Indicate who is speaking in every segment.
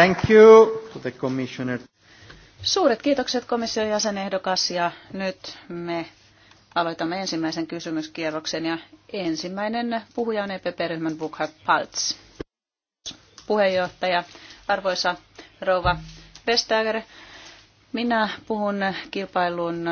Speaker 1: Thank you to the commissioner.
Speaker 2: Suuret kiitokset komission jäsenehdokas ja nyt me aloitamme ensimmäisen kysymyskierroksen ja ensimmäinen puhuja on EPP-ryhmän Burkhard Paltz. Puheenjohtaja, arvoisa rouva Vestager, minä puhun kilpailun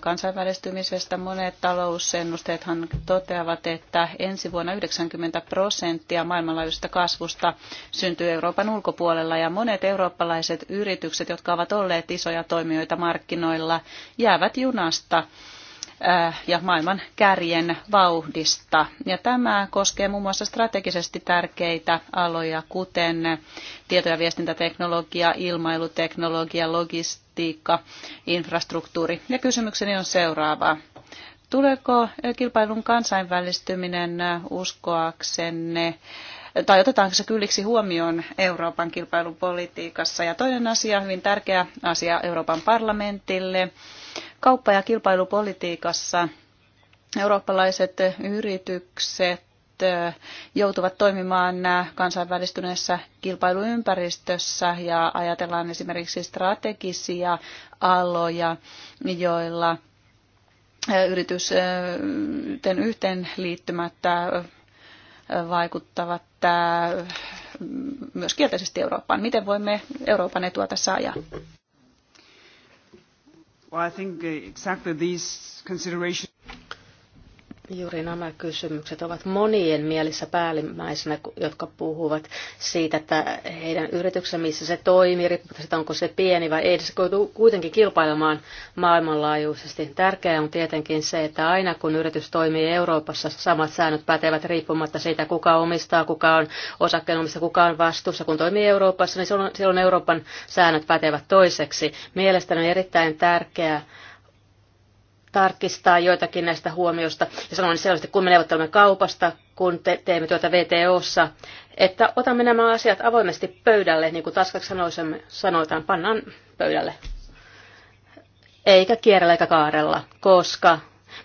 Speaker 2: kansainvälistymisestä. Monet talousennusteethan toteavat, että ensi vuonna 90 prosenttia maailmanlaajuisesta kasvusta syntyy Euroopan ulkopuolella ja monet eurooppalaiset yritykset, jotka ovat olleet isoja toimijoita markkinoilla, jäävät junasta Äh, ja maailman kärjen vauhdista. Ja tämä koskee muun muassa strategisesti tärkeitä aloja, kuten tieto- ja viestintäteknologia, ilmailuteknologia, logistiikka, infrastruktuuri. Ja kysymykseni on seuraava. Tuleeko kilpailun kansainvälistyminen uskoaksenne tai otetaanko se kylliksi huomioon Euroopan kilpailupolitiikassa? Ja toinen asia, hyvin tärkeä asia Euroopan parlamentille, Kauppa- ja kilpailupolitiikassa eurooppalaiset yritykset eh, joutuvat toimimaan eh, kansainvälistyneessä kilpailuympäristössä ja ajatellaan esimerkiksi strategisia aloja, joilla eh, yritysten yhteenliittymättä vaikuttavat myös kielteisesti Eurooppaan. Miten voimme Euroopan etua tässä ajaa?
Speaker 1: Well, I think uh,
Speaker 3: exactly these considerations Juuri nämä kysymykset ovat monien mielissä päällimmäisenä, jotka puhuvat siitä, että heidän yrityksensä, missä se toimii, siitä, onko se pieni vai ei, se koituu kuitenkin kilpailemaan maailmanlaajuisesti. Tärkeää on tietenkin se, että aina kun yritys toimii Euroopassa, samat säännöt pätevät riippumatta siitä, kuka omistaa, kuka on osakkeenomista, kuka on vastuussa. Kun toimii Euroopassa, niin silloin Euroopan säännöt pätevät toiseksi. Mielestäni on erittäin tärkeää, tarkistaa joitakin näistä huomioista ja sanoin niin selvästi, kun me neuvottelemme kaupasta, kun te- teemme työtä VTOssa, että otamme nämä asiat avoimesti pöydälle, niin kuin Taskaksi sanotaan, pannaan pöydälle. Eikä kierrellä eikä kaarella, koska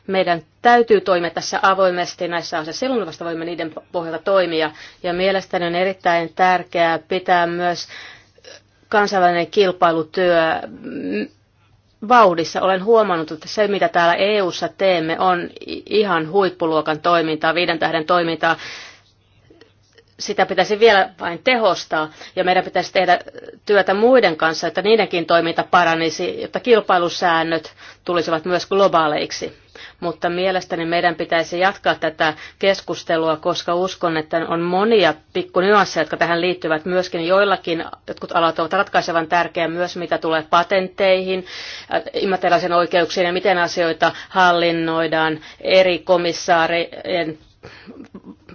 Speaker 3: meidän täytyy toimia tässä avoimesti näissä asioissa. Silloin vasta voimme niiden pohjalta toimia. Ja mielestäni on erittäin tärkeää pitää myös kansainvälinen kilpailutyö vauhdissa. Olen huomannut, että se mitä täällä EU:ssa teemme on ihan huippuluokan toimintaa, viiden tähden toimintaa. Sitä pitäisi vielä vain tehostaa ja meidän pitäisi tehdä työtä muiden kanssa, että niidenkin toiminta paranisi, jotta kilpailusäännöt tulisivat myös globaaleiksi mutta mielestäni meidän pitäisi jatkaa tätä keskustelua, koska uskon, että on monia pikkunyansseja, jotka tähän liittyvät myöskin joillakin. Jotkut alat ovat ratkaisevan tärkeä myös, mitä tulee patenteihin, äh, immateriaalisen oikeuksiin ja miten asioita hallinnoidaan eri komissaarien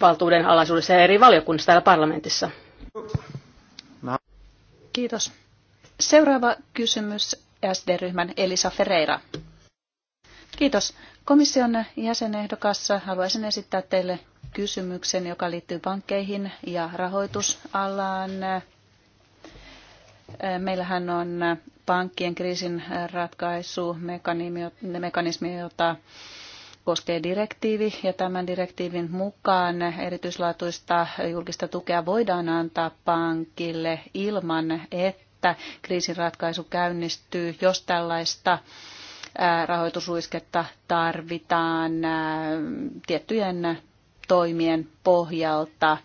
Speaker 3: valtuuden alaisuudessa ja eri valiokunnissa täällä parlamentissa.
Speaker 2: Kiitos. Seuraava kysymys SD-ryhmän Elisa Ferreira. Kiitos. Komission jäsenehdokassa haluaisin esittää teille kysymyksen, joka liittyy pankkeihin ja rahoitusalaan. Meillähän on pankkien kriisin mekanismi, jota koskee direktiivi ja tämän direktiivin mukaan erityislaatuista julkista tukea voidaan antaa pankille ilman, että kriisinratkaisu käynnistyy, jos tällaista rahoitusuisketta tarvitaan tiettyjen toimien pohjalta,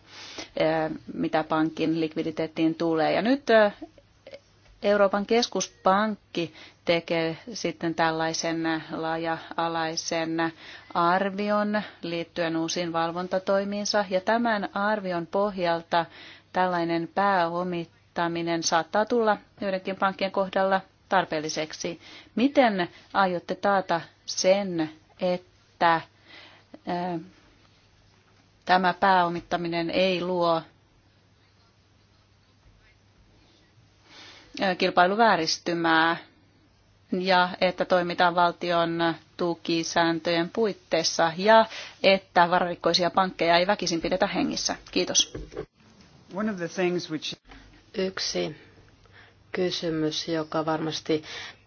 Speaker 2: mitä pankin likviditeettiin tulee. Ja nyt Euroopan keskuspankki tekee sitten tällaisen laaja-alaisen arvion liittyen uusiin valvontatoimiinsa. Ja tämän arvion pohjalta tällainen pääomittaminen saattaa tulla joidenkin pankkien kohdalla tarpeelliseksi. Miten aiotte taata sen, että tämä pääomittaminen ei luo kilpailuvääristymää ja että toimitaan valtion tukisääntöjen puitteissa ja että vararikkoisia pankkeja
Speaker 3: ei väkisin pidetä hengissä. Kiitos. Yksi kysymys, joka varmasti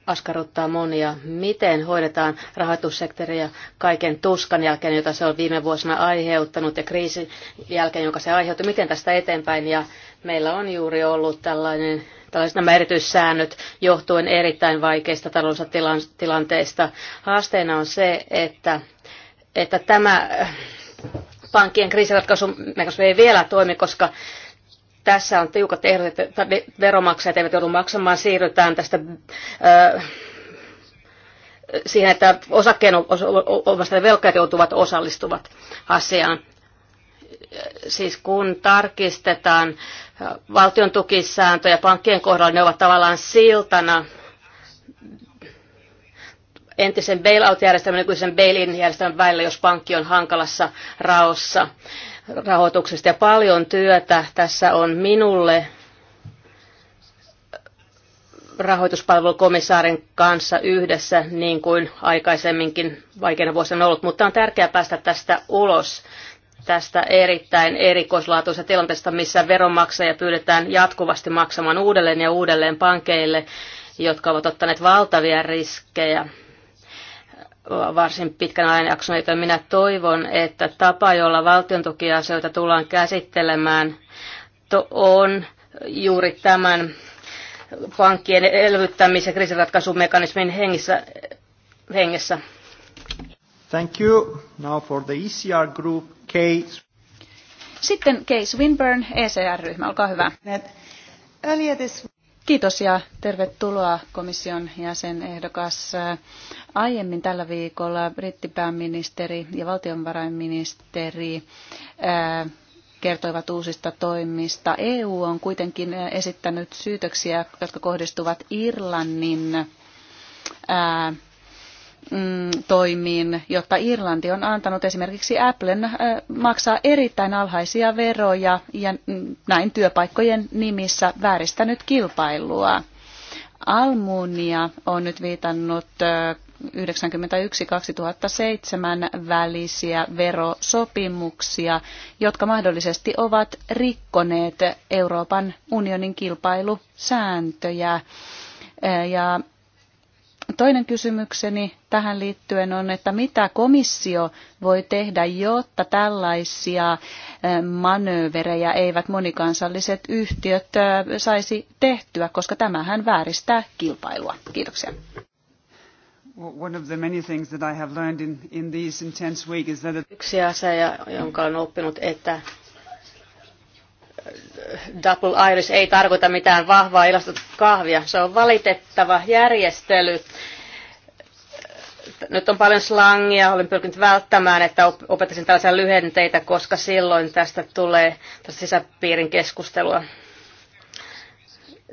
Speaker 3: askarruttaa monia. Miten hoidetaan rahoitussektoria kaiken tuskan jälkeen, jota se on viime vuosina aiheuttanut ja kriisin jälkeen, jonka se aiheutti? Miten tästä eteenpäin? Ja meillä on juuri ollut tällainen tällaiset nämä erityissäännöt johtuen erittäin vaikeista taloudellisista tilanteista. Haasteena on se, että, että tämä pankkien kriisiratkaisu ei vielä toimi, koska tässä on tiukat ehdot, että veromaksajat eivät joudu maksamaan. Siirrytään tästä ö, siihen, että osakkeen omasta velkajat joutuvat osallistuvat asiaan. Siis kun tarkistetaan valtion tukisääntöjä pankkien kohdalla, ne ovat tavallaan siltana entisen bailout-järjestelmän ja nykyisen bail-in-järjestelmän välillä, jos pankki on hankalassa raossa rahoituksesta ja paljon työtä tässä on minulle rahoituspalvelukomissaarin kanssa yhdessä, niin kuin aikaisemminkin vaikeina vuosina on ollut, mutta on tärkeää päästä tästä ulos tästä erittäin erikoislaatuisesta tilanteesta, missä veronmaksaja pyydetään jatkuvasti maksamaan uudelleen ja uudelleen pankeille, jotka ovat ottaneet valtavia riskejä varsin pitkän jakson, joten minä toivon, että tapa, jolla tukiasioita tullaan käsittelemään, on juuri tämän pankkien elvyttämis- ja kriisiratkaisumekanismin hengissä, hengessä.
Speaker 1: Thank you. Now for the ECR group, Kate.
Speaker 2: Sitten Kay Swinburne, ECR-ryhmä, olkaa hyvä. Earlier this Kiitos ja tervetuloa komission jäsenehdokas. Aiemmin tällä viikolla brittipääministeri ja valtionvarainministeri kertoivat uusista toimista. EU on kuitenkin esittänyt syytöksiä, jotka kohdistuvat Irlannin mm, toimiin, jotta Irlanti on antanut esimerkiksi Applen äh, maksaa erittäin alhaisia veroja ja mm, näin työpaikkojen nimissä vääristänyt kilpailua. Almunia on nyt viitannut 91-2007 äh, välisiä verosopimuksia, jotka mahdollisesti ovat rikkoneet Euroopan unionin kilpailusääntöjä. Äh, ja Toinen kysymykseni tähän liittyen on, että mitä komissio voi tehdä, jotta tällaisia manööverejä eivät monikansalliset yhtiöt saisi tehtyä, koska tämähän vääristää kilpailua. Kiitoksia.
Speaker 3: Yksi asia, jonka olen oppinut, että Double Iris ei tarkoita mitään vahvaa kahvia, Se on valitettava järjestely. Nyt on paljon slangia, olen pyrkinyt välttämään, että opettaisin tällaisia lyhenteitä, koska silloin tästä tulee tästä sisäpiirin keskustelua.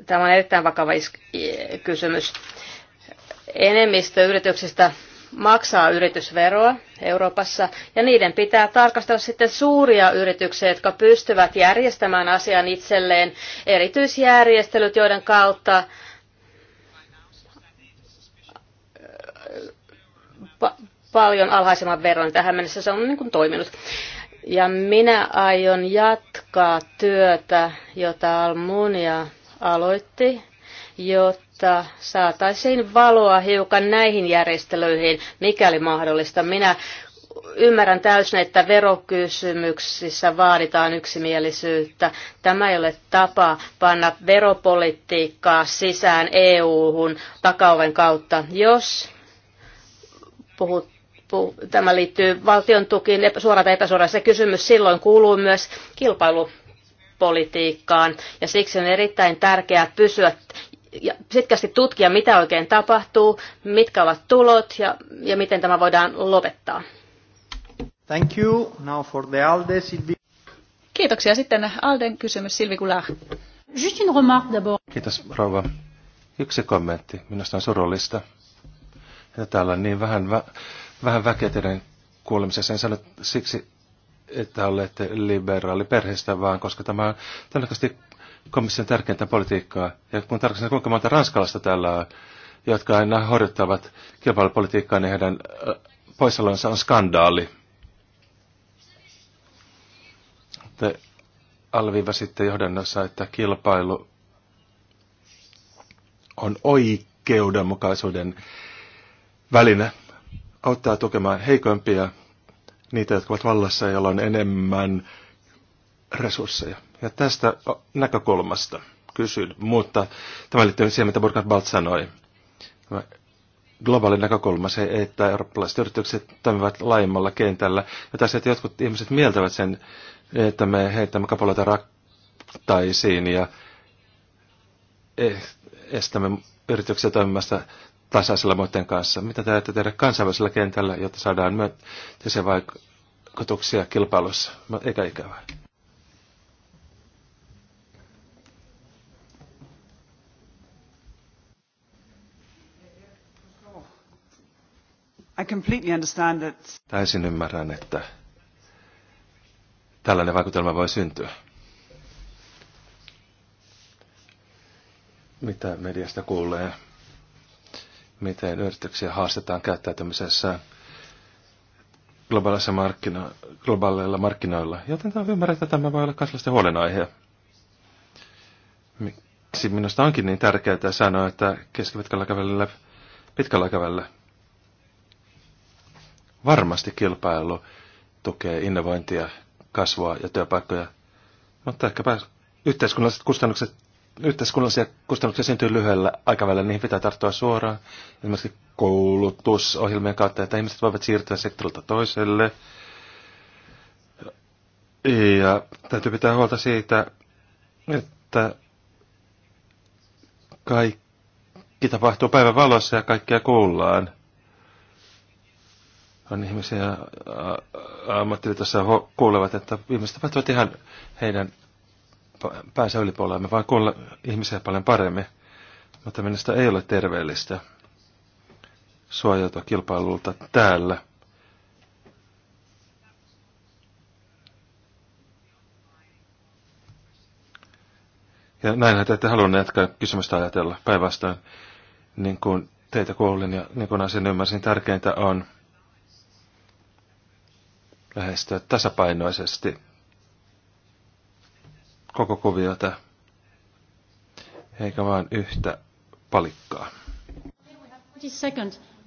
Speaker 3: Tämä on erittäin vakava kysymys. Enemmistö yrityksistä maksaa yritysveroa Euroopassa, ja niiden pitää tarkastella sitten suuria yrityksiä, jotka pystyvät järjestämään asian itselleen, erityisjärjestelyt, joiden kautta äh, pa- paljon alhaisemman veron. Tähän mennessä se on niin kuin toiminut. Ja minä aion jatkaa työtä, jota Almunia aloitti jotta saataisiin valoa hiukan näihin järjestelyihin, mikäli mahdollista. Minä ymmärrän täysin, että verokysymyksissä vaaditaan yksimielisyyttä. Tämä ei ole tapa panna veropolitiikkaa sisään EU-hun takauven kautta. Jos puhut tämä liittyy valtion tukiin suoraan tai epäsuoraan. Se kysymys silloin kuuluu myös kilpailupolitiikkaan ja siksi on erittäin tärkeää pysyä ja sitkästi tutkia, mitä oikein tapahtuu, mitkä ovat tulot ja, ja miten tämä voidaan lopettaa.
Speaker 1: Thank you. Now for the Alde,
Speaker 2: Kiitoksia. Sitten Alden kysymys Silvi Kulaa. Just
Speaker 4: Kiitos rouva. Yksi kommentti. Minusta on surullista. Ja täällä on niin vähän, vä, vähän väkeä teidän kuulemisessa. En sano siksi, että olette liberaali perheestä, vaan koska tämä on komission tärkeintä politiikkaa. Ja kun tarkastan kuinka monta ranskalaista täällä on, jotka aina horjuttavat kilpailupolitiikkaa, niin heidän poissaolonsa on skandaali. Te alviivasitte johdannossa, että kilpailu on oikeudenmukaisuuden väline auttaa tukemaan heikompia, niitä, jotka ovat vallassa, joilla on enemmän resursseja. Ja tästä näkökulmasta kysyn, mutta tämä liittyy siihen, mitä Burkhard Balt sanoi. Tämä globaali näkökulma se, että eurooppalaiset yritykset toimivat laajemmalla kentällä. Ja tässä, että jotkut ihmiset mieltävät sen, että me heitämme kapaloita rattaisiin ja e- estämme yrityksiä toimimasta tasaisella muiden kanssa. Mitä te ajatte tehdä kansainvälisellä kentällä, jotta saadaan myönteisiä vaikutuksia kilpailussa? Eikä ikävää.
Speaker 1: I completely understand that...
Speaker 4: Täysin ymmärrän, että tällainen vaikutelma voi syntyä. Mitä mediasta kuulee? Miten yrityksiä haastetaan käyttäytymisessä globaaleilla, markkino- globaaleilla markkinoilla? Joten tämä ymmärrän, että tämä voi olla kansalaisten huolenaihe. Miksi minusta onkin niin tärkeää sanoa, että keskipitkällä kävellä, pitkällä kävellä Varmasti kilpailu tukee innovointia, kasvua ja työpaikkoja, mutta ehkäpä yhteiskunnalliset kustannukset, yhteiskunnallisia kustannuksia syntyy lyhyellä aikavälillä, niihin pitää tarttua suoraan. Esimerkiksi koulutusohjelmien kautta, että ihmiset voivat siirtyä sektorilta toiselle. Ja täytyy pitää huolta siitä, että kaikki tapahtuu päivän valossa ja kaikkia kuullaan on ihmisiä, ammattiliitossa kuulevat, että ihmiset ovat ihan heidän päänsä ylipuolella. Me vaan kuulla ihmisiä paljon paremmin, mutta minusta ei ole terveellistä suojautua kilpailulta täällä. Ja näinhän te ette halunneetkaan kysymystä ajatella päinvastoin, niin kuin teitä kuulin ja niin kuin asian ymmärsin, tärkeintä on – lähestyä tasapainoisesti koko kuviota, eikä vain yhtä palikkaa.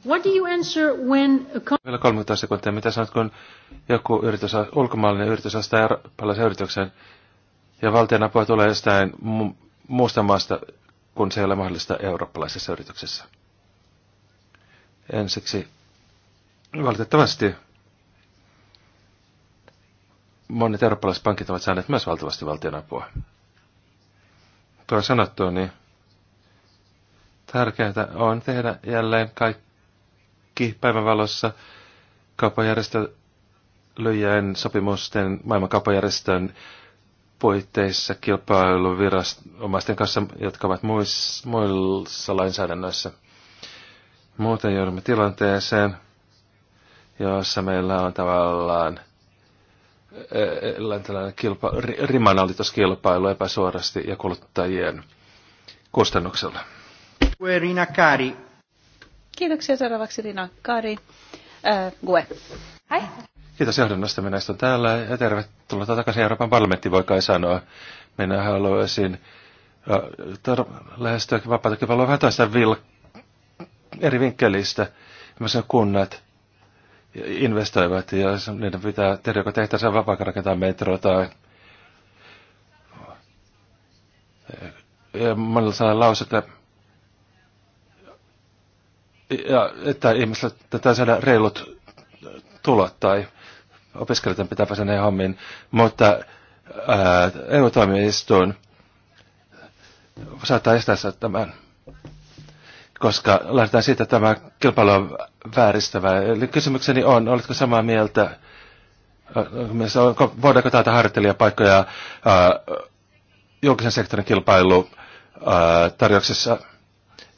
Speaker 3: What do you answer when
Speaker 4: Vielä 30 sekuntia. Mitä sanot, kun joku yritys, ulkomaalainen yritys ostaa eurooppalaisen yrityksen ja valtion apua tulee jostain muusta maasta, kun se ei ole mahdollista eurooppalaisessa yrityksessä? Ensiksi valitettavasti monet eurooppalaiset pankit ovat saaneet myös valtavasti valtionapua. Tuo sanottu, niin tärkeää on tehdä jälleen kaikki päivänvalossa kaupanjärjestelyjen sopimusten maailman kaupanjärjestön puitteissa kilpailuviranomaisten kanssa, jotka ovat muissa, muissa lainsäädännöissä. Muuten joudumme tilanteeseen, jossa meillä on tavallaan – läntiläinen kilpa, rimanalituskilpailu epäsuorasti ja kuluttajien kustannuksella.
Speaker 1: Rina Kari.
Speaker 2: Kiitoksia seuraavaksi Rina Kari. Äh, Gue. Hai.
Speaker 4: Kiitos johdannosta. Minä istun täällä ja tervetuloa takaisin Euroopan parlamenttiin, voi kai sanoa. Minä haluaisin äh, lähestyä vapaata kilpailua vähän toista vil- eri vinkkelistä. Mä sanon kunnat investoivat, ja niiden pitää tehdä joko tehtäisiin vapaa rakentaa metro tai ja monella sanalla lause, että, ja, että ihmisillä täytyy saada reilut tulot tai opiskelijoiden pitää päästä näihin hommiin, mutta EU-toimijoistuin saattaa estää tämän koska lähdetään siitä, tämä kilpailu on vääristävää. Eli kysymykseni on, oletko samaa mieltä, voidaanko täältä harjoittelijapaikkoja julkisen sektorin kilpailu tarjouksessa,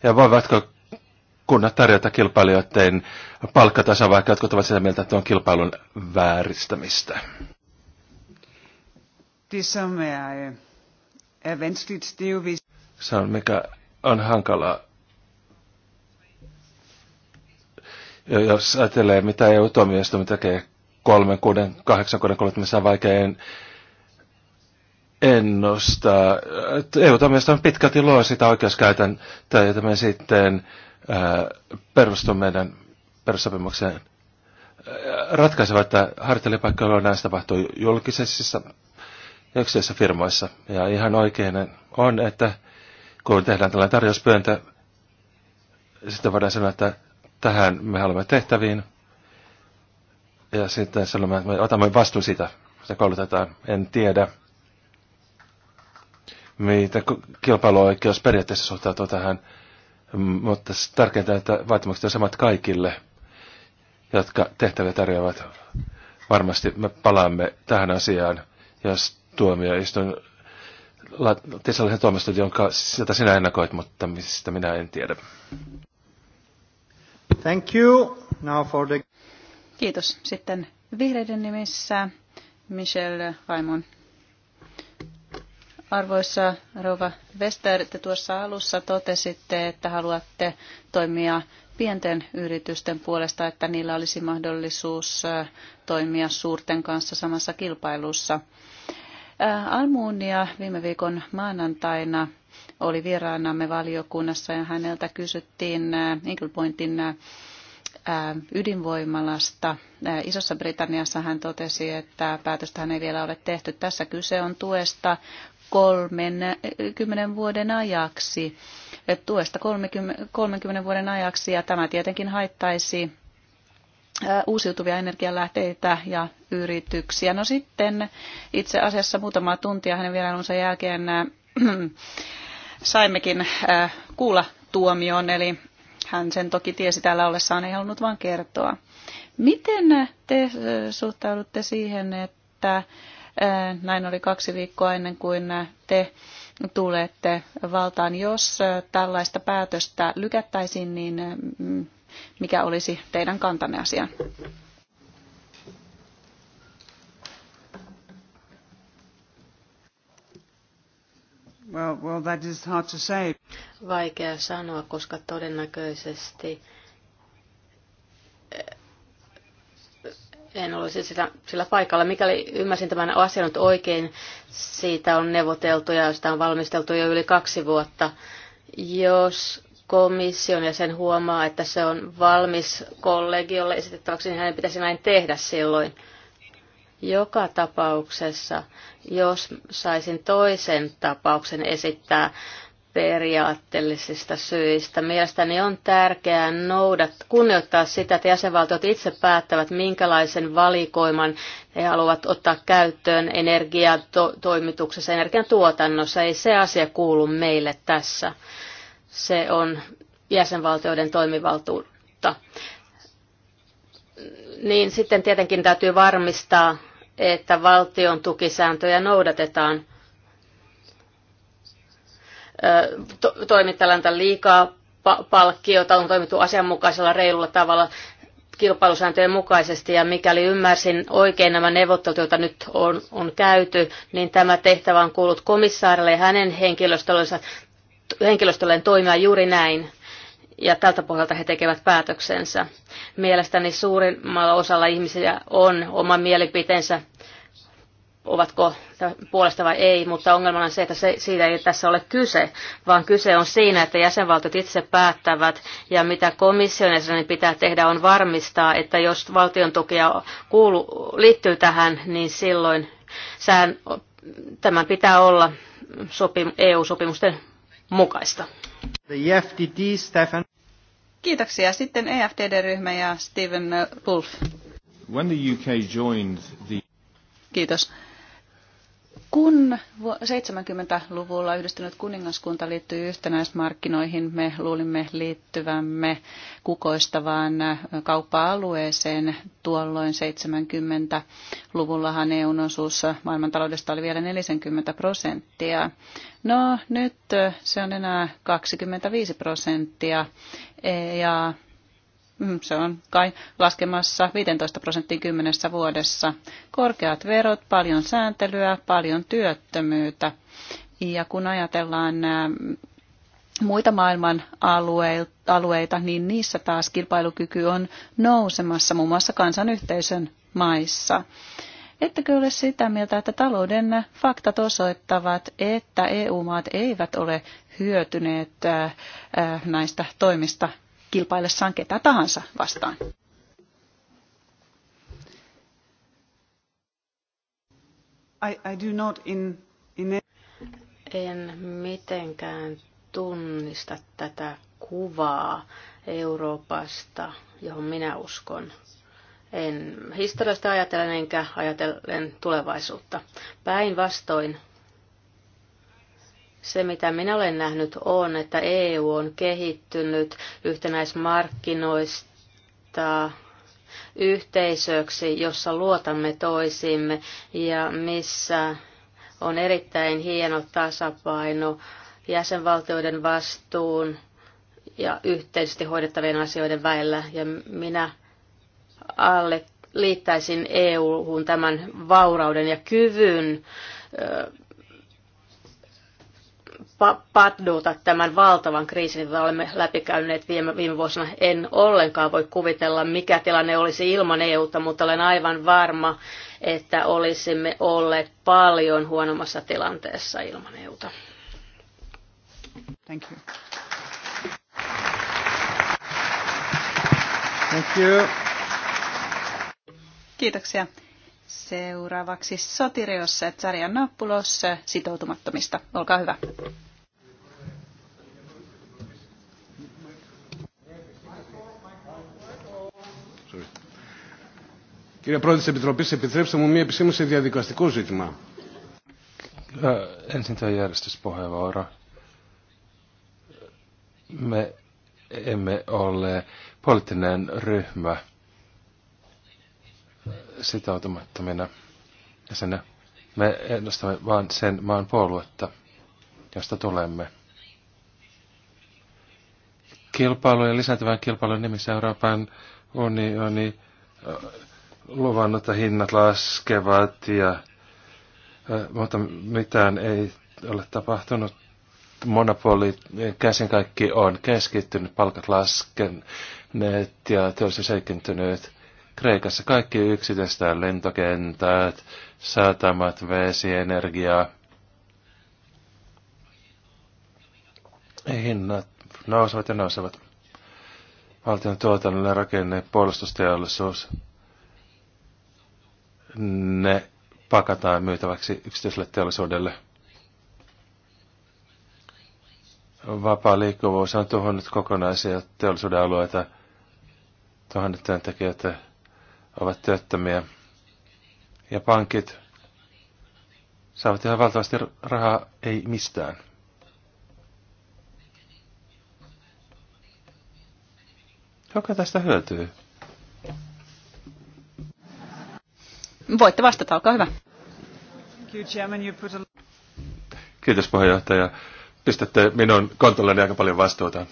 Speaker 4: ja voivatko kunnat tarjota kilpailijoiden palkkatasa, vaikka jotkut ovat sitä mieltä, että on kilpailun vääristämistä?
Speaker 1: Er, er er
Speaker 4: Se on mikä on hankalaa Jos ajattelee, mitä EU-tuomioistuin tekee kolmen, kuuden, kahdeksan, kuuden kuluttamissa on vaikea ennustaa. eu on pitkälti luo sitä oikeuskäytäntöä, jota me sitten perustuu meidän perussopimukseen ratkaiseva, että harjoittelijapaikkoilla näistä tapahtuu julkisissa yksityisissä firmoissa. Ja ihan oikein on, että kun tehdään tällainen tarjouspyyntö, sitten voidaan sanoa, että tähän me haluamme tehtäviin. Ja sitten sanomme, että me otamme vastuun siitä, mitä koulutetaan. En tiedä, mitä kilpailuoikeus periaatteessa suhtautuu tähän. Mutta tärkeintä, että vaatimukset on samat kaikille, jotka tehtäviä tarjoavat. Varmasti me palaamme tähän asiaan, jos tuomioistuin Tisallisen jonka sitä sinä ennakoit, mutta mistä minä en tiedä. Thank you. Now for the...
Speaker 2: Kiitos. Sitten vihreiden nimissä Michel Raimon. Arvoisa rouva Wester, te tuossa alussa totesitte, että haluatte toimia pienten yritysten puolesta, että niillä olisi mahdollisuus toimia suurten kanssa samassa kilpailussa. Almuunia viime viikon maanantaina oli vieraanamme valiokunnassa ja häneltä kysyttiin äh, Eagle Pointin äh, ydinvoimalasta. Äh, Isossa Britanniassa hän totesi, että päätöstä ei vielä ole tehty. Tässä kyse on tuesta 30 vuoden ajaksi. Tuesta 30, 30 vuoden ajaksi ja tämä tietenkin haittaisi uusiutuvia energialähteitä ja yrityksiä. No sitten itse asiassa muutama tuntia hänen vierailunsa jälkeen saimmekin äh, kuulla tuomion, eli hän sen toki tiesi täällä ollessaan, ei halunnut vaan kertoa. Miten te äh, suhtaudutte siihen, että äh, näin oli kaksi viikkoa ennen kuin te tulette valtaan, jos tällaista päätöstä lykättäisiin, niin mm, mikä olisi teidän kantanne asiaan?
Speaker 1: Well, well, that is hard to say.
Speaker 3: Vaikea sanoa, koska todennäköisesti eh, en olisi sillä, sillä paikalla. Mikäli ymmärsin tämän asian nyt oikein, siitä on neuvoteltu ja sitä on valmisteltu jo yli kaksi vuotta. Jos komission ja sen huomaa, että se on valmis kollegiolle esitettäväksi, niin hänen pitäisi näin tehdä silloin. Joka tapauksessa, jos saisin toisen tapauksen esittää periaatteellisista syistä. Mielestäni on tärkeää noudat, kunnioittaa sitä, että jäsenvaltiot itse päättävät, minkälaisen valikoiman he haluavat ottaa käyttöön energiatoimituksessa, energiantuotannossa. Ei se asia kuulu meille tässä. Se on jäsenvaltioiden toimivaltuutta. Niin sitten tietenkin täytyy varmistaa, että valtion tukisääntöjä noudatetaan. Toimittajalla Toimittajalta liikaa palkkiota on toimittu asianmukaisella reilulla tavalla kilpailusääntöjen mukaisesti ja mikäli ymmärsin oikein nämä neuvottelut, joita nyt on, on käyty, niin tämä tehtävä on kuullut komissaarille ja hänen henkilöstölleen toimia juuri näin ja tältä pohjalta he tekevät päätöksensä. Mielestäni suurimmalla osalla ihmisiä on oma mielipiteensä, ovatko puolesta vai ei, mutta ongelmana on se, että se, siitä ei tässä ole kyse, vaan kyse on siinä, että jäsenvaltiot itse päättävät ja mitä komission jäsenen pitää tehdä on varmistaa, että jos valtion tukea kuulu, liittyy tähän, niin silloin sään, tämän pitää olla sopim, EU-sopimusten mukaista. The e FDD, Stefan.
Speaker 2: Kiitoksia. Sitten EFTD-ryhmä ja Stephen Wolf. When the UK joined the... Kiitos. Kun 70-luvulla yhdistynyt kuningaskunta liittyi yhtenäismarkkinoihin, me luulimme liittyvämme kukoistavaan äh, kauppa-alueeseen. Tuolloin 70-luvullahan EUn osuus maailmantaloudesta oli vielä 40 prosenttia. No nyt äh, se on enää 25 prosenttia e- ja Mm, se on kai laskemassa 15 prosenttiin kymmenessä vuodessa. Korkeat verot, paljon sääntelyä, paljon työttömyyttä. Ja kun ajatellaan ähm, muita maailman alueita, niin niissä taas kilpailukyky on nousemassa muun muassa kansanyhteisön maissa. Ettekö ole sitä mieltä, että talouden faktat osoittavat, että EU-maat eivät ole hyötyneet äh, äh, näistä toimista kilpaillessaan ketä tahansa vastaan.
Speaker 3: I, I do not in, in... En mitenkään tunnista tätä kuvaa Euroopasta, johon minä uskon. En historiasta ajatellen enkä ajatellen tulevaisuutta. Päinvastoin se, mitä minä olen nähnyt, on, että EU on kehittynyt yhtenäismarkkinoista yhteisöksi, jossa luotamme toisiimme ja missä on erittäin hieno tasapaino jäsenvaltioiden vastuun ja yhteisesti hoidettavien asioiden välillä. Ja minä alle liittäisin EU-hun tämän vaurauden ja kyvyn padota tämän valtavan kriisin, jota olemme läpikäyneet viime, viime vuosina. En ollenkaan voi kuvitella, mikä tilanne olisi ilman EUta, mutta olen aivan varma, että olisimme olleet paljon huonommassa tilanteessa ilman EUta. Thank you.
Speaker 1: Thank you.
Speaker 2: Kiitoksia. Seuraavaksi Sotirios Tsarian Nappulos sitoutumattomista. Olkaa hyvä.
Speaker 3: Κύριε Πρόεδρε της Επιτροπής, επιτρέψτε μου μία επισήμωση διαδικαστικό ζήτημα.
Speaker 4: Ensin tämä järjestyspuheenvuoro. Me emme ole poliittinen ryhmä sitoutumattomina jäsenä. Me edustamme vain sen maan puoluetta, josta tulemme. Kilpailu ja lisääntyvän kilpailun nimissä Euroopan unioni luvannut, että hinnat laskevat, ja, mutta mitään ei ole tapahtunut. Monopoli käsin kaikki on keskittynyt, palkat laskeneet ja teollisuus heikentynyt. Kreikassa kaikki yksityistään lentokentät, satamat, vesi, energiaa. Hinnat nousevat ja nousevat. Valtion tuotannolle rakenne puolustusteollisuus ne pakataan myytäväksi yksityiselle teollisuudelle. Vapaa liikkuvuus on tuhonnut kokonaisia teollisuuden alueita. Tuhannet työntekijöitä ovat työttömiä. Ja pankit saavat ihan valtavasti rahaa ei mistään. Joka tästä hyötyy?
Speaker 2: Voitte vastata, olkaa hyvä.
Speaker 4: Kiitos puheenjohtaja. Pistätte minun kontolleni aika paljon vastuuta.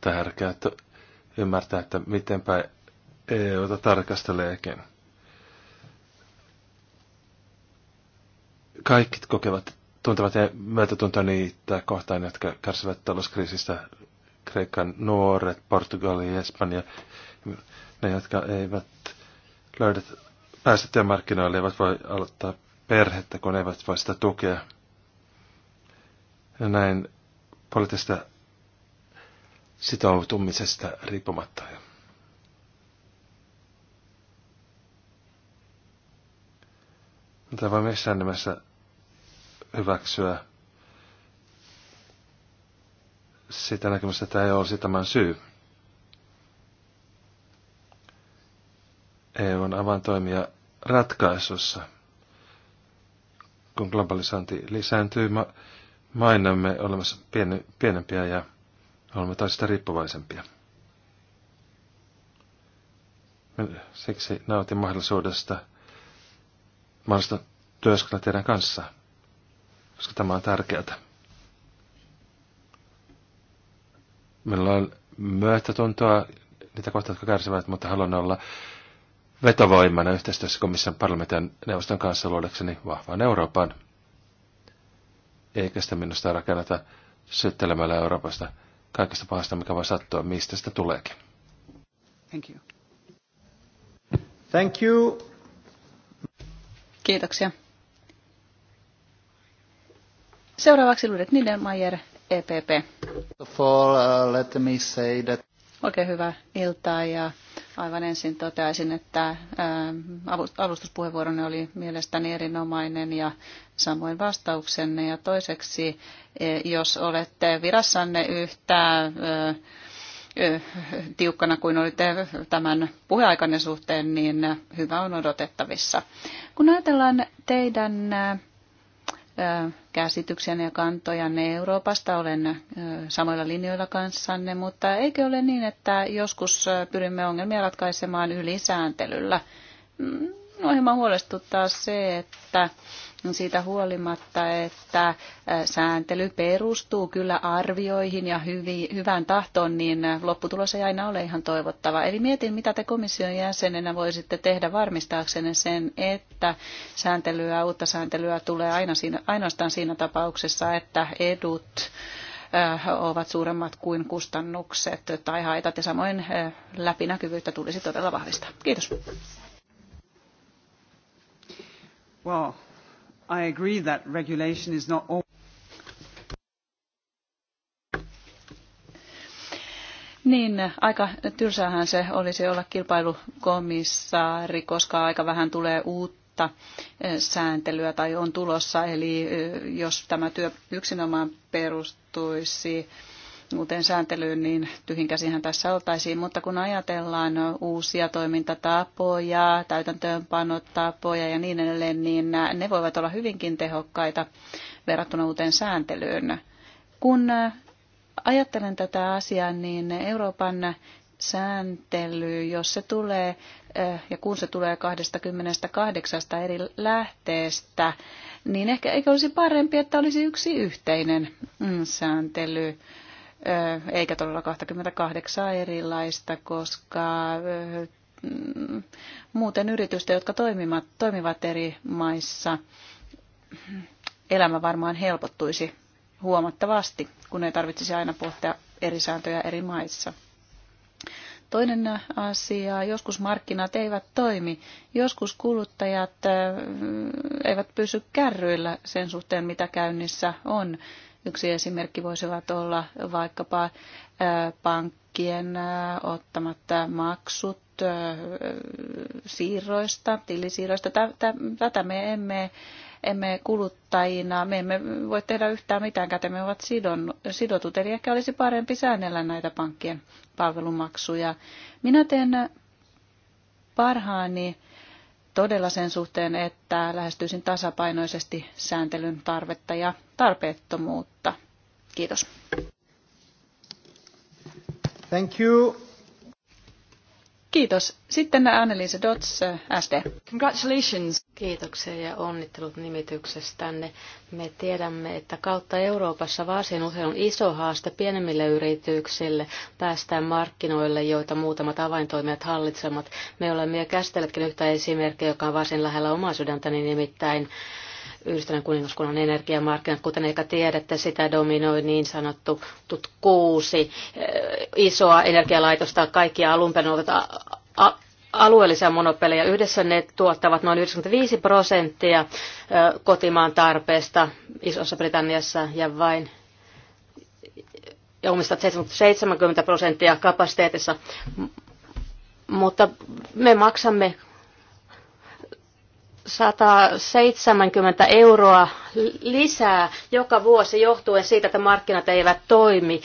Speaker 4: tärkeää että ymmärtää, että mitenpä EUta tarkasteleekin. Kaikki kokevat tuntevat myötätuntoa niitä kohtaan, jotka kärsivät talouskriisistä. Kreikan nuoret, Portugali, Espanja, ne, jotka eivät löydä päästä työmarkkinoille, eivät voi aloittaa perhettä, kun eivät voi sitä tukea. Ja näin poliittisesta sitoutumisesta riippumatta. Mutta voi missään nimessä hyväksyä sitä näkemystä, että ei olisi tämän syy. EU on avaintoimija ratkaisussa. Kun globalisointi lisääntyy, mainamme olemassa pieni- pienempiä ja olemme toisista riippuvaisempia. Siksi nautin mahdollisuudesta mahdollista työskennellä teidän kanssa koska tämä on tärkeää. Meillä on myötätuntoa niitä kohtaa, jotka kärsivät, mutta haluan olla vetovoimana yhteistyössä komission parlamentin neuvoston kanssa luodakseni vahvaan Euroopan. Eikä sitä minusta rakenneta syyttelemällä Euroopasta kaikesta pahasta, mikä voi sattua, mistä sitä tuleekin.
Speaker 2: Thank you. Thank you. Kiitoksia. Seuraavaksi Ludet Niedermayer, EPP.
Speaker 1: For, uh, let me say that...
Speaker 2: Oikein hyvää iltaa ja aivan ensin toteaisin, että ähm, avustuspuheenvuoronne oli mielestäni erinomainen ja samoin vastauksenne. Ja toiseksi, e, jos olette virassanne yhtä äh, äh, tiukkana kuin olitte tämän puheaikanne suhteen, niin hyvä on odotettavissa. Kun ajatellaan teidän äh, käsityksenne ja kantojanne Euroopasta. Olen samoilla linjoilla kanssanne, mutta eikö ole niin, että joskus pyrimme ongelmia ratkaisemaan ylisääntelyllä? Mm, no hieman huolestuttaa se, että siitä huolimatta, että sääntely perustuu kyllä arvioihin ja hyvi, hyvään tahtoon, niin lopputulos ei aina ole ihan toivottava. Eli mietin, mitä te komission jäsenenä voisitte tehdä varmistaaksenne sen, että sääntelyä, uutta sääntelyä tulee aina siinä, ainoastaan siinä tapauksessa, että edut ovat suuremmat kuin kustannukset tai haitat ja samoin läpinäkyvyyttä tulisi todella vahvistaa.
Speaker 1: Kiitos. Wow. I agree that regulation is not all.
Speaker 2: Niin, aika tylsähän se olisi olla kilpailukomissaari, koska aika vähän tulee uutta eh, sääntelyä tai on tulossa. Eli eh, jos tämä työ yksinomaan perustuisi uuteen sääntelyyn, niin tyhinkäsihän tässä oltaisiin. Mutta kun ajatellaan uusia toimintatapoja, täytäntöönpanotapoja ja niin edelleen, niin ne voivat olla hyvinkin tehokkaita verrattuna uuteen sääntelyyn. Kun ajattelen tätä asiaa, niin Euroopan sääntely, jos se tulee eh, ja kun se tulee 28 eri lähteestä, niin ehkä eikö olisi parempi, että olisi yksi yhteinen mm, sääntely eikä todella 28 erilaista, koska mm, muuten yritysten, jotka toimivat, toimivat eri maissa, elämä varmaan helpottuisi huomattavasti, kun ei tarvitsisi aina pohtia eri sääntöjä eri maissa. Toinen asia, joskus markkinat eivät toimi, joskus kuluttajat eivät pysy kärryillä sen suhteen, mitä käynnissä on. Yksi esimerkki voisivat olla vaikkapa pankkien ottamatta maksut siirroista, tilisiirroista. Tätä me emme, emme kuluttajina, me emme voi tehdä yhtään mitään, me ovat sidon, sidotut, eli ehkä olisi parempi säännellä näitä pankkien palvelumaksuja. Minä teen parhaani todella sen suhteen, että lähestyisin tasapainoisesti sääntelyn tarvetta ja tarpeettomuutta. Kiitos. Thank you. Kiitos. Sitten
Speaker 3: Anneliise Dots, SD. Congratulations. Kiitoksia ja onnittelut nimityksestänne. Me tiedämme, että kautta Euroopassa varsin usein on iso haaste pienemmille yrityksille päästään markkinoille, joita muutamat avaintoimijat hallitsemat. Me olemme jo käsitelletkin yhtä esimerkkiä, joka on varsin lähellä omaa sydäntäni, nimittäin Yhdistyneen kuningaskunnan energiamarkkinat. Kuten eikä tiedätte, sitä dominoi niin sanottu tut kuusi eh, isoa energialaitosta. kaikkia alun perin alueellisia monopeleja. Yhdessä ne tuottavat noin 95 prosenttia eh, kotimaan tarpeesta Isossa Britanniassa ja vain ja omistat 70 prosenttia kapasiteetissa. Mutta me maksamme 170 euroa lisää joka vuosi johtuen siitä, että markkinat eivät toimi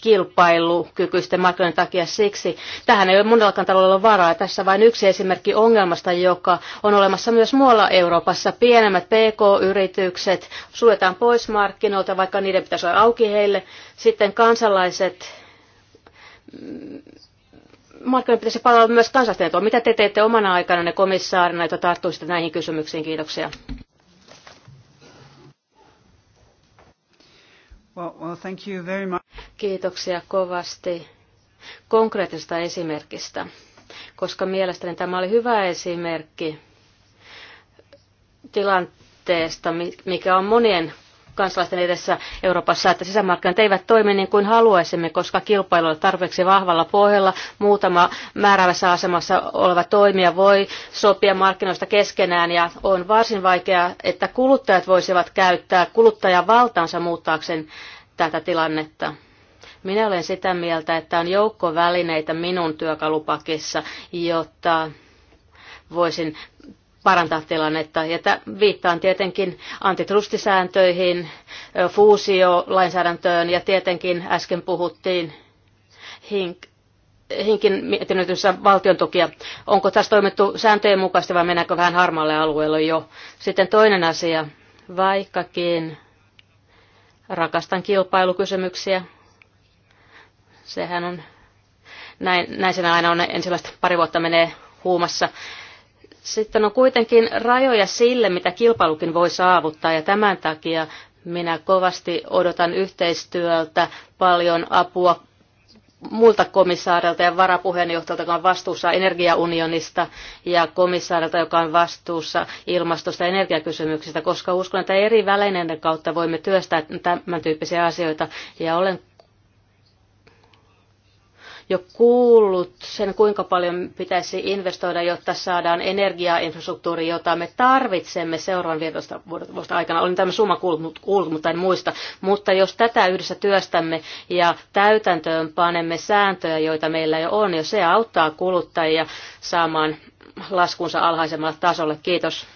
Speaker 3: kilpailukykyisten markkinoiden takia siksi. Tähän ei ole monellakaan taloudella varaa. Tässä vain yksi esimerkki ongelmasta, joka on olemassa myös muualla Euroopassa. Pienemmät PK-yritykset suljetaan pois markkinoilta, vaikka niiden pitäisi olla auki heille. Sitten kansalaiset markkinoiden pitäisi palvella myös kansalaisten Mitä te teette omana aikananne komissaarina, että tarttuisitte näihin kysymyksiin? Kiitoksia. Well, well, thank you very much. Kiitoksia kovasti konkreettisesta esimerkistä, koska mielestäni tämä oli hyvä esimerkki tilanteesta, mikä on monien kansalaisten edessä Euroopassa, että sisämarkkinat eivät toimi niin kuin haluaisimme, koska kilpailu on tarpeeksi vahvalla pohjalla. Muutama määräävässä asemassa oleva toimija voi sopia markkinoista keskenään ja on varsin vaikeaa, että kuluttajat voisivat käyttää kuluttajan valtaansa muuttaakseen tätä tilannetta. Minä olen sitä mieltä, että on joukko välineitä minun työkalupakissa, jotta voisin parantaa tilannetta. Ja viittaan tietenkin antitrustisääntöihin, fuusiolainsäädäntöön ja tietenkin äsken puhuttiin hink, hinkin mietinnötyssä valtion tukia. Onko tässä toimittu sääntöjen mukaisesti vai mennäänkö vähän harmaalle alueelle jo? Sitten toinen asia, vaikkakin rakastan kilpailukysymyksiä. Sehän on, näin, näin aina on, ensimmäistä pari vuotta menee huumassa sitten on kuitenkin rajoja sille, mitä kilpailukin voi saavuttaa, ja tämän takia minä kovasti odotan yhteistyöltä paljon apua muilta komissaarilta ja varapuheenjohtajalta, joka on vastuussa energiaunionista ja komissaarilta, joka on vastuussa ilmastosta ja energiakysymyksistä, koska uskon, että eri välineiden kautta voimme työstää tämän tyyppisiä asioita. Ja olen jo kuullut sen, kuinka paljon pitäisi investoida, jotta saadaan energiainfrastruktuuri, jota me tarvitsemme seuraavan 15 vuoden aikana. Olin tämä summa kuullut, kuullut, mutta en muista. Mutta jos tätä yhdessä työstämme ja täytäntöön panemme sääntöjä, joita meillä jo on, jo se auttaa kuluttajia saamaan laskunsa alhaisemmalle tasolle. Kiitos.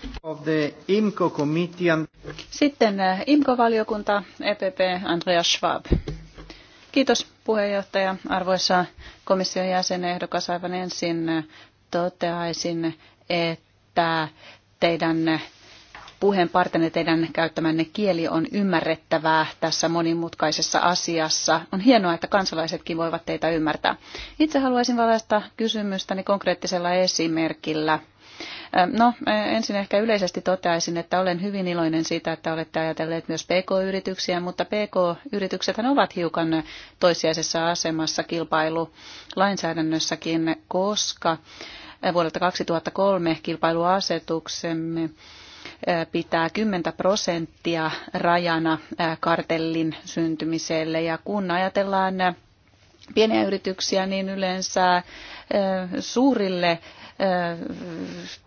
Speaker 2: Sitten äh, IMKO-valiokunta, EPP
Speaker 3: Andreas Schwab.
Speaker 2: Kiitos puheenjohtaja. Arvoisa komission jäsenehdokas, aivan ensin toteaisin, että teidän puheenpartenne, teidän käyttämänne kieli on ymmärrettävää tässä monimutkaisessa asiassa. On hienoa, että kansalaisetkin voivat teitä ymmärtää. Itse haluaisin valaista kysymystäni konkreettisella esimerkillä – No, ensin ehkä yleisesti toteaisin, että olen hyvin iloinen siitä, että olette ajatelleet myös PK-yrityksiä, mutta PK-yritykset ovat hiukan toissijaisessa asemassa kilpailulainsäädännössäkin, koska vuodelta 2003 kilpailuasetuksemme pitää 10 prosenttia rajana kartellin syntymiselle. Ja kun ajatellaan pieniä yrityksiä, niin yleensä suurille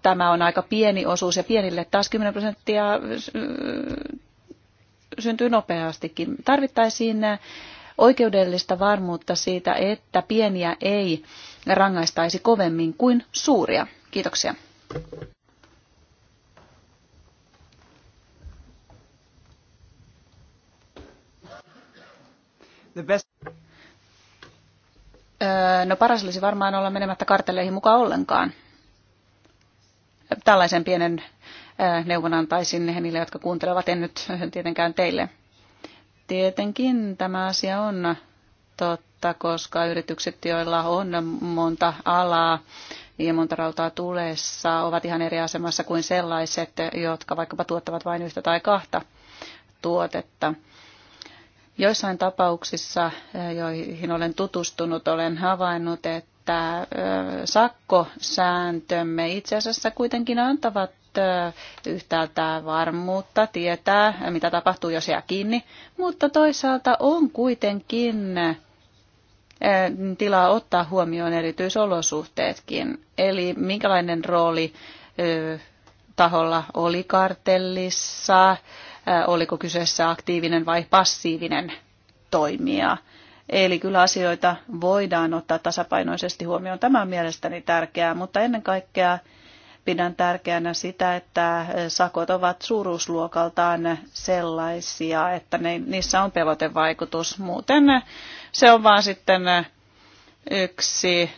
Speaker 2: tämä on aika pieni osuus ja pienille taas 10 prosenttia syntyy nopeastikin. Tarvittaisiin oikeudellista varmuutta siitä, että pieniä ei rangaistaisi kovemmin kuin suuria. Kiitoksia. The best No paras olisi varmaan olla menemättä kartelleihin mukaan ollenkaan. Tällaisen pienen neuvon antaisin niille, jotka kuuntelevat, en nyt tietenkään teille. Tietenkin tämä asia on totta, koska yritykset, joilla on monta alaa ja monta rautaa tulessa, ovat ihan eri asemassa kuin sellaiset, jotka vaikkapa tuottavat vain yhtä tai kahta tuotetta. Joissain tapauksissa, eh, joihin olen tutustunut, olen havainnut, että eh, sakkosääntömme itse asiassa kuitenkin antavat eh, yhtäältä varmuutta, tietää, mitä tapahtuu, jos jää kiinni, mutta toisaalta on kuitenkin tilaa ottaa huomioon erityisolosuhteetkin. Eli minkälainen rooli taholla oli kartellissa, oliko kyseessä aktiivinen vai passiivinen toimija. Eli kyllä asioita voidaan ottaa tasapainoisesti huomioon. Tämä on mielestäni tärkeää, mutta ennen kaikkea pidän tärkeänä sitä, että sakot ovat suuruusluokaltaan sellaisia, että ne, niissä on pelotevaikutus. Muuten se on vaan sitten yksi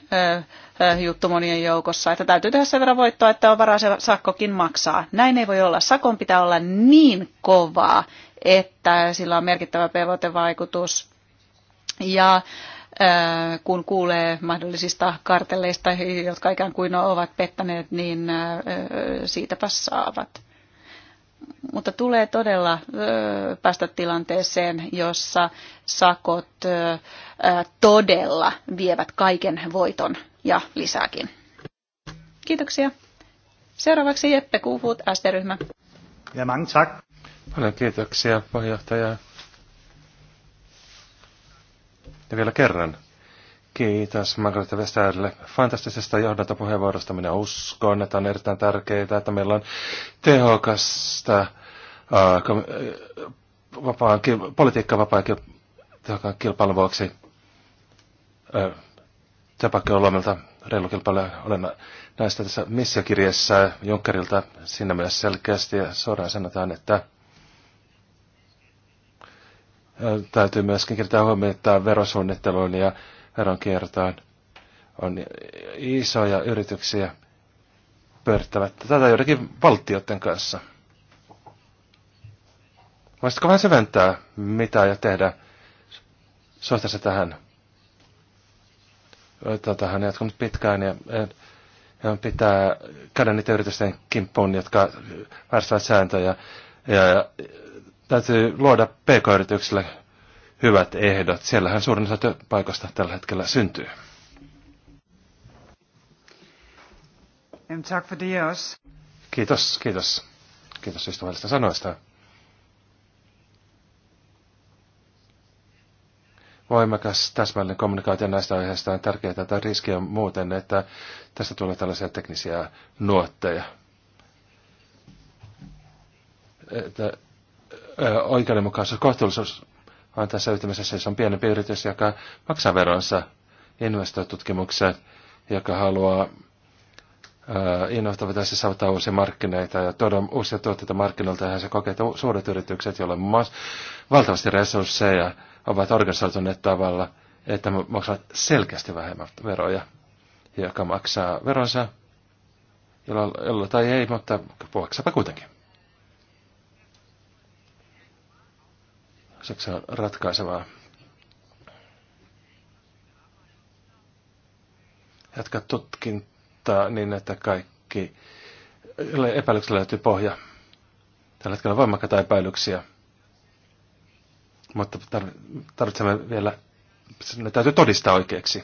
Speaker 2: juttu monien joukossa, että täytyy tehdä sen verran voittoa, että on varaa se sakkokin maksaa. Näin ei voi olla. Sakon pitää olla niin kovaa, että sillä on merkittävä pelotevaikutus. Ja kun kuulee mahdollisista kartelleista, jotka ikään kuin ovat pettäneet, niin siitäpä saavat mutta tulee todella päästä tilanteeseen, jossa sakot todella vievät kaiken voiton ja lisääkin. Kiitoksia. Seuraavaksi Jeppe Kuhut, ST-ryhmä.
Speaker 1: Ja
Speaker 4: mange Paljon kiitoksia, puheenjohtaja. Ja vielä kerran Kiitos Margaret Westerille fantastisesta johdantopuheenvuorosta. Minä uskon, että on erittäin tärkeää, että meillä on tehokasta äh, vapaan, politiikka vapaan tehokkaan kilpailun vuoksi. Äh, Tepakki on luomilta reilu kilpailu. Olen näistä tässä missiokirjassa Junckerilta siinä myös selkeästi ja suoraan sanotaan, että täytyy myöskin huomioon, että verosuunnitteluun ja veronkiertoon. On isoja yrityksiä pyörittävät tätä joidenkin valtioiden kanssa. Voisitko vähän syventää, mitä ja tehdä suhteessa tähän? Tähän on jatkunut pitkään ja, ja pitää käydä niitä yritysten kimppuun, jotka värstävät sääntöjä. Ja, ja täytyy luoda pk-yrityksille hyvät ehdot. Siellähän suurin osa työpaikoista tällä hetkellä syntyy. Kiitos, kiitos. Kiitos ystävällisistä sanoista. voimakas täsmällinen kommunikaatio näistä aiheista on tärkeää, että riski on muuten, että tästä tulee tällaisia teknisiä nuotteja. Että oikeudenmukaisuus, kohtuullisuus vaan tässä yhteydessä se on pienempi yritys, joka maksaa veronsa investointitutkimukseen, joka haluaa äh, innoittavat tässä saavuttaa uusia markkinoita ja tuoda uusia tuotteita markkinoilta ja se kokee, että suuret yritykset, joilla on valtavasti resursseja, ovat organisoituneet tavalla, että maksavat selkeästi vähemmän veroja, joka maksaa veronsa, jolla, jolla tai ei, mutta puhuaksapa kuitenkin. Saksa on ratkaisevaa. Jatka tutkintaa niin, että kaikki epäilyksellä löytyy pohja. Tällä hetkellä on voimakkaita epäilyksiä, mutta tarvitsemme vielä, ne täytyy todistaa oikeaksi.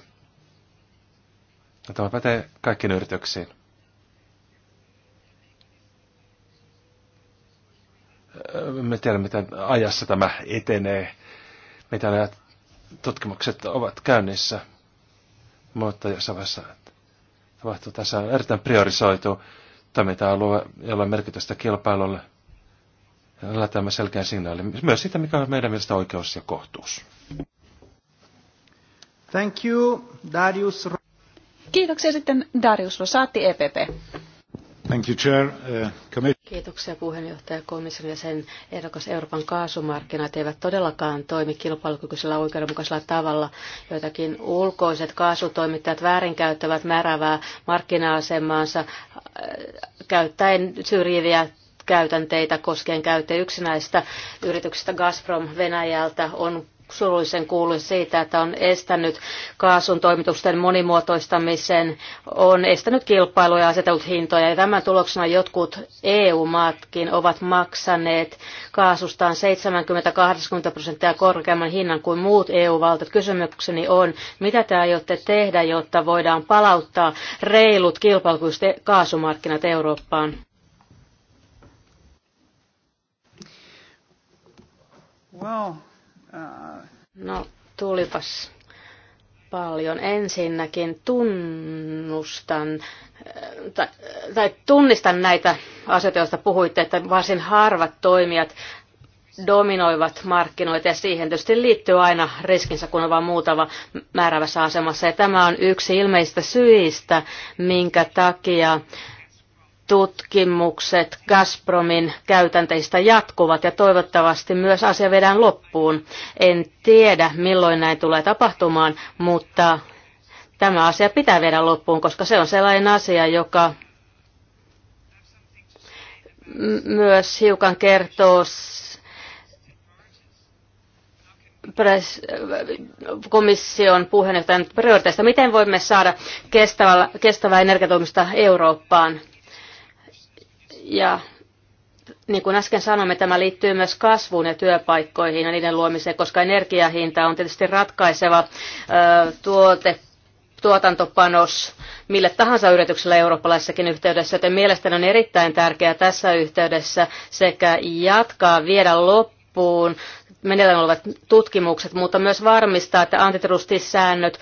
Speaker 4: tämä pätee kaikkiin yrityksiin. me tiedä, miten ajassa tämä etenee, mitä nämä tutkimukset ovat käynnissä. Mutta jossain vaiheessa tapahtuu, tässä on erittäin priorisoitu toiminta-alue, jolla on merkitystä kilpailulle. Ja tämä selkeä signaali myös siitä, mikä on meidän mielestä oikeus ja kohtuus.
Speaker 2: Thank you, Darius.
Speaker 3: Kiitoksia sitten Darius Rosati, EPP.
Speaker 1: Uh,
Speaker 3: Kiitoksia puheenjohtaja komission ja sen ehdokas Euroopan kaasumarkkinat eivät todellakaan toimi kilpailukykyisellä oikeudenmukaisella tavalla. Joitakin ulkoiset kaasutoimittajat väärinkäyttävät määräävää markkina-asemaansa äh, käyttäen syrjiviä käytänteitä koskien käyttäjä. Yksi näistä yrityksistä Gazprom Venäjältä on surullisen kuului siitä, että on estänyt kaasun toimitusten monimuotoistamisen, on estänyt kilpailuja ja asetellut hintoja. Ja tämän tuloksena jotkut EU-maatkin ovat maksaneet kaasustaan 70-80 prosenttia korkeamman hinnan kuin muut EU-valtiot. Kysymykseni on, mitä te aiotte tehdä, jotta voidaan palauttaa reilut kilpailukykyiset kaasumarkkinat Eurooppaan? Wow. No, tulipas paljon. Ensinnäkin tunnustan äh, tai, tai tunnistan näitä asioita, joista puhuitte, että varsin harvat toimijat dominoivat markkinoita ja siihen tietysti liittyy aina riskinsä, kun on vain muutama määrävässä asemassa. Ja tämä on yksi ilmeistä syistä, minkä takia tutkimukset Gazpromin käytänteistä jatkuvat ja toivottavasti myös asia vedään loppuun. En tiedä, milloin näin tulee tapahtumaan, mutta tämä asia pitää viedä loppuun, koska se on sellainen asia, joka myös hiukan kertoo komission puheenjohtajan prioriteista. Miten voimme saada kestävää, kestävää energiatoimista Eurooppaan? Ja niin kuin äsken sanoimme, tämä liittyy myös kasvuun ja työpaikkoihin ja niiden luomiseen, koska energiahinta on tietysti ratkaiseva tuote, tuotantopanos mille tahansa yritykselle eurooppalaisessakin yhteydessä, joten mielestäni on erittäin tärkeää tässä yhteydessä sekä jatkaa, viedä loppuun meneillään olevat tutkimukset, mutta myös varmistaa, että antitrustisäännöt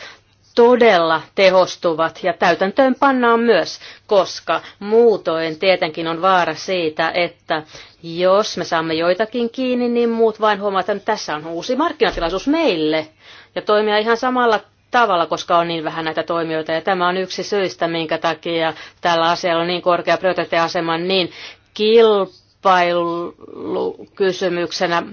Speaker 3: todella tehostuvat ja täytäntöön pannaan myös, koska muutoin tietenkin on vaara siitä, että jos me saamme joitakin kiinni, niin muut vain huomaavat, että tässä on uusi markkinatilaisuus meille ja toimia ihan samalla tavalla, koska on niin vähän näitä toimijoita. Ja tämä on yksi syistä, minkä takia tällä asialla on niin korkea prioriteettiasema, niin kilpailukysymyksenä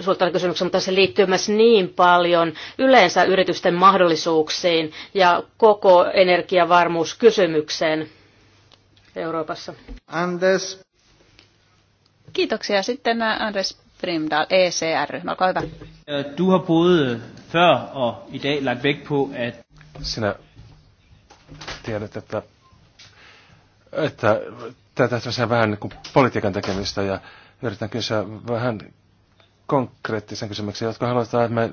Speaker 3: suottavana kysymyksen, mutta se liittyy myös niin paljon yleensä yritysten mahdollisuuksiin ja koko energiavarmuuskysymykseen Euroopassa. Andes.
Speaker 2: Kiitoksia. Sitten äh, Andres Primdal, ECR-ryhmä. Olkaa hyvä.
Speaker 1: Du har både øh, før og i dag lagt vægt på, at...
Speaker 4: Sinä tiedät, että, että tätä vähän niin kuin politiikan tekemistä ja yritän kysyä vähän konkreettisen kysymyksen, jotka haluaisivat, että me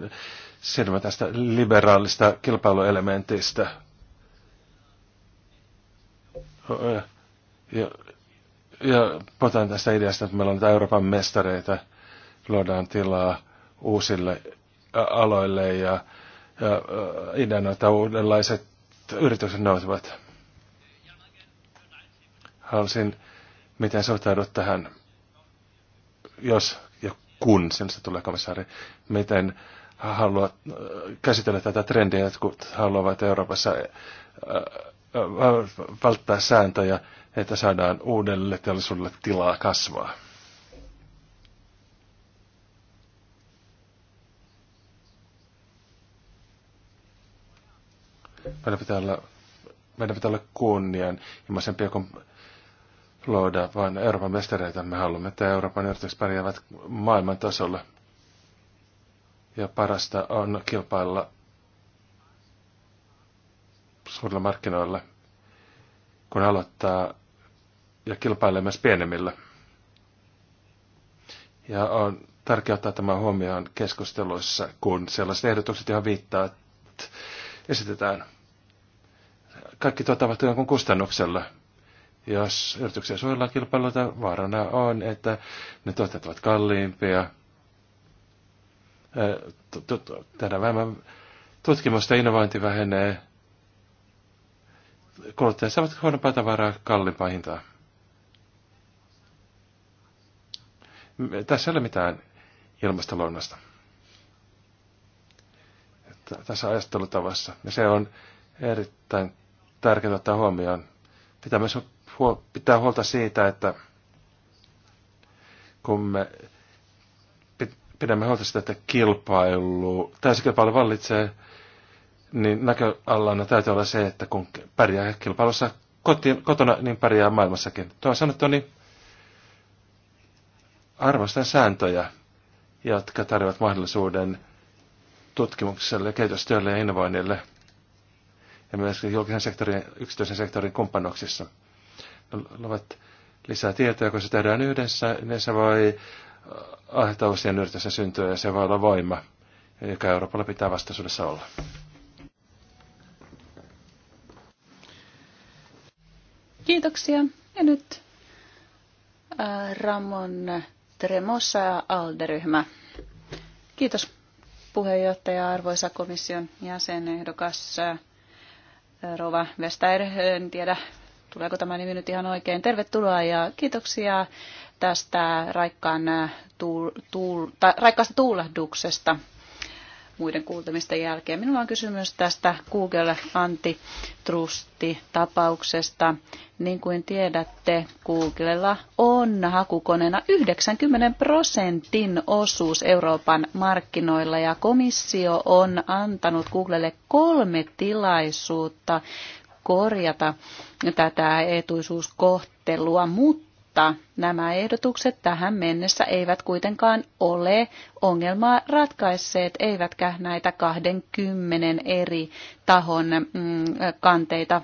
Speaker 4: siirrymme tästä liberaalista kilpailuelementistä. Ja, ja potan tästä ideasta, että meillä on Euroopan mestareita, luodaan tilaa uusille aloille ja, ja ideana, että uudenlaiset yritykset nousevat. Haluaisin, miten suhtaudut tähän, jos kun sinusta tulee komissaari, miten haluat äh, käsitellä tätä trendiä, että kun haluavat Euroopassa äh, äh, välttää sääntöjä, että saadaan uudelle teollisuudelle tilaa kasvaa. Meidän pitää olla, meidän pitää olla kunnianhimoisempia kuin luoda vain Euroopan mestareita. Me haluamme, että Euroopan yritykset pärjäävät maailman tasolla. Ja parasta on kilpailla suurilla markkinoilla, kun aloittaa ja kilpailee myös pienemmillä. Ja on tärkeää ottaa tämä huomioon keskusteluissa, kun sellaiset ehdotukset, johon viittaa, esitetään. Kaikki tuottavat jonkun kustannuksella – jos yrityksiä suojellaan kilpailulta, vaarana on, että ne tuotteet ovat kalliimpia. Tänä vähemmän tutkimusta innovointi vähenee. Kuluttajat saavat huonompaa tavaraa kalliimpaa hintaa. Tässä ei ole mitään ilmastoluonnosta tässä ajattelutavassa. Ja se on erittäin tärkeää ottaa huomioon. Pitää myös huo, pitää huolta siitä, että kun me pidämme huolta sitä, että kilpailu, täysikilpailu vallitsee, niin näköalana täytyy olla se, että kun pärjää kilpailussa kotiin, kotona, niin pärjää maailmassakin. Tuo sanottu, niin arvostan sääntöjä, jotka tarjoavat mahdollisuuden tutkimukselle, kehitystyölle ja innovoinnille ja myös julkisen sektorin, yksityisen sektorin kumppanuksissa luvat lisää tietoa, kun se tehdään yhdessä, niin se voi äh, aiheuttaa uusien yritysten syntyä ja se voi olla voima, joka Euroopalla pitää vastaisuudessa olla.
Speaker 2: Kiitoksia. Ja nyt äh, Ramon Tremosa ja Alderyhmä. Kiitos puheenjohtaja, arvoisa komission jäsenehdokas äh, Rova Vestair. En tiedä, tuleeko tämä nimi nyt ihan oikein. Tervetuloa ja kiitoksia tästä raikkaan äh, tuul, tuul, ta, raikkaasta tuulahduksesta muiden kuultamisten jälkeen. Minulla on kysymys tästä Google Antitrust-tapauksesta. Niin kuin tiedätte, Googlella on hakukoneena 90 prosentin osuus Euroopan markkinoilla ja komissio on antanut Googlelle kolme tilaisuutta korjata tätä etuisuuskohtelua, mutta nämä ehdotukset tähän mennessä eivät kuitenkaan ole ongelmaa ratkaisseet, eivätkä näitä 20 eri tahon mm, kanteita.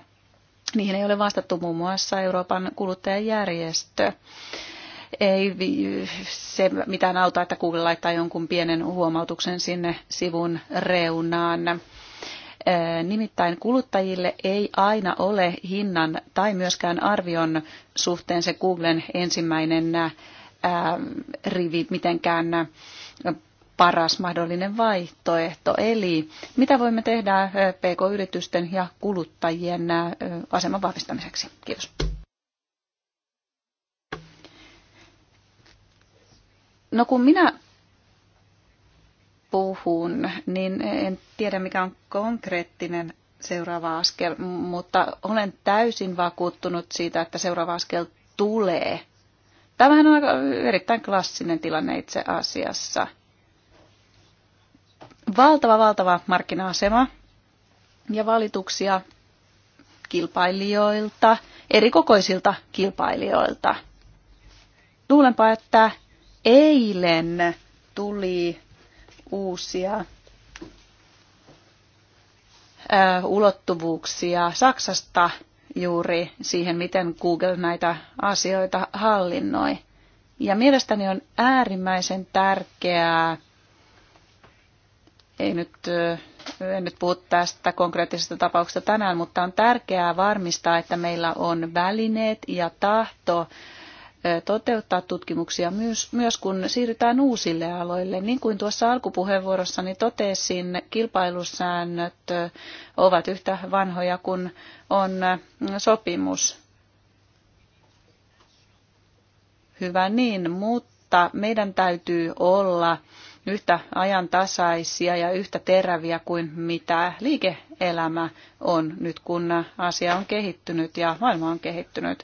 Speaker 2: Niihin ei ole vastattu muun muassa Euroopan kuluttajajärjestö ei se mitään auta, että Google laittaa jonkun pienen huomautuksen sinne sivun reunaan. Nimittäin kuluttajille ei aina ole hinnan tai myöskään arvion suhteen se Googlen ensimmäinen rivi mitenkään paras mahdollinen vaihtoehto. Eli mitä voimme tehdä PK-yritysten ja kuluttajien aseman vahvistamiseksi? Kiitos. No kun minä puhun, niin en tiedä mikä on konkreettinen seuraava askel, mutta olen täysin vakuuttunut siitä, että seuraava askel tulee. Tämähän on aika erittäin klassinen tilanne itse asiassa. Valtava, valtava markkina-asema ja valituksia kilpailijoilta, erikokoisilta kilpailijoilta. Luulenpa, että eilen tuli uusia ulottuvuuksia Saksasta juuri siihen, miten Google näitä asioita hallinnoi. Ja mielestäni on äärimmäisen tärkeää, ei nyt, en nyt puhu tästä konkreettisesta tapauksesta tänään, mutta on tärkeää varmistaa, että meillä on välineet ja tahto toteuttaa tutkimuksia myös, myös kun siirrytään uusille aloille. Niin kuin tuossa alkupuheenvuorossani totesin, kilpailusäännöt ovat yhtä vanhoja kuin on sopimus. Hyvä niin, mutta meidän täytyy olla yhtä ajantasaisia ja yhtä teräviä kuin mitä liike-elämä on nyt, kun asia on kehittynyt ja maailma on kehittynyt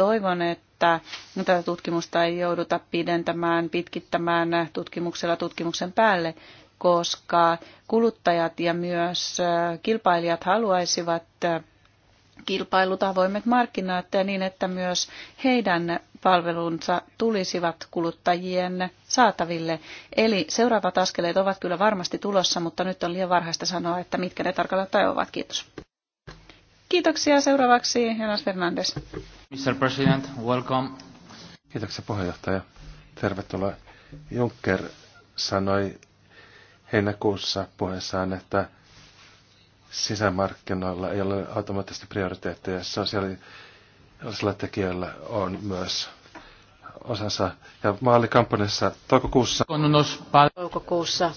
Speaker 2: toivon, että tätä tutkimusta ei jouduta pidentämään, pitkittämään tutkimuksella tutkimuksen päälle, koska kuluttajat ja myös äh, kilpailijat haluaisivat äh, kilpailut avoimet markkinat niin, että myös heidän palvelunsa tulisivat kuluttajien saataville. Eli seuraavat askeleet ovat kyllä varmasti tulossa, mutta nyt on liian varhaista sanoa, että mitkä ne tarkalleen ovat. Kiitos. Kiitoksia. Seuraavaksi Jonas Fernandes.
Speaker 4: Mr. President, welcome. Kiitoksia puheenjohtaja. Tervetuloa. Juncker sanoi heinäkuussa puheessaan, että sisämarkkinoilla ei ole automaattisesti prioriteetteja. Sosiaalisilla tekijöillä on myös osansa. Ja maalikampanjassa toukokuussa... Toukokuussa. unos... Eh, toukokuussa.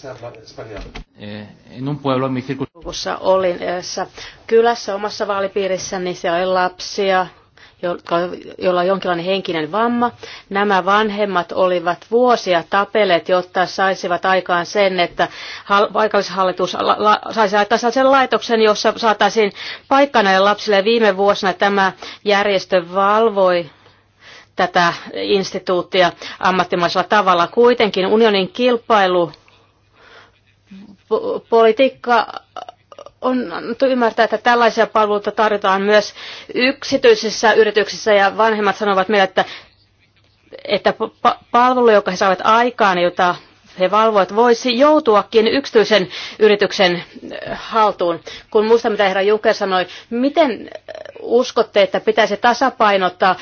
Speaker 4: En un pueblo mi circun
Speaker 3: joulukuussa olin yössä kylässä omassa vaalipiirissäni, niin siellä oli lapsia, joilla on jonkinlainen henkinen vamma. Nämä vanhemmat olivat vuosia tapeleet, jotta saisivat aikaan sen, että paikallishallitus saisi aikaan sellaisen laitoksen, jossa saataisiin paikka näille lapsille. Viime vuosina tämä järjestö valvoi tätä instituuttia ammattimaisella tavalla. Kuitenkin unionin kilpailu politiikka on annettu ymmärtää, että tällaisia palveluita tarjotaan myös yksityisissä yrityksissä ja vanhemmat sanovat meille, että, että palvelu, joka he saavat aikaan, jota he valvovat, voisi joutuakin yksityisen yrityksen äh, haltuun. Kun muista, mitä herra Juncker sanoi, miten äh, uskotte, että pitäisi tasapainottaa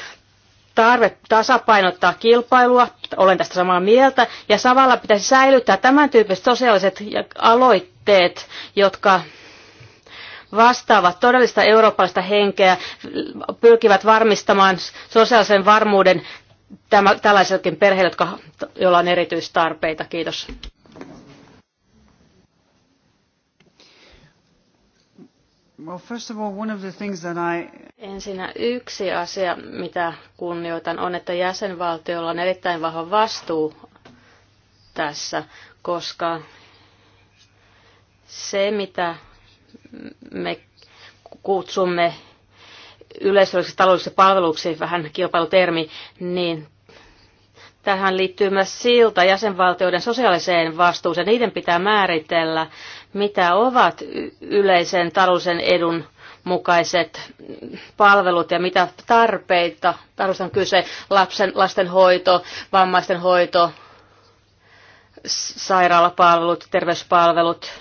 Speaker 3: tarve tasapainottaa kilpailua, olen tästä samaa mieltä, ja samalla pitäisi säilyttää tämän tyyppiset sosiaaliset aloitteet, jotka vastaavat todellista eurooppalaista henkeä, pyrkivät varmistamaan sosiaalisen varmuuden tällaisellekin perheille, jotka, joilla on erityistarpeita. Kiitos. Well, first of all, one of the things that I... Ensinnä yksi asia, mitä kunnioitan, on, että jäsenvaltiolla on erittäin vahva vastuu tässä, koska se, mitä me kutsumme yleisölliseksi taloudelliseksi palveluksi, vähän kilpailutermi, niin tähän liittyy myös silta jäsenvaltioiden sosiaaliseen vastuuseen. Niiden pitää määritellä, mitä ovat yleisen taloudellisen edun mukaiset palvelut ja mitä tarpeita. Tarvitaan on kyse lapsen, lasten hoito, vammaisten hoito, sairaalapalvelut, terveyspalvelut,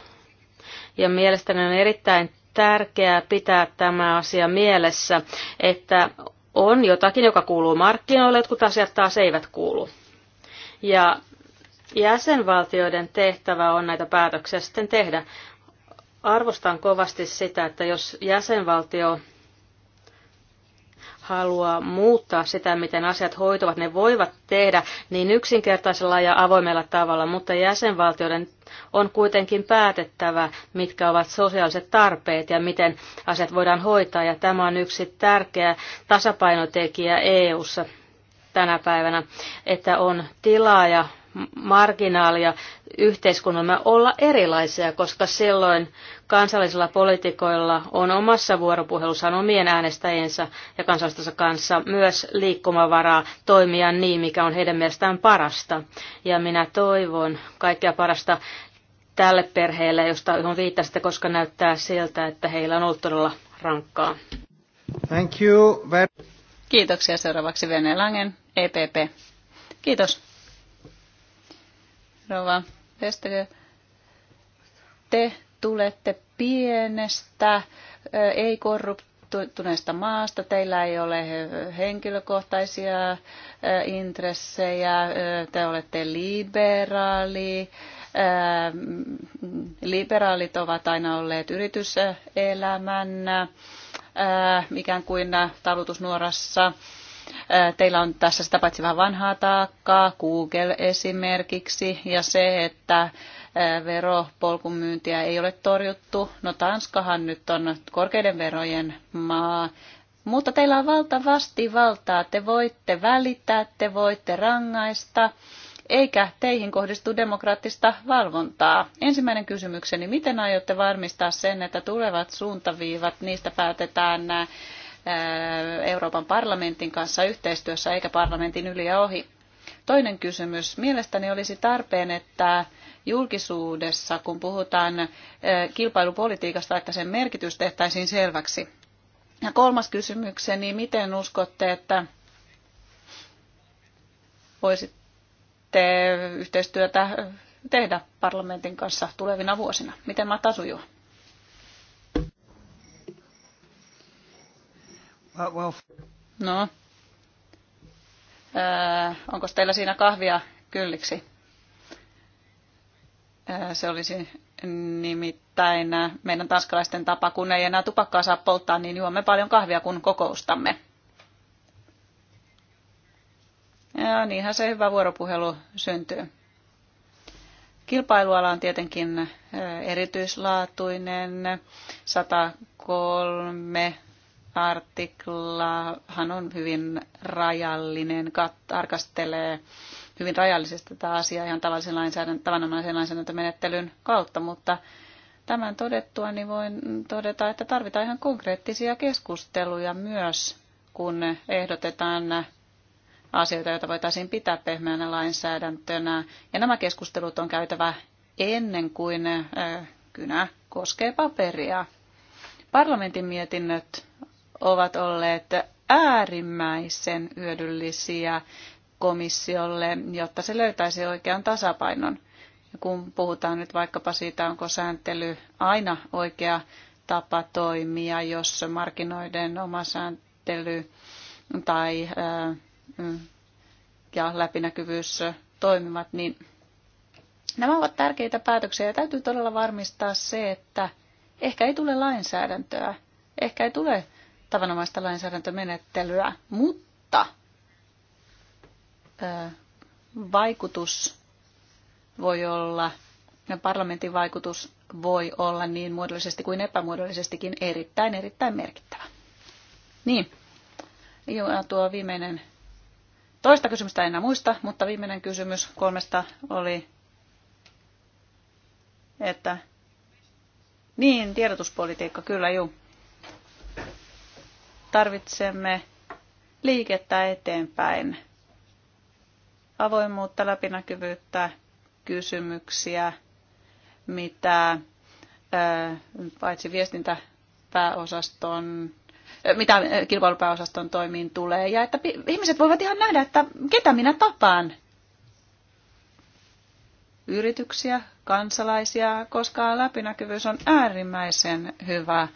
Speaker 3: ja mielestäni on erittäin tärkeää pitää tämä asia mielessä, että on jotakin, joka kuuluu markkinoille, jotkut asiat taas eivät kuulu. Ja jäsenvaltioiden tehtävä on näitä päätöksiä sitten tehdä. Arvostan kovasti sitä, että jos jäsenvaltio haluaa muuttaa sitä, miten asiat hoituvat, ne voivat tehdä niin yksinkertaisella ja avoimella tavalla, mutta jäsenvaltioiden on kuitenkin päätettävä, mitkä ovat sosiaaliset tarpeet ja miten asiat voidaan hoitaa, ja tämä on yksi tärkeä tasapainotekijä EU:ssa tänä päivänä, että on tilaa ja marginaalia yhteiskunnalla olla erilaisia, koska silloin kansallisilla poliitikoilla on omassa vuoropuhelussaan omien äänestäjensä ja kansallistensa kanssa myös liikkumavaraa toimia niin, mikä on heidän mielestään parasta. Ja minä toivon kaikkea parasta tälle perheelle, josta on viittasitte, koska näyttää siltä, että heillä on ollut todella rankkaa.
Speaker 1: Thank you.
Speaker 2: Kiitoksia seuraavaksi Vene Langen, EPP. Kiitos. Rova Vestö, te tulette pienestä, ei korruptuneesta maasta, teillä ei ole henkilökohtaisia intressejä, te olette liberaali, liberaalit ovat aina olleet yrityselämän ikään kuin talutusnuorassa Teillä on tässä sitä paitsi vähän vanhaa taakkaa, Google esimerkiksi, ja se, että veropolkun myyntiä ei ole torjuttu. No Tanskahan nyt on korkeiden verojen maa, mutta teillä on valtavasti valtaa. Te voitte välittää, te voitte rangaista, eikä teihin kohdistu demokraattista valvontaa. Ensimmäinen kysymykseni, miten aiotte varmistaa sen, että tulevat suuntaviivat, niistä päätetään Äh, Euroopan parlamentin kanssa yhteistyössä eikä parlamentin yli ja ohi. Toinen kysymys. Mielestäni olisi tarpeen, että julkisuudessa, kun puhutaan äh, kilpailupolitiikasta, että sen merkitys tehtäisiin selväksi. Ja kolmas kysymykseni, miten uskotte, että voisitte yhteistyötä tehdä parlamentin kanssa tulevina vuosina? Miten matta sujuu? Uh, well. No. Öö, äh, onko teillä siinä kahvia kylliksi? Öö, se olisi nimittäin meidän tanskalaisten tapa, kun ei enää tupakkaa saa polttaa, niin juomme paljon kahvia, kun kokoustamme. Ja niinhän se hyvä vuoropuhelu syntyy. Kilpailuala on tietenkin äh, erityislaatuinen. 103 artiklahan on hyvin rajallinen, kat, tarkastelee hyvin rajallisesti tätä asiaa ihan tavallisen lainsäädäntö, tavanomaisen lainsäädäntömenettelyn kautta, mutta tämän todettua niin voin todeta, että tarvitaan ihan konkreettisia keskusteluja myös, kun ehdotetaan asioita, joita voitaisiin pitää pehmeänä lainsäädäntönä. Ja nämä keskustelut on käytävä ennen kuin äh, kynä koskee paperia. Parlamentin mietinnöt ovat olleet äärimmäisen hyödyllisiä komissiolle, jotta se löytäisi oikean tasapainon. Kun puhutaan nyt vaikkapa siitä, onko sääntely aina oikea tapa toimia, jos markkinoiden oma sääntely tai mm, ja läpinäkyvyys toimivat, niin nämä ovat tärkeitä päätöksiä ja täytyy todella varmistaa se, että ehkä ei tule lainsäädäntöä, ehkä ei tule tavanomaista lainsäädäntömenettelyä, mutta vaikutus voi olla, no, parlamentin vaikutus voi olla niin muodollisesti kuin epämuodollisestikin erittäin, erittäin merkittävä. Niin, ja tuo viimeinen, toista kysymystä en enää muista, mutta viimeinen kysymys kolmesta oli, että niin, tiedotuspolitiikka, kyllä juu. Tarvitsemme liikettä eteenpäin, avoimuutta, läpinäkyvyyttä, kysymyksiä, mitä paitsi viestintäpääosaston mitä kilpailupääosaston toimiin tulee, ja että ihmiset voivat ihan nähdä, että ketä minä tapaan. Yrityksiä, kansalaisia, koska läpinäkyvyys on äärimmäisen hyvä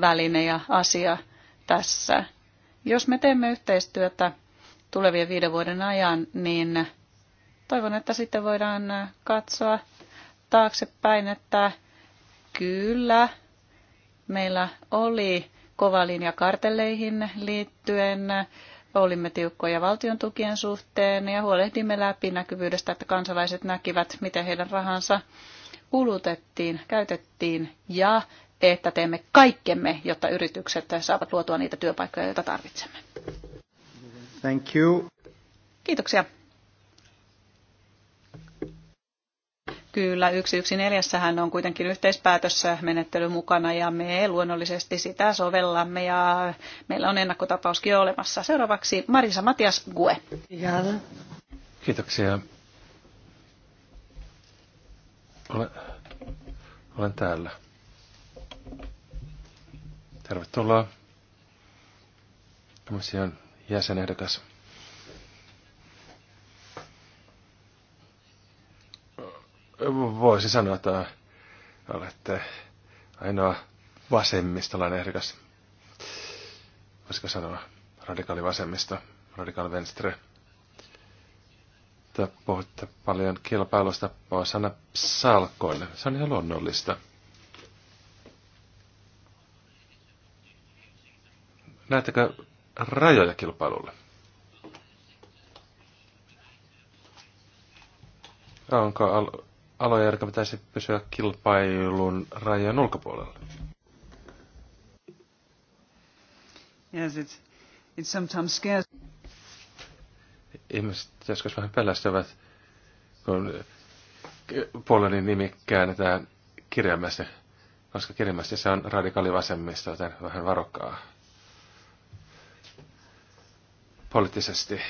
Speaker 2: väline ja asia tässä. Jos me teemme yhteistyötä tulevien viiden vuoden ajan, niin toivon, että sitten voidaan katsoa taaksepäin, että kyllä meillä oli kova linja kartelleihin liittyen, olimme tiukkoja valtion tukien suhteen ja huolehdimme läpinäkyvyydestä, että kansalaiset näkivät, miten heidän rahansa kulutettiin, käytettiin ja että teemme kaikkemme, jotta yritykset saavat luotua niitä työpaikkoja, joita tarvitsemme.
Speaker 1: Thank you.
Speaker 2: Kiitoksia. Kyllä, 114 on kuitenkin yhteispäätössä menettely mukana ja me luonnollisesti sitä sovellamme ja meillä on ennakkotapauskin olemassa. Seuraavaksi Marisa Matias Gue.
Speaker 4: Kiitoksia. Olen, olen täällä. Tervetuloa komission jäsenehdokas. Voisi sanoa, että olette ainoa vasemmistolainen ehdokas. Voisiko sanoa radikaali vasemmisto, radikaali venstre. Te puhutte paljon kilpailusta, voi sana salkoille. Se on ihan luonnollista. Näettekö rajoja kilpailulle? Onko al- aloja, jotka pitäisi pysyä kilpailun rajojen ulkopuolella?
Speaker 1: Yes, it's, it's sometimes scares.
Speaker 4: Ihmiset joskus vähän pelästyvät, kun Polonin nimi käännetään kirjaimesti, koska kirjaimesti se on radikaali vasemmista, joten vähän varokkaa poliittisesti.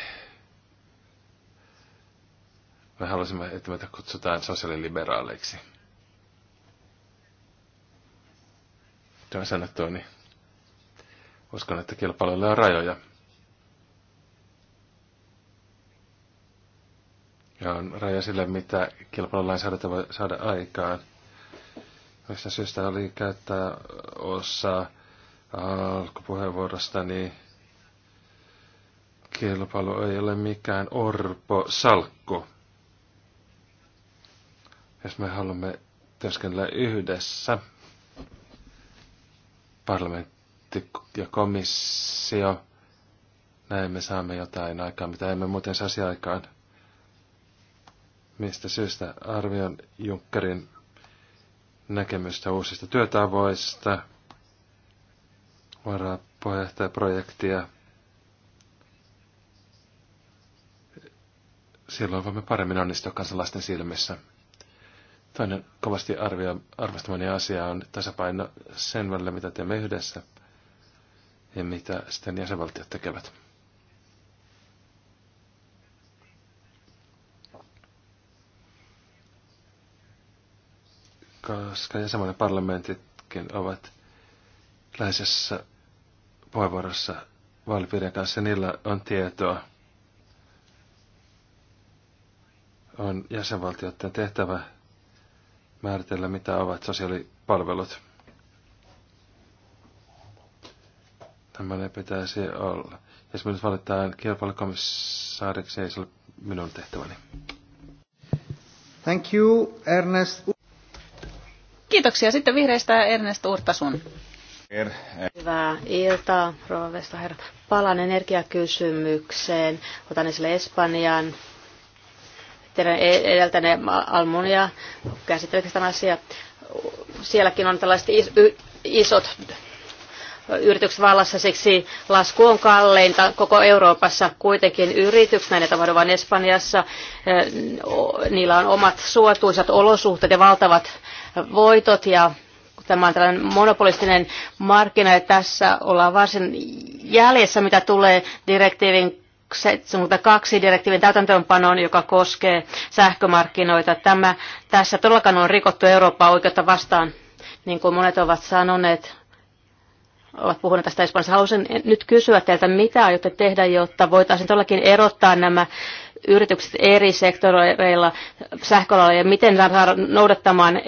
Speaker 4: Me haluaisimme, että meitä kutsutaan sosiaaliliberaaleiksi. Tämä sanottu, niin uskon, että kilpailuilla on rajoja. Ja on raja sille, mitä kilpailulainsäädäntö voi saada aikaan. Mistä syystä oli käyttää osa alkupuheenvuorosta, niin kilpailu ei ole mikään orpo salkku. Jos me haluamme työskennellä yhdessä, parlamentti ja komissio, näin me saamme jotain aikaa, mitä emme muuten saisi aikaan. Mistä syystä arvion Junckerin näkemystä uusista työtavoista, varapuheenjohtajaprojektia projektia silloin voimme paremmin onnistua kansalaisten silmissä. Toinen kovasti arvio, arvostamani asia on tasapaino sen välillä, mitä teemme yhdessä ja mitä sitten jäsenvaltiot tekevät. Koska jäsenvaltion parlamentitkin ovat läheisessä puheenvuorossa vaalipiirien kanssa, niillä on tietoa on jäsenvaltioiden tehtävä määritellä, mitä ovat sosiaalipalvelut. Tällainen pitäisi olla. Jos minut valitaan kilpailukomissaariksi, ei se ole minun tehtäväni.
Speaker 1: Thank you, Ernest.
Speaker 2: Kiitoksia. Sitten
Speaker 3: vihreistä Ernest Urtasun. Er- Hyvää iltaa, rouva Vestaher. Palaan energiakysymykseen. Otan esille Espanjan teidän e- edeltäne Almunia käsittelette tämän asian. Sielläkin on tällaiset isot yritykset vallassa, siksi lasku on kalleinta koko Euroopassa. Kuitenkin yritykset, näin tavoin vain Espanjassa, niillä on omat suotuisat olosuhteet ja valtavat voitot ja tämä on tällainen monopolistinen markkina ja tässä ollaan varsin jäljessä, mitä tulee direktiivin 72 direktiivin täytäntöönpanoon, joka koskee sähkömarkkinoita. Tämä, tässä todellakaan on rikottu Euroopan oikeutta vastaan, niin kuin monet ovat sanoneet, ovat puhuneet tästä Espanjassa. Haluaisin nyt kysyä teiltä, mitä aiotte tehdä, jotta voitaisiin todellakin erottaa nämä yritykset eri sektoreilla sähköalalla ja miten saada noudattamaan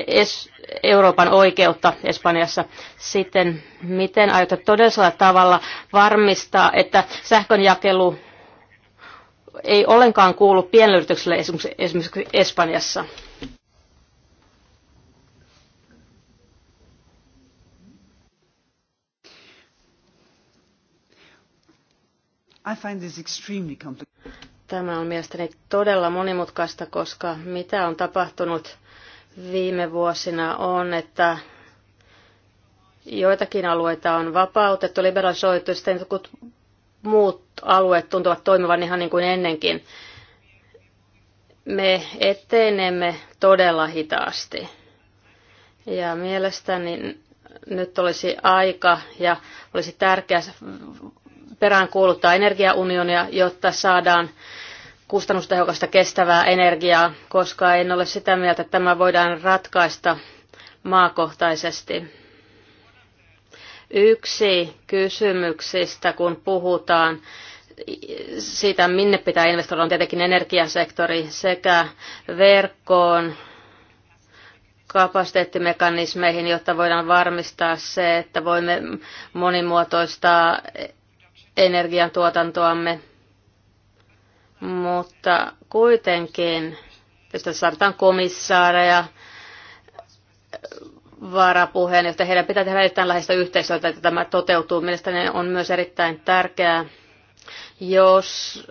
Speaker 3: Euroopan oikeutta Espanjassa. Sitten miten aiotte todellisella tavalla varmistaa, että sähkönjakelu ei ollenkaan kuulu pienyrityksille esimerkiksi Espanjassa.
Speaker 1: I find this extremely complicated.
Speaker 3: Tämä on mielestäni todella monimutkaista, koska mitä on tapahtunut viime vuosina on, että joitakin alueita on vapautettu, liberalisoitu, sitten muut alueet tuntuvat toimivan ihan niin kuin ennenkin. Me etenemme todella hitaasti. Ja mielestäni nyt olisi aika ja olisi tärkeää peräänkuuluttaa energiaunionia, jotta saadaan kustannustehokasta kestävää energiaa, koska en ole sitä mieltä, että tämä voidaan ratkaista maakohtaisesti yksi kysymyksistä, kun puhutaan siitä, minne pitää investoida, on tietenkin energiasektori sekä verkkoon, kapasiteettimekanismeihin, jotta voidaan varmistaa se, että voimme monimuotoistaa energiantuotantoamme. Mutta kuitenkin, tästä saadaan komissaareja, varapuheenjohtaja. Heidän pitää tehdä erittäin läheistä yhteistyötä, että tämä toteutuu. Mielestäni on myös erittäin tärkeää, jos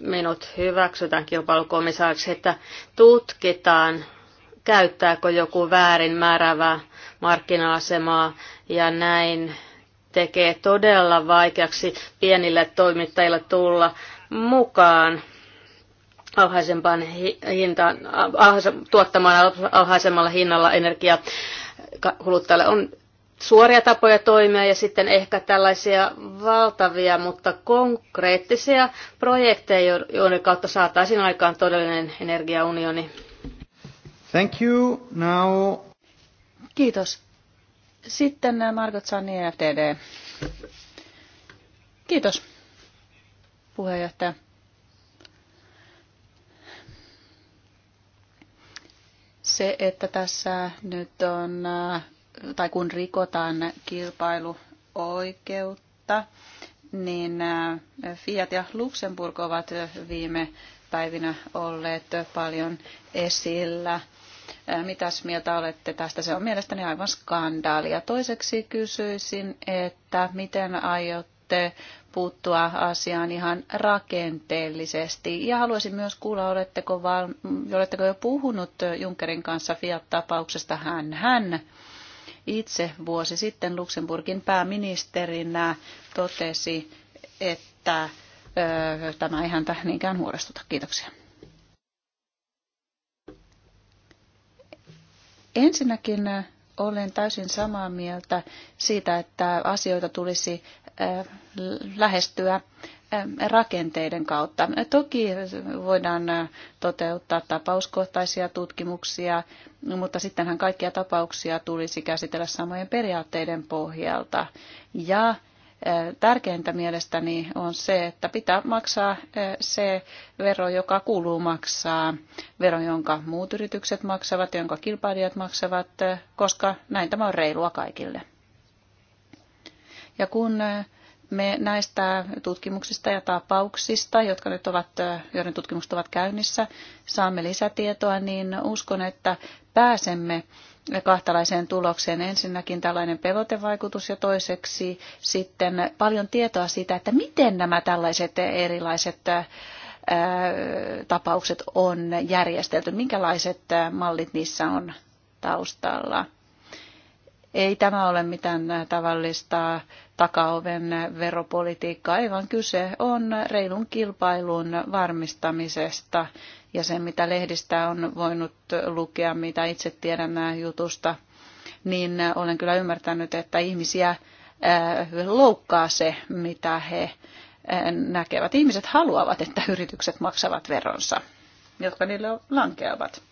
Speaker 3: minut hyväksytään kilpailukomissaariksi, että tutkitaan, käyttääkö joku väärin määrävää markkina-asemaa ja näin tekee todella vaikeaksi pienille toimittajille tulla mukaan alhaisempaan hintaan, tuottamaan alhaisemmalla hinnalla energiaa kuluttajalle. On suoria tapoja toimia ja sitten ehkä tällaisia valtavia, mutta konkreettisia projekteja, joiden kautta saataisiin aikaan todellinen energiaunioni.
Speaker 2: Thank you. Now... Kiitos. Sitten äh, Margot Sanni, FTD. Kiitos, puheenjohtaja. se, että tässä nyt on, äh, tai kun rikotaan kilpailuoikeutta, niin äh, Fiat ja Luxemburg ovat viime päivinä olleet paljon esillä. Äh, mitäs mieltä olette tästä? Se on mielestäni aivan skandaali. Ja toiseksi kysyisin, että miten aiotte puuttua asiaan ihan rakenteellisesti. Ja haluaisin myös kuulla, oletteko, val, oletteko jo puhunut Junckerin kanssa Fiat-tapauksesta. Hän, hän itse vuosi sitten Luxemburgin pääministerinä totesi, että ö, tämä ei häntä niinkään huolestuta. Kiitoksia. Ensinnäkin olen täysin samaa mieltä siitä, että asioita tulisi lähestyä rakenteiden kautta. Toki voidaan toteuttaa tapauskohtaisia tutkimuksia, mutta sittenhän kaikkia tapauksia tulisi käsitellä samojen periaatteiden pohjalta. Ja Tärkeintä mielestäni on se, että pitää maksaa se vero, joka kuuluu maksaa, vero, jonka muut yritykset maksavat, jonka kilpailijat maksavat, koska näin tämä on reilua kaikille. Ja kun me näistä tutkimuksista ja tapauksista, jotka nyt ovat, joiden tutkimukset ovat käynnissä, saamme lisätietoa, niin uskon, että pääsemme kahtalaiseen tulokseen. Ensinnäkin tällainen pelotevaikutus ja toiseksi sitten paljon tietoa siitä, että miten nämä tällaiset erilaiset äh, tapaukset on järjestelty, minkälaiset äh, mallit niissä on taustalla. Ei tämä ole mitään äh, tavallista takaoven veropolitiikkaa, ei vaan kyse on reilun kilpailun varmistamisesta ja sen, mitä lehdistä on voinut lukea, mitä itse tiedän jutusta, niin olen kyllä ymmärtänyt, että ihmisiä äh, loukkaa se, mitä he äh, näkevät. Ihmiset haluavat, että yritykset maksavat veronsa, jotka niille lankeavat.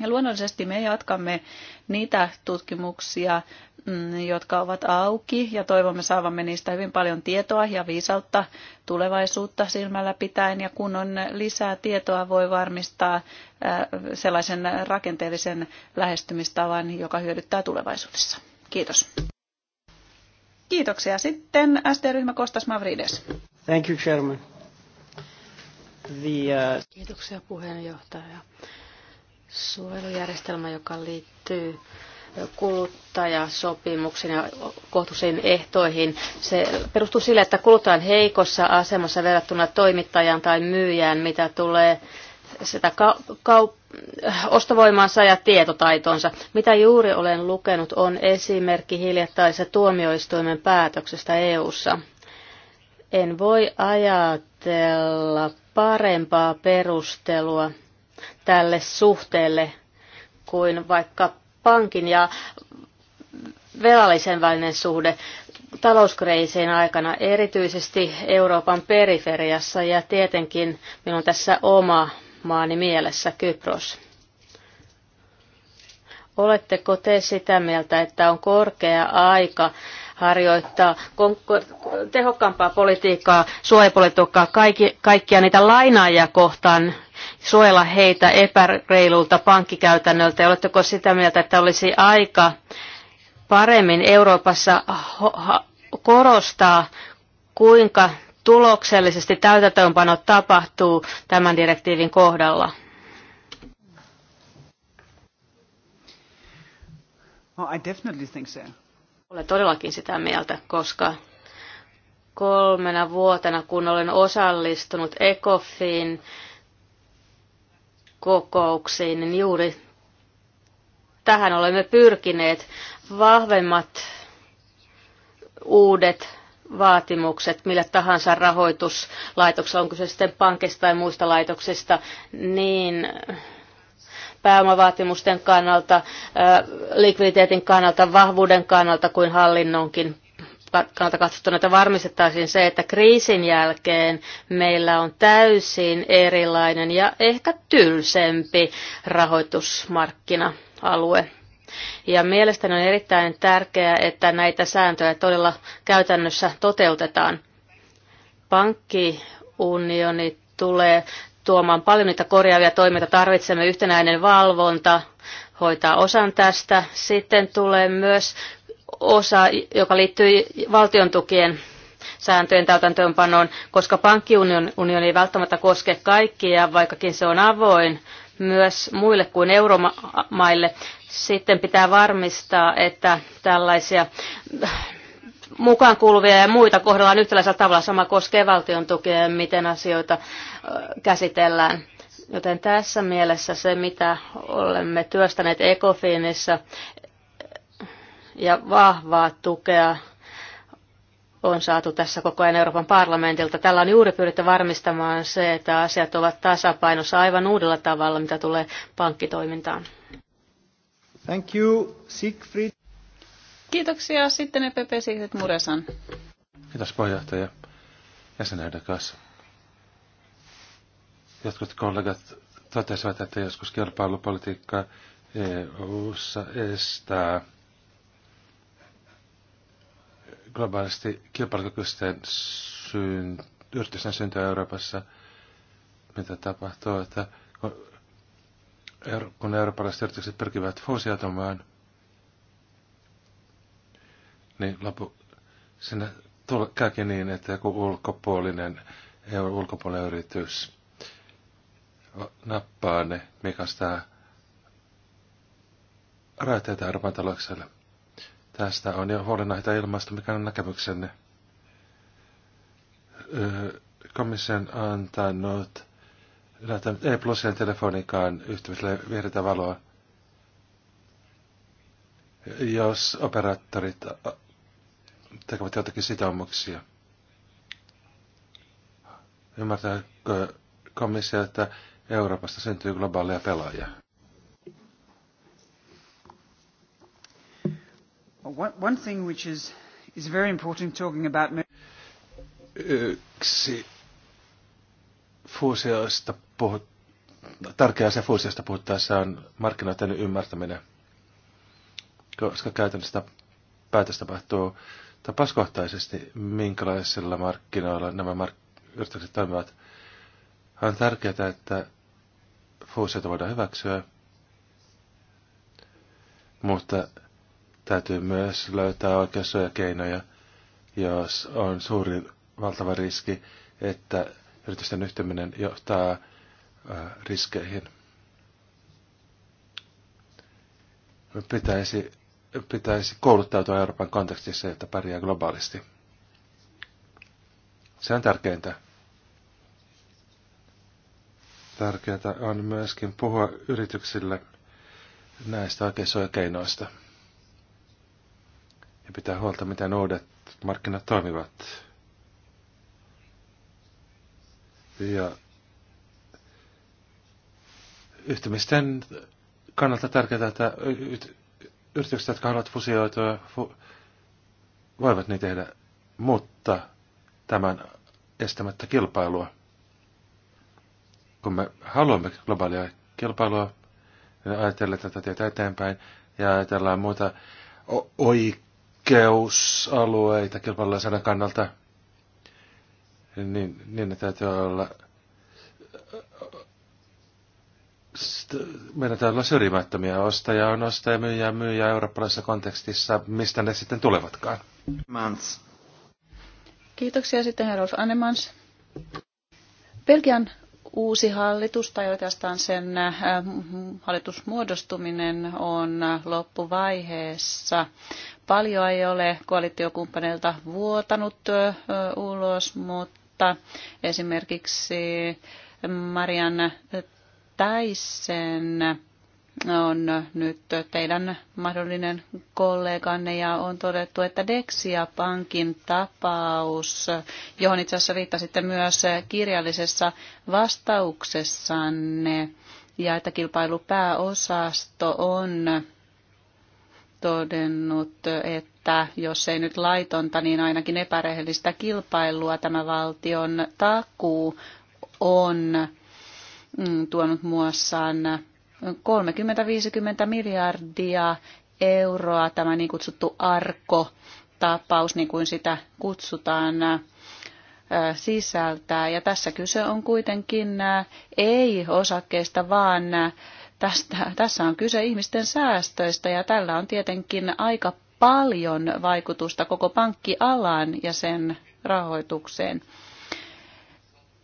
Speaker 2: Ja luonnollisesti me jatkamme niitä tutkimuksia, mm, jotka ovat auki ja toivomme saavamme niistä hyvin paljon tietoa ja viisautta tulevaisuutta silmällä pitäen. Ja kun on lisää tietoa, voi varmistaa äh, sellaisen rakenteellisen lähestymistavan, joka hyödyttää tulevaisuudessa. Kiitos. Kiitoksia. Sitten st ryhmä Kostas Mavrides.
Speaker 1: Thank you, Chairman. The, uh...
Speaker 3: Kiitoksia puheenjohtaja suojelujärjestelmä, joka liittyy kuluttajasopimuksen ja kohtuullisiin ehtoihin. Se perustuu sille, että kuluttaja on heikossa asemassa verrattuna toimittajaan tai myyjään, mitä tulee sitä ka- kaup- ostovoimaansa ja tietotaitonsa. Mitä juuri olen lukenut on esimerkki hiljattaisesta tuomioistuimen päätöksestä EU:ssa. En voi ajatella parempaa perustelua tälle suhteelle kuin vaikka pankin ja velallisen välinen suhde talouskreisien aikana, erityisesti Euroopan periferiassa ja tietenkin minun on tässä oma maani mielessä Kypros. Oletteko te sitä mieltä, että on korkea aika harjoittaa tehokkaampaa politiikkaa, suojapolitiikkaa kaikki, kaikkia niitä lainaajia kohtaan, suojella heitä epäreilulta pankkikäytännöltä. Oletteko sitä mieltä, että olisi aika paremmin Euroopassa korostaa, kuinka tuloksellisesti täytäntöönpano tapahtuu tämän direktiivin kohdalla? Oh, I definitely think so. Olen todellakin sitä mieltä, koska kolmena vuotena, kun olen osallistunut ECOFIN kokouksiin, niin juuri tähän olemme pyrkineet vahvemmat uudet vaatimukset millä tahansa rahoituslaitoksella, onko se sitten pankista tai muista laitoksista, niin pääomavaatimusten kannalta, likviditeetin kannalta, vahvuuden kannalta kuin hallinnonkin kannalta katsottuna, että varmistettaisiin se, että kriisin jälkeen meillä on täysin erilainen ja ehkä tylsempi rahoitusmarkkina-alue. Ja mielestäni on erittäin tärkeää, että näitä sääntöjä todella käytännössä toteutetaan. Pankkiunioni tulee tuomaan paljon niitä korjaavia toimia, tarvitsemme yhtenäinen valvonta, hoitaa osan tästä. Sitten tulee myös osa, joka liittyy valtion tukien sääntöjen täytäntöönpanoon, koska pankkiunioni ei välttämättä koske kaikkia, vaikkakin se on avoin myös muille kuin euromaille. Sitten pitää varmistaa, että tällaisia mukaan kuuluvia ja muita kohdellaan yhtäläisellä tavalla. Sama koskee valtion tukea ja miten asioita käsitellään. Joten tässä mielessä se, mitä olemme työstäneet Ecofinissa ja vahvaa tukea on saatu tässä koko ajan Euroopan parlamentilta. Tällä on juuri pyritty varmistamaan se, että asiat ovat tasapainossa aivan uudella tavalla, mitä tulee pankkitoimintaan.
Speaker 4: Thank you, Siegfried.
Speaker 2: Kiitoksia. Sitten EPP Sigrid Muresan.
Speaker 4: Kiitos puheenjohtaja jäsenyyden kanssa. Jotkut kollegat totesivat, että joskus kilpailupolitiikka EU-ssa estää globaalisti kilpailukykyisten syyn, yritysten syntyä Euroopassa, mitä tapahtuu, että kun eurooppalaiset yritykset pyrkivät fuusioitumaan, niin lopu, sinne tull, käykin niin, että joku ulkopuolinen, ulkopuolinen yritys nappaa ne, mikä sitä raiteita Euroopan Tästä on jo huolenaita ilmaista, mikä on näkemyksenne. Komission antanut, näyttänyt E-plusien telefonikaan yhteydelle vihreätä valoa jos operaattorit tekevät jotakin sitoumuksia. Ymmärtääkö komissio, että Euroopasta syntyy globaaleja pelaajia?
Speaker 1: One thing which is, is very important talking about...
Speaker 4: Yksi fuusioista puhut, tärkeä asia fuusiosta puhuttaessa on markkinoiden ymmärtäminen, koska käytännössä päätös tapahtuu tapauskohtaisesti, minkälaisilla markkinoilla nämä mark- yritykset toimivat. On tärkeää, että fuusioita voidaan hyväksyä, mutta täytyy myös löytää oikeassuoja keinoja, jos on suuri valtava riski, että yritysten yhtyminen johtaa riskeihin. Pitäisi pitäisi kouluttautua Euroopan kontekstissa, että pärjää globaalisti. Se on tärkeintä. Tärkeintä on myöskin puhua yrityksille näistä keinoista. Ja pitää huolta, miten uudet markkinat toimivat. Ja yhtymisten kannalta tärkeää, että yritykset, jotka haluavat fusioitua, fu- voivat niin tehdä, mutta tämän estämättä kilpailua. Kun me haluamme globaalia kilpailua, niin ajatellaan tätä tietä eteenpäin ja ajatellaan muita oikeusalueita kilpailulaisena kannalta, niin, niin ne täytyy olla – meidän täytyy olla syrjimättömiä. Ostaja on ostaja, myyjä myyjä eurooppalaisessa kontekstissa, mistä ne sitten tulevatkaan. Mans.
Speaker 2: Kiitoksia sitten Rolf Annemans. Belgian uusi hallitus tai oikeastaan sen äh, hallitusmuodostuminen on loppuvaiheessa. Paljon ei ole koalitiokumppaneilta vuotanut äh, ulos, mutta esimerkiksi Marian Täissen on nyt teidän mahdollinen kolleganne ja on todettu, että Dexia Pankin tapaus, johon itse asiassa viittasitte myös kirjallisessa vastauksessanne, ja että kilpailupääosasto on todennut, että jos ei nyt laitonta, niin ainakin epärehellistä kilpailua tämä valtion takuu on Mm, tuonut muassaan 30-50 miljardia euroa, tämä niin kutsuttu ARKO-tapaus, niin kuin sitä kutsutaan, sisältää. Ja tässä kyse on kuitenkin ei osakkeista, vaan tästä, tässä on kyse ihmisten säästöistä ja tällä on tietenkin aika paljon vaikutusta koko pankkialaan ja sen rahoitukseen.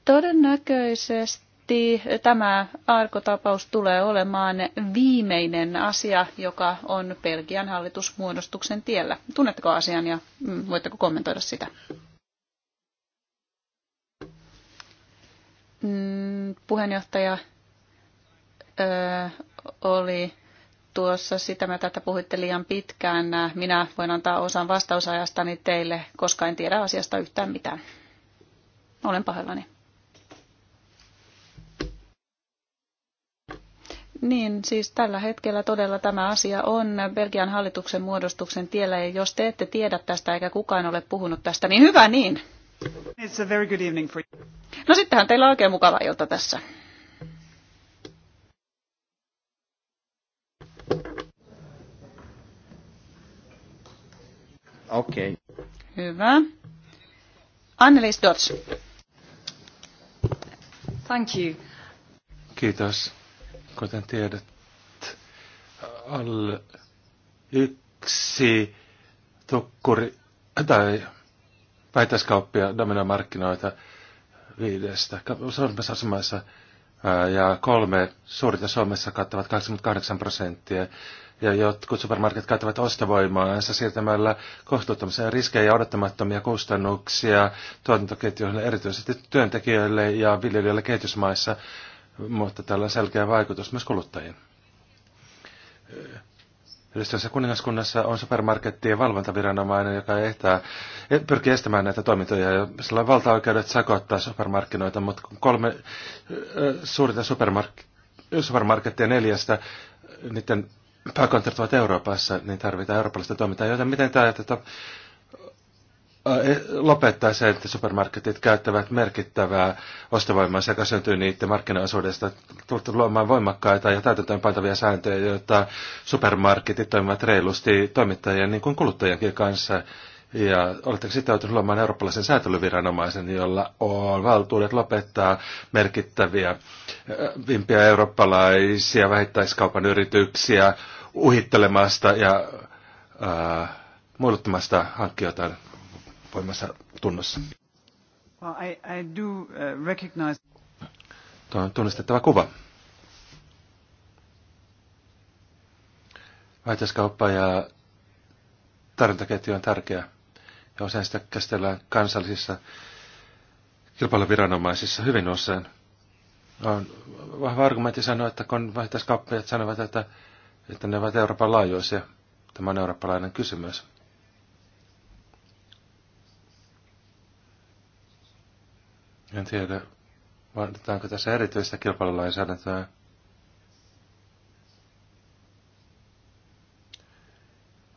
Speaker 2: Todennäköisesti miettii, tämä Arko-tapaus tulee olemaan viimeinen asia, joka on Belgian hallitusmuodostuksen tiellä. Tunnetteko asian ja mm, voitteko kommentoida sitä? Mm, puheenjohtaja ö, oli tuossa sitä, mä tätä puhuitte liian pitkään. Minä voin antaa osan vastausajastani teille, koska en tiedä asiasta yhtään mitään. Olen pahoillani. Niin, siis tällä hetkellä todella tämä asia on Belgian hallituksen muodostuksen tiellä, ja jos te ette tiedä tästä eikä kukaan ole puhunut tästä, niin hyvä niin!
Speaker 1: It's a very good evening for you.
Speaker 2: No sittenhän teillä on oikein mukava ilta tässä.
Speaker 4: Okei. Okay.
Speaker 2: Hyvä. Annelies Dodds. Thank you.
Speaker 4: Kiitos. Kuten tiedät, al yksi tukkuri tai vähittäiskauppia dominoi markkinoita viidestä Suomessa asemassa ja kolme suurinta Suomessa kattavat 88 prosenttia ja jotkut supermarket käyttävät ostovoimaansa siirtämällä kohtuuttomia riskejä ja odottamattomia kustannuksia tuotantoketjuille, erityisesti työntekijöille ja viljelijöille kehitysmaissa mutta tällä on selkeä vaikutus myös kuluttajiin. Yhdistössä kuningaskunnassa on supermarkettien valvontaviranomainen, joka ehtää, e, pyrkii estämään näitä toimintoja. Ja sillä on valtaoikeudet sakottaa supermarkkinoita, mutta kolme e, suurinta supermark- supermarkettia neljästä, niiden pääkonttorit ovat Euroopassa, niin tarvitaan eurooppalaista toimintaa. Joten miten tämä että Äh, eh, lopettaa sen, että supermarketit käyttävät merkittävää ostovoimaa sekä syntyy niiden markkinaosuudesta luomaan voimakkaita ja täytäntöönpantavia sääntöjä, joita supermarketit toimivat reilusti toimittajien niin kuin kuluttajienkin kanssa. Ja oletteko sitoutunut luomaan eurooppalaisen säätelyviranomaisen, jolla on valtuudet lopettaa merkittäviä äh, vimpiä eurooppalaisia vähittäiskaupan yrityksiä uhittelemasta ja äh, muiluttamasta hankkijoitaan voimassa tunnossa.
Speaker 1: Well, I, I do uh, recognize...
Speaker 4: Tuo on tunnistettava kuva. Vaihtaiskauppa ja tarjontaketju on tärkeä ja usein sitä käsitellään kansallisissa kilpailuviranomaisissa hyvin usein. On vahva argumentti sanoa, että kun vaihtaiskauppajat sanovat, että, että ne ovat Euroopan laajuisia, tämä on eurooppalainen kysymys. En tiedä, vaaditaanko tässä erityistä kilpailulainsäädäntöä.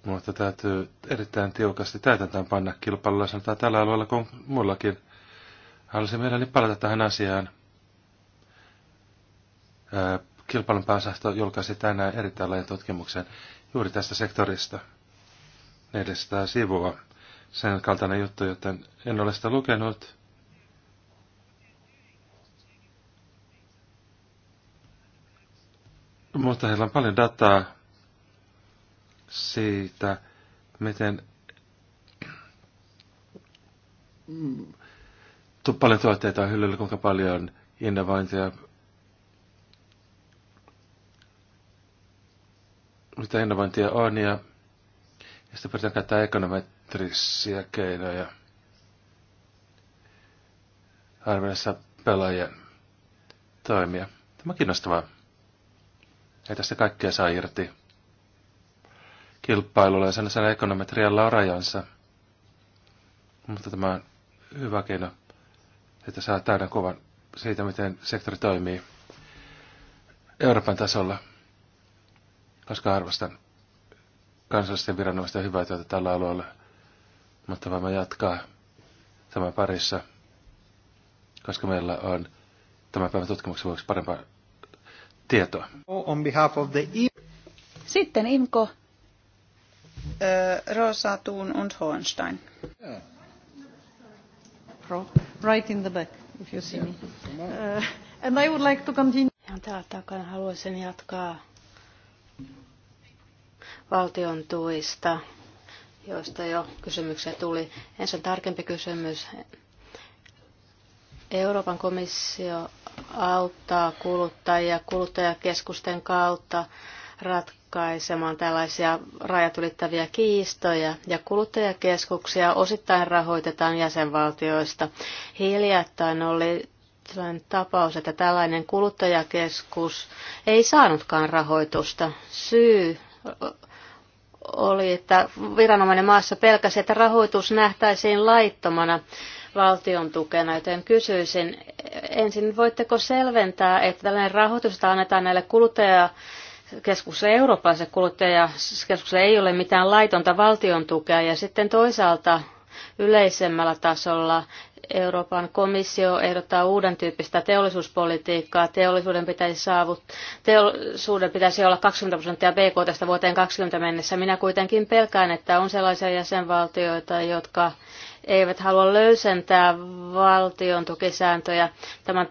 Speaker 4: Mutta täytyy erittäin tiukasti täytäntöön panna kilpailulainsäädäntöä tällä alueella kuin muillakin. Haluaisin mielelläni palata tähän asiaan. Kilpailun pääsahto julkaisi tänään erittäin laajan tutkimuksen juuri tästä sektorista. 400 sivua. Sen kaltainen juttu, joten en ole sitä lukenut Mutta heillä on paljon dataa siitä, miten paljon tuotteita on hyllyllä, kuinka paljon innovointia, mitä innovointia on ja, ja sitten pyritään käyttää ekonometrisiä keinoja arvioissa pelaajien toimia. Tämä on kiinnostavaa. Ei tästä kaikkea saa irti. Kilpailulla ja sellaisella ekonometrialla on rajansa. Mutta tämä on hyvä keino, että saa täynnä kovan siitä, miten sektori toimii Euroopan tasolla, koska arvostan kansallisten viranomaisten hyvää työtä tällä alueella, mutta voimme jatkaa tämän parissa, koska meillä on tämän päivän tutkimuksen vuoksi parempaa tietoa.
Speaker 2: On behalf of the... E- Sitten Imko Rosa Thun und Hohenstein. Yeah. Right in the
Speaker 3: back, if you see yeah. me. Uh, and I would like to continue. Ihan täällä takana haluaisin jatkaa valtion tuista, joista jo kysymyksiä tuli. Ensin tarkempi kysymys Euroopan komissio auttaa kuluttajia kuluttajakeskusten kautta ratkaisemaan tällaisia rajat ylittäviä kiistoja ja kuluttajakeskuksia osittain rahoitetaan jäsenvaltioista. Hiljattain oli sellainen tapaus, että tällainen kuluttajakeskus ei saanutkaan rahoitusta. Syy oli, että viranomainen maassa pelkäsi, että rahoitus nähtäisiin laittomana valtion tukena, joten kysyisin ensin, voitteko selventää, että tällainen rahoitus annetaan näille kuluttaja keskukselle, eurooppalaiselle kuluttajakeskukselle ei ole mitään laitonta valtion tukea. Ja sitten toisaalta yleisemmällä tasolla Euroopan komissio ehdottaa uuden tyyppistä teollisuuspolitiikkaa. Teollisuuden pitäisi, saavut, teollisuuden pitäisi olla 20 prosenttia BK tästä vuoteen 2020 mennessä. Minä kuitenkin pelkään, että on sellaisia jäsenvaltioita, jotka eivät halua löysentää valtion tukisääntöjä tämän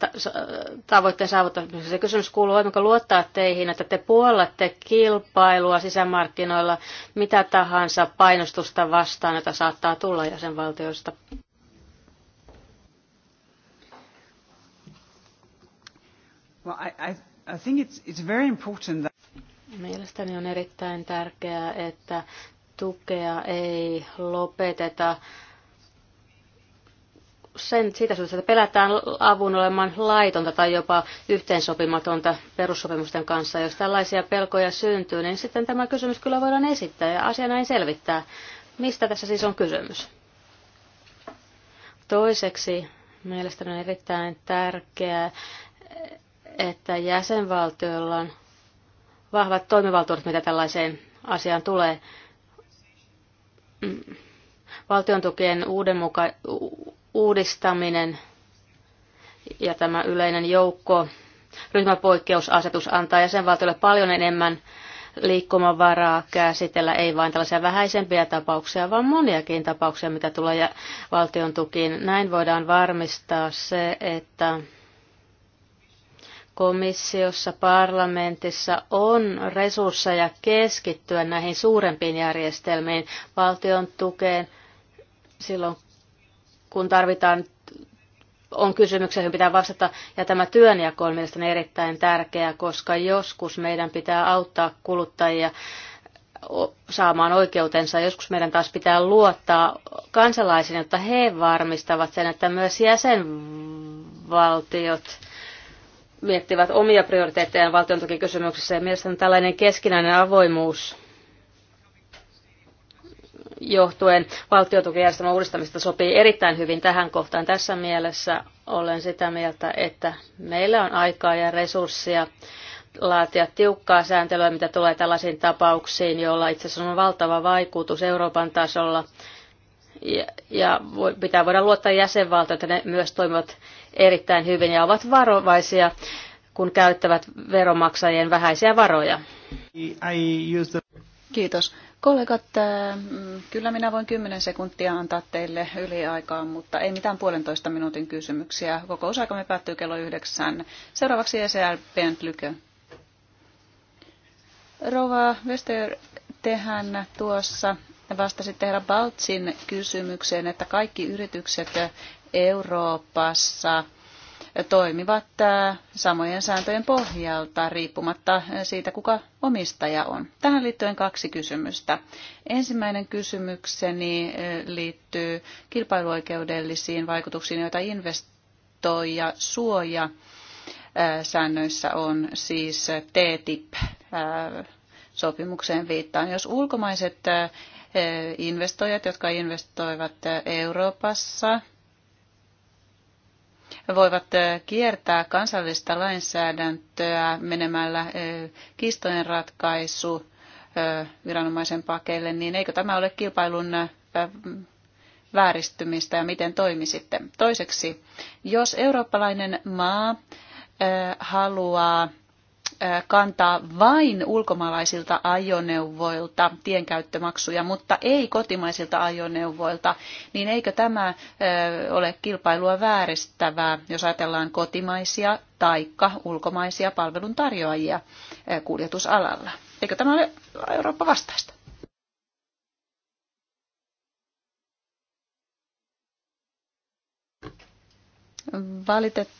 Speaker 3: tavoitteen saavuttamiseksi. Se kysymys kuuluu, voimmeko luottaa teihin, että te puolatte kilpailua sisämarkkinoilla mitä tahansa painostusta vastaan, jota saattaa tulla jäsenvaltioista?
Speaker 1: Well, I, I, I think it's, it's very important that...
Speaker 3: Mielestäni on erittäin tärkeää, että tukea ei lopeteta sen, siitä syystä, että pelätään avun olemaan laitonta tai jopa yhteensopimatonta perussopimusten kanssa. Jos tällaisia pelkoja syntyy, niin sitten tämä kysymys kyllä voidaan esittää ja asia näin selvittää. Mistä tässä siis on kysymys? Toiseksi mielestäni on erittäin tärkeää, että jäsenvaltioilla on vahvat toimivaltuudet, mitä tällaiseen asiaan tulee mm. valtiontukien uudenmuka- uudistaminen ja tämä yleinen joukko ryhmäpoikkeusasetus antaa jäsenvaltiolle paljon enemmän liikkumavaraa käsitellä ei vain tällaisia vähäisempiä tapauksia, vaan moniakin tapauksia, mitä tulee valtion tukiin. Näin voidaan varmistaa se, että komissiossa, parlamentissa on resursseja keskittyä näihin suurempiin järjestelmiin, valtion tukeen silloin, kun tarvitaan, on kysymyksiä, joihin pitää vastata. Ja tämä työnjako on mielestäni erittäin tärkeä, koska joskus meidän pitää auttaa kuluttajia saamaan oikeutensa. Joskus meidän taas pitää luottaa kansalaisiin, jotta he varmistavat sen, että myös jäsenvaltiot miettivät omia prioriteettejaan valtiontukikysymyksissä. Ja mielestäni tällainen keskinäinen avoimuus johtuen valtiotukijärjestelmän uudistamista sopii erittäin hyvin tähän kohtaan. Tässä mielessä olen sitä mieltä, että meillä on aikaa ja resursseja laatia tiukkaa sääntelyä, mitä tulee tällaisiin tapauksiin, joilla itse asiassa on valtava vaikutus Euroopan tasolla. Ja, ja pitää voida luottaa jäsenvaltioita, että ne myös toimivat erittäin hyvin ja ovat varovaisia, kun käyttävät veromaksajien vähäisiä varoja.
Speaker 2: Kiitos. Kollegat, äh, kyllä minä voin kymmenen sekuntia antaa teille yliaikaa, mutta ei mitään puolentoista minuutin kysymyksiä. Kokousaikamme päättyy kello yhdeksän. Seuraavaksi ECR Bent Lykö. Rova Wester, tehän tuossa vastasitte herra Baltsin kysymykseen, että kaikki yritykset Euroopassa – toimivat äh, samojen sääntöjen pohjalta riippumatta äh, siitä, kuka omistaja on. Tähän liittyen kaksi kysymystä. Ensimmäinen kysymykseni äh, liittyy kilpailuoikeudellisiin vaikutuksiin, joita investoija suoja säännöissä on siis TTIP sopimukseen viittaan. Jos ulkomaiset investoijat, jotka investoivat Euroopassa, voivat kiertää kansallista lainsäädäntöä menemällä kistojen ratkaisu viranomaisen pakeille, niin eikö tämä ole kilpailun vääristymistä ja miten toimisitte? Toiseksi, jos eurooppalainen maa haluaa kantaa vain ulkomaalaisilta ajoneuvoilta tienkäyttömaksuja, mutta ei kotimaisilta ajoneuvoilta, niin eikö tämä ole kilpailua vääristävää, jos ajatellaan kotimaisia taikka ulkomaisia palveluntarjoajia kuljetusalalla? Eikö tämä ole Eurooppa vastaista? Valitettavasti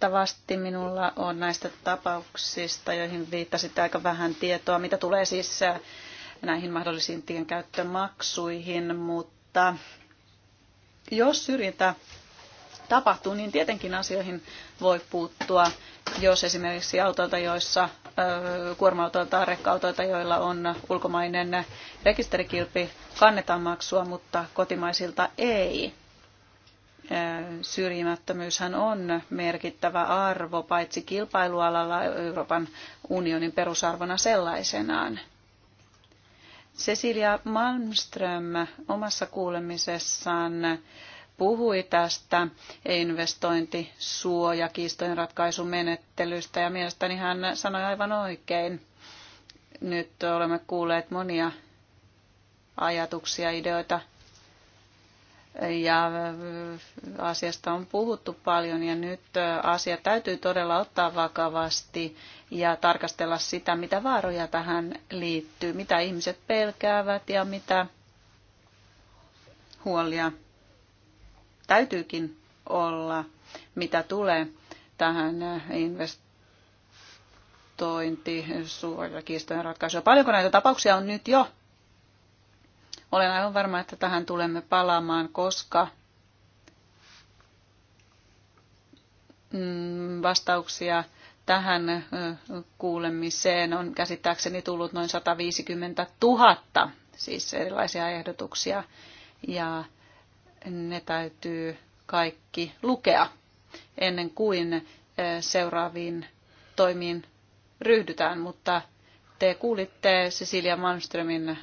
Speaker 2: Valitettavasti minulla on näistä tapauksista, joihin viittasit aika vähän tietoa, mitä tulee siis äh, näihin mahdollisiin tienkäyttömaksuihin, mutta jos syrjintä tapahtuu, niin tietenkin asioihin voi puuttua, jos esimerkiksi autoilta, joissa äh, kuorma-autoilta tai rekka-autoilta, joilla on ulkomainen rekisterikilpi, kannetaan maksua, mutta kotimaisilta ei syrjimättömyyshän on merkittävä arvo paitsi kilpailualalla Euroopan unionin perusarvona sellaisenaan. Cecilia Malmström omassa kuulemisessaan puhui tästä investointisuojakiistojen ratkaisumenettelystä ja mielestäni hän sanoi aivan oikein. Nyt olemme kuulleet monia ajatuksia, ideoita ja äh, asiasta on puhuttu paljon ja nyt äh, asia täytyy todella ottaa vakavasti ja tarkastella sitä, mitä vaaroja tähän liittyy, mitä ihmiset pelkäävät ja mitä huolia täytyykin olla, mitä tulee tähän äh, investointisuojakiistojen ratkaisuun. Paljonko näitä tapauksia on nyt jo? Olen aivan varma, että tähän tulemme palaamaan, koska mm, vastauksia tähän kuulemiseen on käsittääkseni tullut noin 150 000, siis erilaisia ehdotuksia, ja ne täytyy kaikki lukea ennen kuin seuraaviin toimiin ryhdytään, mutta te kuulitte Cecilia Malmströmin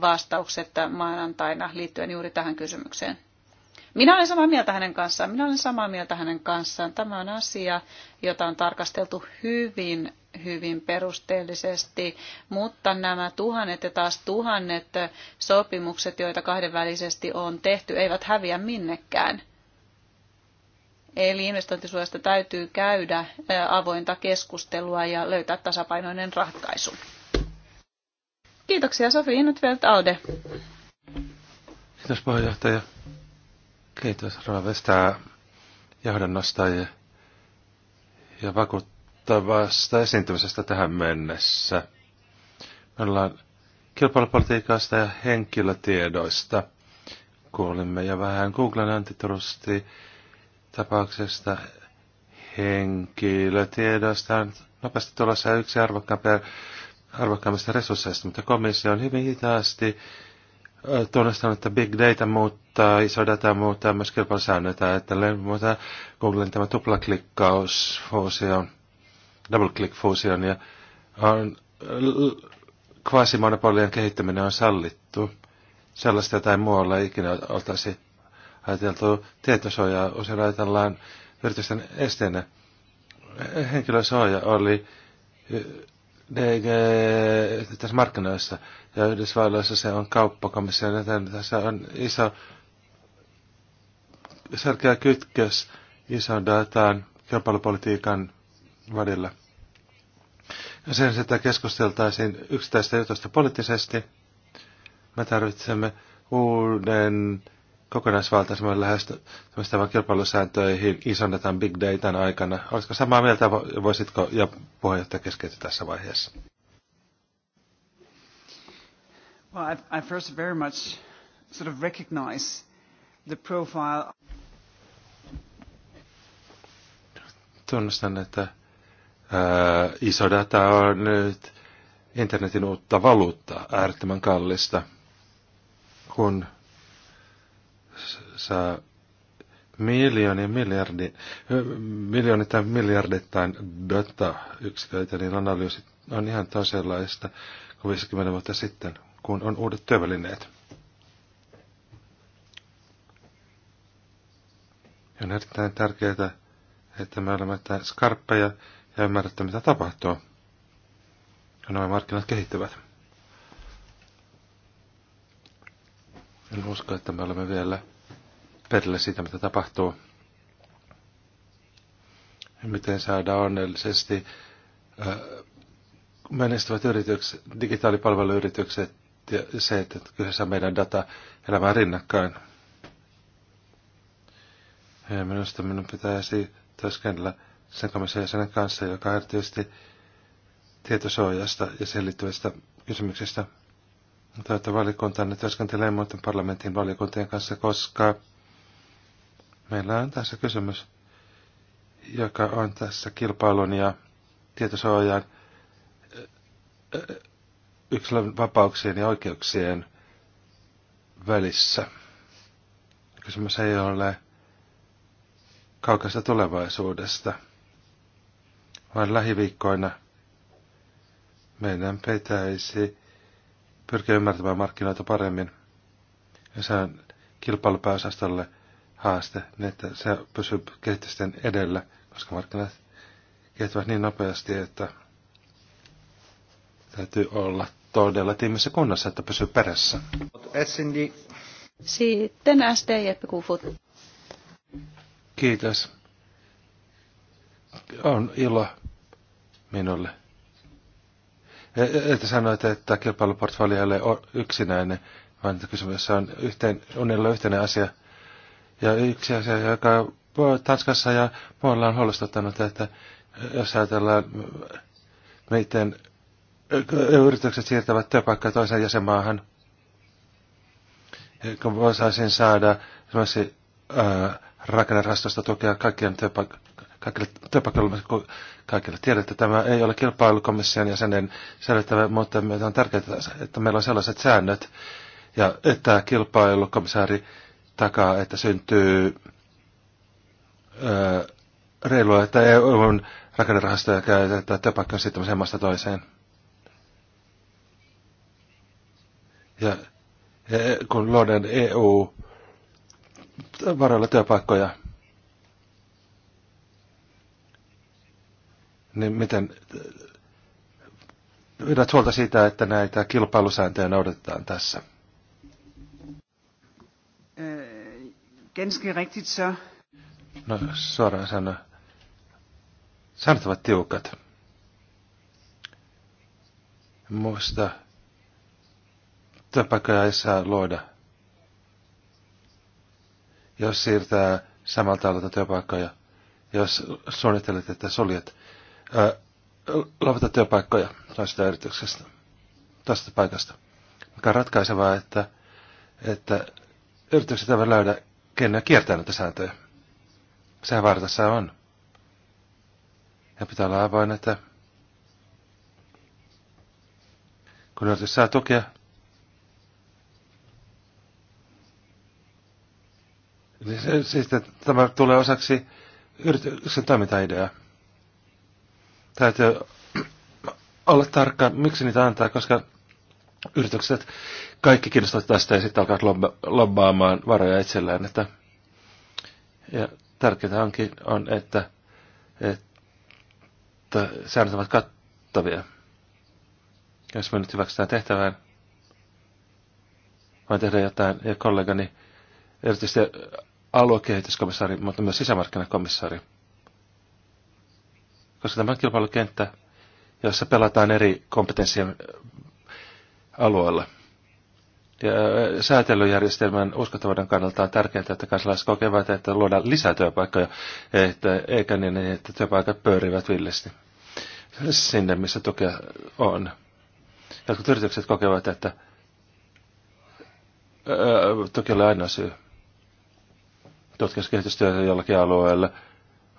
Speaker 2: vastaukset maanantaina liittyen juuri tähän kysymykseen. Minä olen samaa mieltä hänen kanssaan. Minä olen samaa mieltä hänen kanssaan. Tämä on asia, jota on tarkasteltu hyvin, hyvin perusteellisesti, mutta nämä tuhannet ja taas tuhannet sopimukset, joita kahdenvälisesti on tehty, eivät häviä minnekään. Eli investointisuojasta täytyy käydä avointa keskustelua ja löytää tasapainoinen ratkaisu. Kiitoksia Sofi Innutfeldt Aude.
Speaker 4: Kiitos puheenjohtaja. Kiitos Raavesta johdannosta ja, ja vakuuttavasta esiintymisestä tähän mennessä. Me ollaan kilpailupolitiikasta ja henkilötiedoista. Kuulimme ja vähän Googlen antitrusti tapauksesta henkilötiedoista nopeasti tulossa yksi arvokkaampi arvokkaimmista resursseista, mutta komissio on hyvin hitaasti tunnistanut, että big data muuttaa, iso data muuttaa myös kilpailusäännöitä, että muuta Googlen tämä tuplaklikkaus, fuusio, double click fuusion ja on, kvasimonopolien kehittäminen on sallittu. Sellaista tai muualla ei ikinä oltaisi ajateltu tietosuojaa, usein ajatellaan yritysten esteenä. Henkilösuoja oli DG tässä markkinoissa ja Yhdysvalloissa se on kauppakomissio, joten niin tässä on iso selkeä kytkös ison dataan kilpailupolitiikan välillä. Ja sen sitä keskusteltaisiin yksittäistä jutusta poliittisesti. Me tarvitsemme uuden kokonaisvaltaisemmin lähestymistavan kilpailusääntöihin isonnetaan big datan aikana. Olisiko samaa mieltä, voisitko ja puheenjohtaja keskeytyä tässä vaiheessa?
Speaker 1: Well, I, I first very much sort of recognize the profile.
Speaker 4: Tunnustan, että ää, äh, iso data on nyt internetin uutta valuuttaa, äärettömän kallista, kun saa miljoonia, miljardi, tai miljardittain yksiköitä niin analyysi on ihan toisenlaista kuin 50 vuotta sitten, kun on uudet työvälineet. Ja on erittäin tärkeää, että me olemme skarppeja ja ymmärrämme, mitä tapahtuu. Ja nämä markkinat kehittyvät. En usko, että me olemme vielä perille siitä, mitä tapahtuu. Ja miten saada onnellisesti menestyvät yritykset, digitaalipalveluyritykset ja se, että kyseessä on meidän data elämään rinnakkain. Ja minusta minun pitäisi työskennellä sen komission kanssa, joka erityisesti tietosuojasta ja siihen liittyvistä kysymyksistä. Tätä valiokuntaa ne työskentelee muuten parlamentin valiokuntien kanssa, koska Meillä on tässä kysymys, joka on tässä kilpailun ja tietosuojan yksilön vapauksien ja oikeuksien välissä. Kysymys ei ole kaukaisesta tulevaisuudesta, vaan lähiviikkoina meidän pitäisi pyrkiä ymmärtämään markkinoita paremmin. Ja se on kilpailupääosastolle haaste, niin että se pysyy kehitysten edellä, koska markkinat kehittyvät niin nopeasti, että täytyy olla todella tiimissä kunnossa, että pysyy perässä.
Speaker 2: Sitten SDJP Jeppe Kufut.
Speaker 4: Kiitos. On ilo minulle. E, e, että sanoit, että kilpailuportfolio ei ole yksinäinen, vaan että kysymys on yhteen, unilla yhteinen asia – ja yksi asia, joka Tanskassa ja muualla on huolestuttanut, että jos ajatellaan, miten yritykset siirtävät työpaikkaa toiseen jäsenmaahan, kun voisin saada esimerkiksi rakennerastosta tukea kaikkien työpaik- kaikille työpaikoille, kaikille. Tiedätte, että tämä ei ole kilpailukomission jäsenen selvittävä, mutta meitä on tärkeää, että meillä on sellaiset säännöt, ja että kilpailukomissaari takaa, että syntyy ää, reilua, että EUn rakennerahastoja käytetään työpaikkojen siirtämiseen maasta toiseen. Ja, ja kun luodaan EU varoilla työpaikkoja, niin miten pidät huolta siitä, että näitä kilpailusääntöjä noudatetaan tässä?
Speaker 1: ganske rigtigt så...
Speaker 4: No, suoraan sanoa. Sanat ovat tiukat. Musta työpaikkoja ei saa luoda. Jos siirtää samalta alalta työpaikkoja, jos suunnittelet, että suljet, lopeta työpaikkoja toisesta yrityksestä, toisesta paikasta. Mikä on ratkaisevaa, että, että yritykset eivät löydä kenellä kiertää näitä sääntöjä. Sehän vartassa on. Ja pitää olla avoin, että kun yritys saa tukea, niin se, sitten tämä tulee osaksi yrityksen toimintaideaa. Täytyy olla tarkka, miksi niitä antaa, koska yritykset, kaikki kiinnostavat tästä ja sitten alkavat lobbaamaan varoja itsellään. Että, ja tärkeintä onkin on, että, että säännöt ovat kattavia. Jos me nyt hyväksytään tehtävään, voin tehdä jotain, ja kollegani, erityisesti aluekehityskomissaari, mutta myös sisämarkkinakomissaari. Koska tämä on kilpailukenttä, jossa pelataan eri kompetenssien alueella. Ja äh, säätelyjärjestelmän uskottavuuden kannalta on tärkeää, että kansalaiset kokevat, että luodaan lisää työpaikkoja, että, eikä niin, että työpaikat pöörivät villisti sinne, missä tukea on. Jotkut yritykset kokevat, että äh, tuki oli aina syy. tutkimuskehitystyötä jollakin alueella.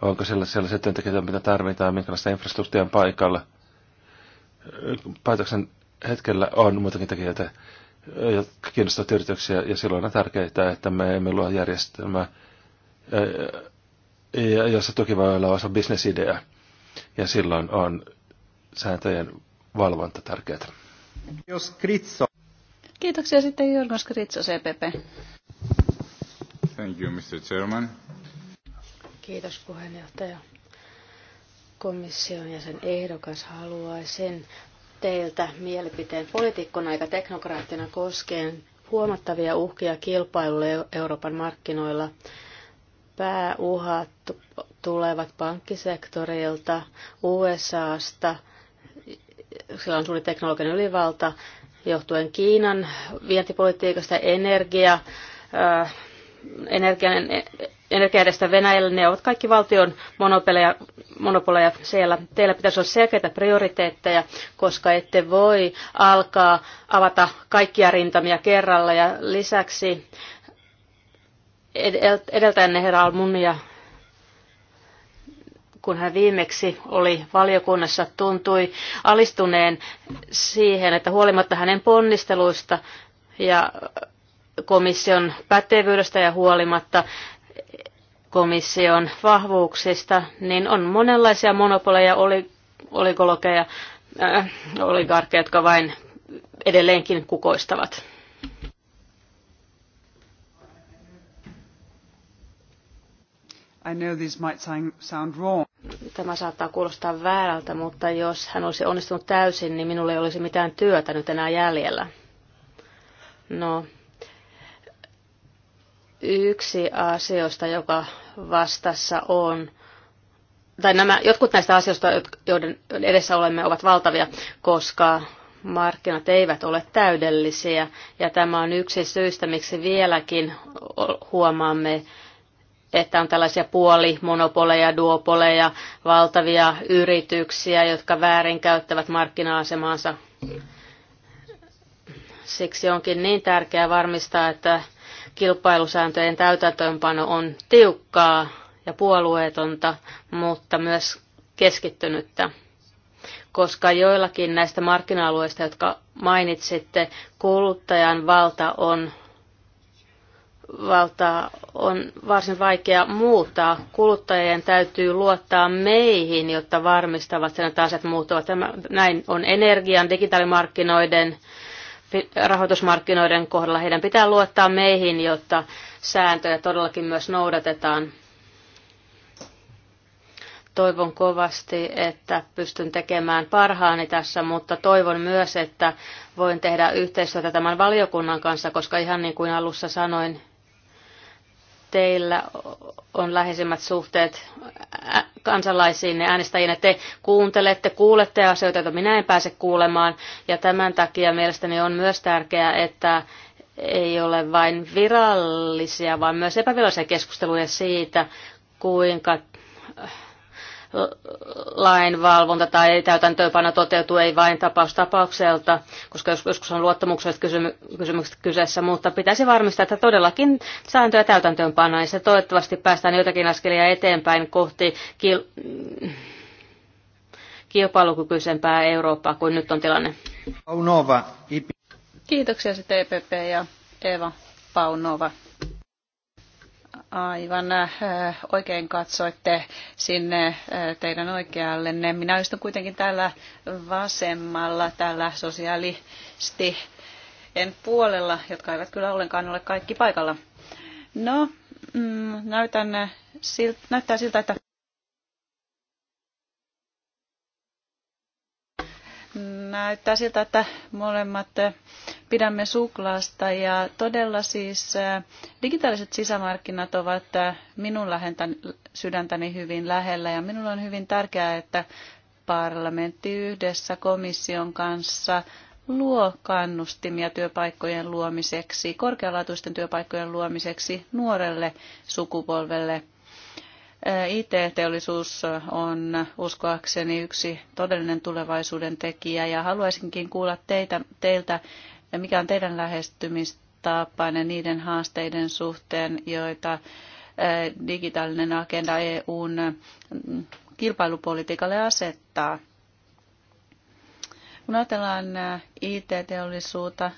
Speaker 4: Onko siellä sellaisia työntekijöitä, mitä tarvitaan, minkälaista infrastruktuuria on paikalla. Äh, päätöksen hetkellä on muutakin tekijöitä, jotka kiinnostavat yrityksiä, ja silloin on tärkeää, että me emme luo järjestelmää, jossa toki voi olla osa bisnesidea, ja silloin on sääntöjen valvonta tärkeää.
Speaker 1: Jos Kritso.
Speaker 2: Kiitoksia sitten Jorgos Kritso,
Speaker 3: CPP.
Speaker 4: Thank you, Mr. Chairman.
Speaker 3: Kiitos puheenjohtaja komission jäsen ehdokas haluaa sen teiltä mielipiteen poliitikkona eikä teknokraattina koskien huomattavia uhkia kilpailulle Euroopan markkinoilla. Pääuhat tulevat pankkisektorilta, USAsta, sillä on suuri teknologinen ylivalta, johtuen Kiinan vientipolitiikasta, energia, äh, energian, energiajärjestö Venäjällä, ne ovat kaikki valtion monopoleja, monopoleja siellä. Teillä pitäisi olla selkeitä prioriteetteja, koska ette voi alkaa avata kaikkia rintamia kerralla. Ja lisäksi edeltäjänne herra Almunia, kun hän viimeksi oli valiokunnassa, tuntui alistuneen siihen, että huolimatta hänen ponnisteluista ja komission pätevyydestä ja huolimatta komission vahvuuksista, niin on monenlaisia monopoleja, oli, oligologeja, äh, oligarkkeja, jotka vain edelleenkin kukoistavat. I know this might sound wrong. Tämä saattaa kuulostaa väärältä, mutta jos hän olisi onnistunut täysin, niin minulla ei olisi mitään työtä nyt enää jäljellä. No, Yksi asioista, joka vastassa on, tai nämä, jotkut näistä asioista, joiden edessä olemme, ovat valtavia, koska markkinat eivät ole täydellisiä. Ja tämä on yksi syistä, miksi vieläkin huomaamme, että on tällaisia puolimonopoleja, duopoleja, valtavia yrityksiä, jotka väärinkäyttävät markkina-asemaansa. Siksi onkin niin tärkeää varmistaa, että kilpailusääntöjen täytäntöönpano on tiukkaa ja puolueetonta, mutta myös keskittynyttä koska joillakin näistä markkina-alueista, jotka mainitsitte, kuluttajan valta on, valta on varsin vaikea muuttaa. Kuluttajien täytyy luottaa meihin, jotta varmistavat sen, että asiat muuttuvat. Tämä, näin on energian, digitaalimarkkinoiden rahoitusmarkkinoiden kohdalla. Heidän pitää luottaa meihin, jotta sääntöjä todellakin myös noudatetaan. Toivon kovasti, että pystyn tekemään parhaani tässä, mutta toivon myös, että voin tehdä yhteistyötä tämän valiokunnan kanssa, koska ihan niin kuin alussa sanoin, teillä on läheisimmät suhteet kansalaisiin ja äänestäjiin, että te kuuntelette, kuulette asioita, joita minä en pääse kuulemaan. Ja tämän takia mielestäni on myös tärkeää, että ei ole vain virallisia, vaan myös epävirallisia keskusteluja siitä, kuinka lainvalvonta tai ei täytäntöönpano toteutuu, ei vain tapaus tapaukselta, koska joskus on luottamukselliset kysymykset kyseessä, mutta pitäisi varmistaa, että todellakin sääntöjä täytäntöönpano, ja se toivottavasti päästään jotakin askelia eteenpäin kohti kil- kilpailukykyisempää Eurooppaa kuin nyt on tilanne.
Speaker 2: Kiitoksia sitten EPP ja Eva Paunova. Aivan äh, oikein katsoitte sinne äh, teidän oikeallenne. Minä istun kuitenkin täällä vasemmalla, täällä sosiaalisti en puolella, jotka eivät kyllä ollenkaan ole kaikki paikalla. No, mm, näytän, äh, näyttää siltä, että näyttää siltä, että molemmat pidämme suklaasta ja todella siis digitaaliset sisämarkkinat ovat minun lähentän, sydäntäni hyvin lähellä ja minulla on hyvin tärkeää, että parlamentti yhdessä komission kanssa luo kannustimia työpaikkojen luomiseksi, korkealaatuisten työpaikkojen luomiseksi nuorelle sukupolvelle. IT-teollisuus on uskoakseni yksi todellinen tulevaisuuden tekijä ja haluaisinkin kuulla teitä, teiltä, ja mikä on teidän lähestymistapanne niiden haasteiden suhteen, joita eh, digitaalinen agenda EUn mm, kilpailupolitiikalle asettaa? Kun ajatellaan eh, IT-teollisuutta,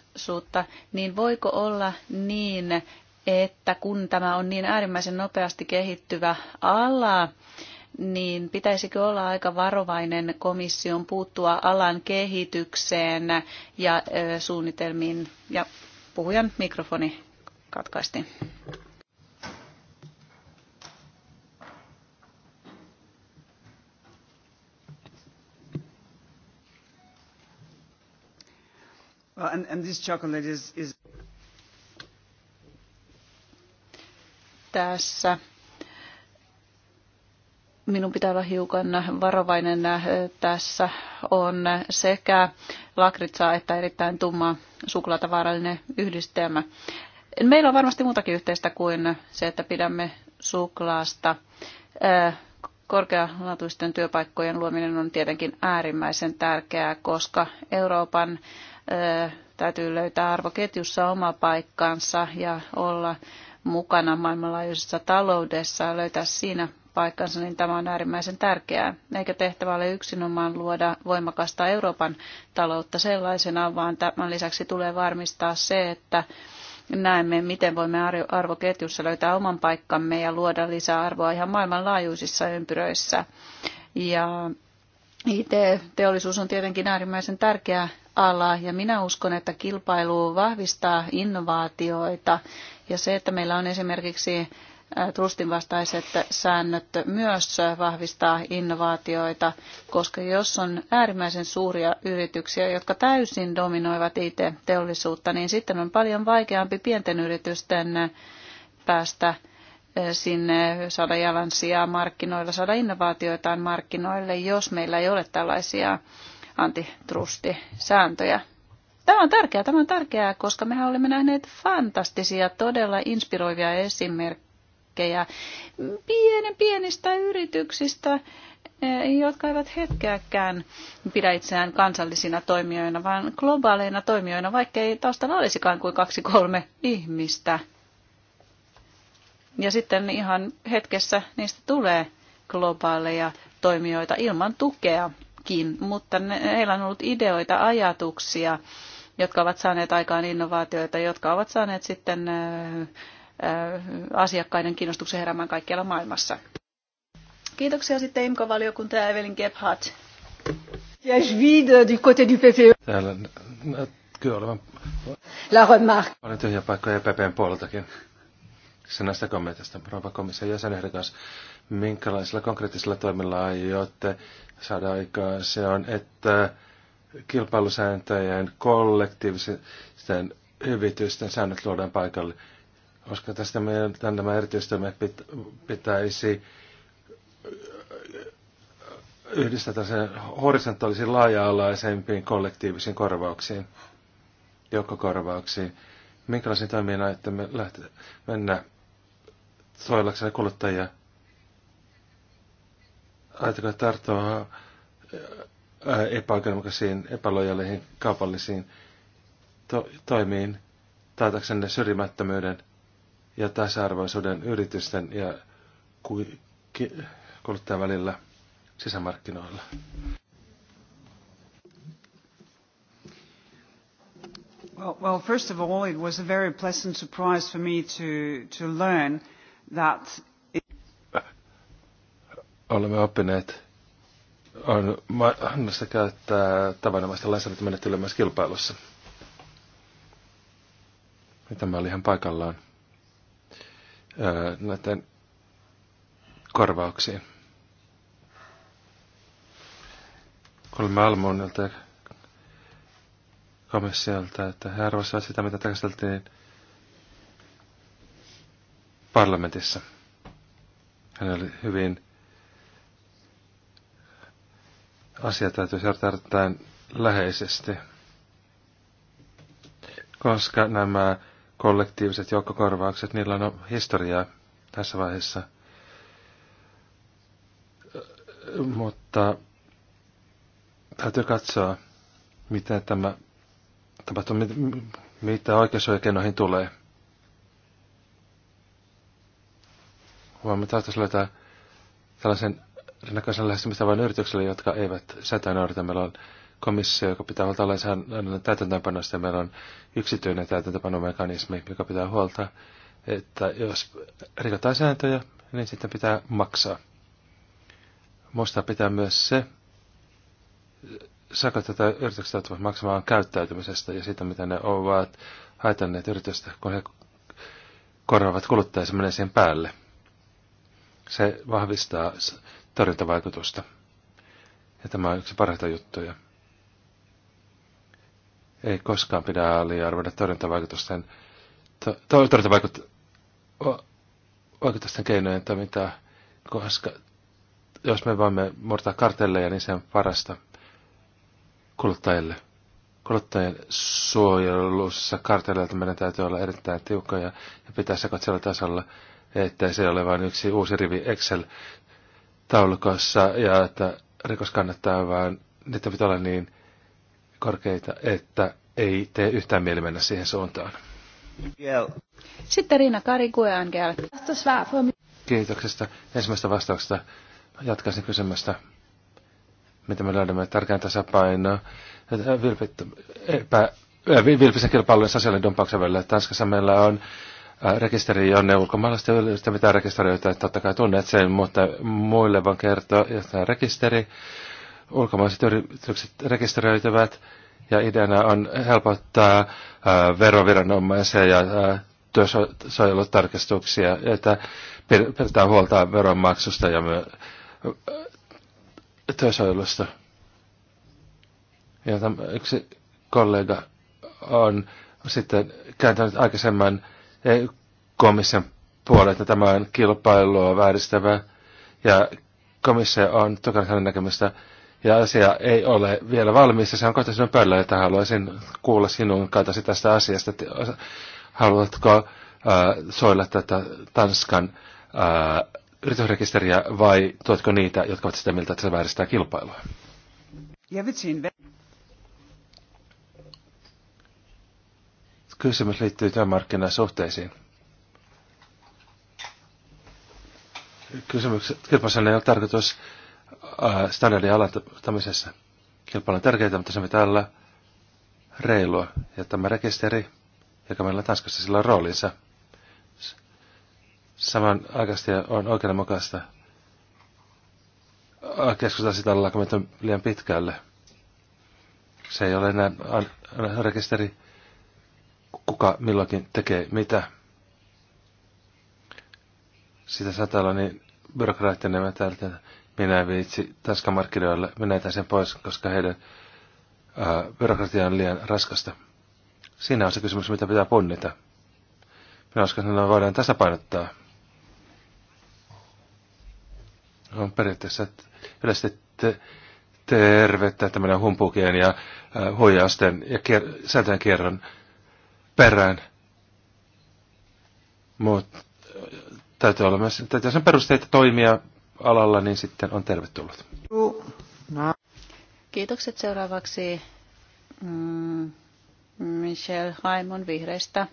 Speaker 2: niin voiko olla niin, että kun tämä on niin äärimmäisen nopeasti kehittyvä ala, niin pitäisikö olla aika varovainen komission puuttua alan kehitykseen ja suunnitelmiin? Ja puhujan mikrofoni katkaistiin.
Speaker 1: Uh, and, and this chocolate is, is...
Speaker 2: Tässä minun pitää olla hiukan varovainen äh, tässä on sekä lakritsaa että erittäin tumma suklaatavaarallinen yhdistelmä. Meillä on varmasti muutakin yhteistä kuin se, että pidämme suklaasta. Äh, korkealaatuisten työpaikkojen luominen on tietenkin äärimmäisen tärkeää, koska Euroopan äh, täytyy löytää arvoketjussa oma paikkansa ja olla mukana maailmanlaajuisessa taloudessa ja löytää siinä paikkansa, niin tämä on äärimmäisen tärkeää. Eikä tehtävä ole yksinomaan luoda voimakasta Euroopan taloutta sellaisena, vaan tämän lisäksi tulee varmistaa se, että näemme, miten voimme arvoketjussa löytää oman paikkamme ja luoda lisää arvoa ihan maailmanlaajuisissa ympyröissä. Ja IT-teollisuus on tietenkin äärimmäisen tärkeä ala ja minä uskon, että kilpailu vahvistaa innovaatioita ja se, että meillä on esimerkiksi trustin vastaiset säännöt myös vahvistaa innovaatioita, koska jos on äärimmäisen suuria yrityksiä, jotka täysin dominoivat IT-teollisuutta, niin sitten on paljon vaikeampi pienten yritysten päästä sinne saada jalansijaa markkinoilla, saada innovaatioitaan markkinoille, jos meillä ei ole tällaisia antitrustisääntöjä. Tämä on tärkeää, tämä on tärkeää, koska mehän olemme nähneet fantastisia, todella inspiroivia esimerkkejä esimerkkejä pienen pienistä yrityksistä, eh, jotka eivät hetkeäkään pidä itseään kansallisina toimijoina, vaan globaaleina toimijoina, vaikkei taustalla olisikaan kuin kaksi kolme ihmistä. Ja sitten ihan hetkessä niistä tulee globaaleja toimijoita ilman tukeakin, mutta ne, heillä on ollut ideoita, ajatuksia, jotka ovat saaneet aikaan innovaatioita, jotka ovat saaneet sitten eh, asiakkaiden kiinnostuksen heräämään kaikkialla maailmassa. Kiitoksia sitten IMKO-valiokunta ja Evelin Gebhardt.
Speaker 1: E.
Speaker 4: Täällä näkyy olevan
Speaker 1: La remarque.
Speaker 4: paljon tyhjä paikka EPPn puoleltakin. Se näistä kommenteista, rouva komission jäsenehdokas, minkälaisilla konkreettisilla toimilla aiotte saada aikaa? Se on, että kilpailusääntöjen kollektiivisten hyvitysten säännöt luodaan paikalle koska tästä meidän nämä erityistoimet pitäisi yhdistää sen horisontaalisiin laaja-alaisempiin kollektiivisiin korvauksiin, joukkokorvauksiin. Minkälaisiin toimiin että me lähtee mennä suojellaksemme kuluttajia? Aitako tarttua äh, epäoikeudenmukaisiin, epälojaaleihin, kaupallisiin to- toimiin, taitaksenne syrjimättömyyden ja tasa-arvoisuuden yritysten ja kuluttajan välillä sisämarkkinoilla.
Speaker 1: Well, first of all, it was a very pleasant surprise for me to, to learn that it...
Speaker 4: Olemme oppineet on mahdollista käyttää tavanomaista lainsäädäntömenettelyä myös kilpailussa. Ja tämä oli ihan paikallaan näiden korvauksiin. Kolme Almonilta komissiolta, että he arvoisivat sitä, mitä tarkasteltiin parlamentissa. Hän oli hyvin asia täytyy seurata läheisesti, koska nämä kollektiiviset joukkokorvaukset, niillä on historiaa tässä vaiheessa. Mutta täytyy katsoa, mitä tämä tapahtuu, mitä oikeusoikeinoihin tulee. Voimme tahtoisi löytää tällaisen rinnakkaisen lähestymistavan yritykselle, jotka eivät sätä noudata. Meillä on komissio, joka pitää huolta lainsäädännön täytäntöönpanosta, ja meillä on yksityinen täytäntöönpanomekanismi, joka pitää huolta, että jos rikotaan sääntöjä, niin sitten pitää maksaa. Muistaa pitää myös se, sakot tätä yritykset joutuvat maksamaan käyttäytymisestä ja siitä, mitä ne ovat haitanneet yritystä, kun he korvaavat kuluttajansa menee siihen päälle. Se vahvistaa torjuntavaikutusta. Ja tämä on yksi parhaita juttuja ei koskaan pidä aliarvoida torjuntavaikutusten, to, torjuntavaikutusten keinojen toimintaa, koska jos me voimme murtaa kartelleja, niin se on parasta kuluttajille. Kuluttajien suojelussa kartelleilta meidän täytyy olla erittäin tiukkoja ja pitää sekot sillä tasolla, että se ei ole vain yksi uusi rivi Excel-taulukossa ja että rikos kannattaa, vaan niitä pitää olla niin korkeita, että ei tee yhtään mieli mennä siihen suuntaan.
Speaker 2: Sitten Riina Kari NGL.
Speaker 4: Kiitoksesta ensimmäistä vastauksesta. Jatkaisin kysymästä, miten me löydämme tärkeän tasapainoa äh, vilpisen kilpailun sosiaalinen dumpauksen välillä. Tanskassa meillä on äh, rekisteri, jonne ulkomaalaisten yritysten pitää rekisteröitä. Totta kai tunnet sen, mutta muille vaan kertoa, että rekisteri ulkomaiset yritykset rekisteröityvät ja ideana on helpottaa äh, veroviranomaisia ja äh, työsuojelutarkistuksia, että pidetään huolta veronmaksusta ja myö, äh, työsuojelusta. Ja yksi kollega on sitten kääntänyt aikaisemman komission puolelle, että tämä on kilpailua vääristävä ja komissio on tukenut hänen näkemystä ja asia ei ole vielä valmis, ja se on kohta sinun pöydällä, että haluaisin kuulla sinun kantasi tästä asiasta. Haluatko äh, soilla tätä Tanskan äh, yritysrekisteriä vai tuotko niitä, jotka ovat sitä mieltä, että se vääristää kilpailua? Kysymys liittyy työmarkkinasuhteisiin. Kysymys, kilpailussa ei ole tarkoitus äh, Äh, standardien alentamisessa. Kilpailu on tärkeää, mutta se pitää olla reilua. Ja tämä rekisteri, joka meillä on Tanskassa, sillä on roolinsa. aikaisesti on oikeudenmukaista äh, keskustella sitä, ollaanko me liian pitkälle. Se ei ole enää rekisteri, kuka milloinkin tekee mitä. Sitä saattaa olla niin byrokraattinen, että minä viitsi Tanskan markkinoille, minä sen pois, koska heidän ää, byrokratia on liian raskasta. Siinä on se kysymys, mitä pitää punnita. Minä uskon, että voidaan tässä painottaa. On periaatteessa yleisesti te, tervettä tämmöinen humpukien ja ää, huijausten ja kier, sääntöjen kierron perään. Mutta täytyy olla myös täytyy sen perusteita toimia alalla, niin sitten on tervetullut.
Speaker 2: Kiitokset seuraavaksi mm, Michelle Haimon vihreistä.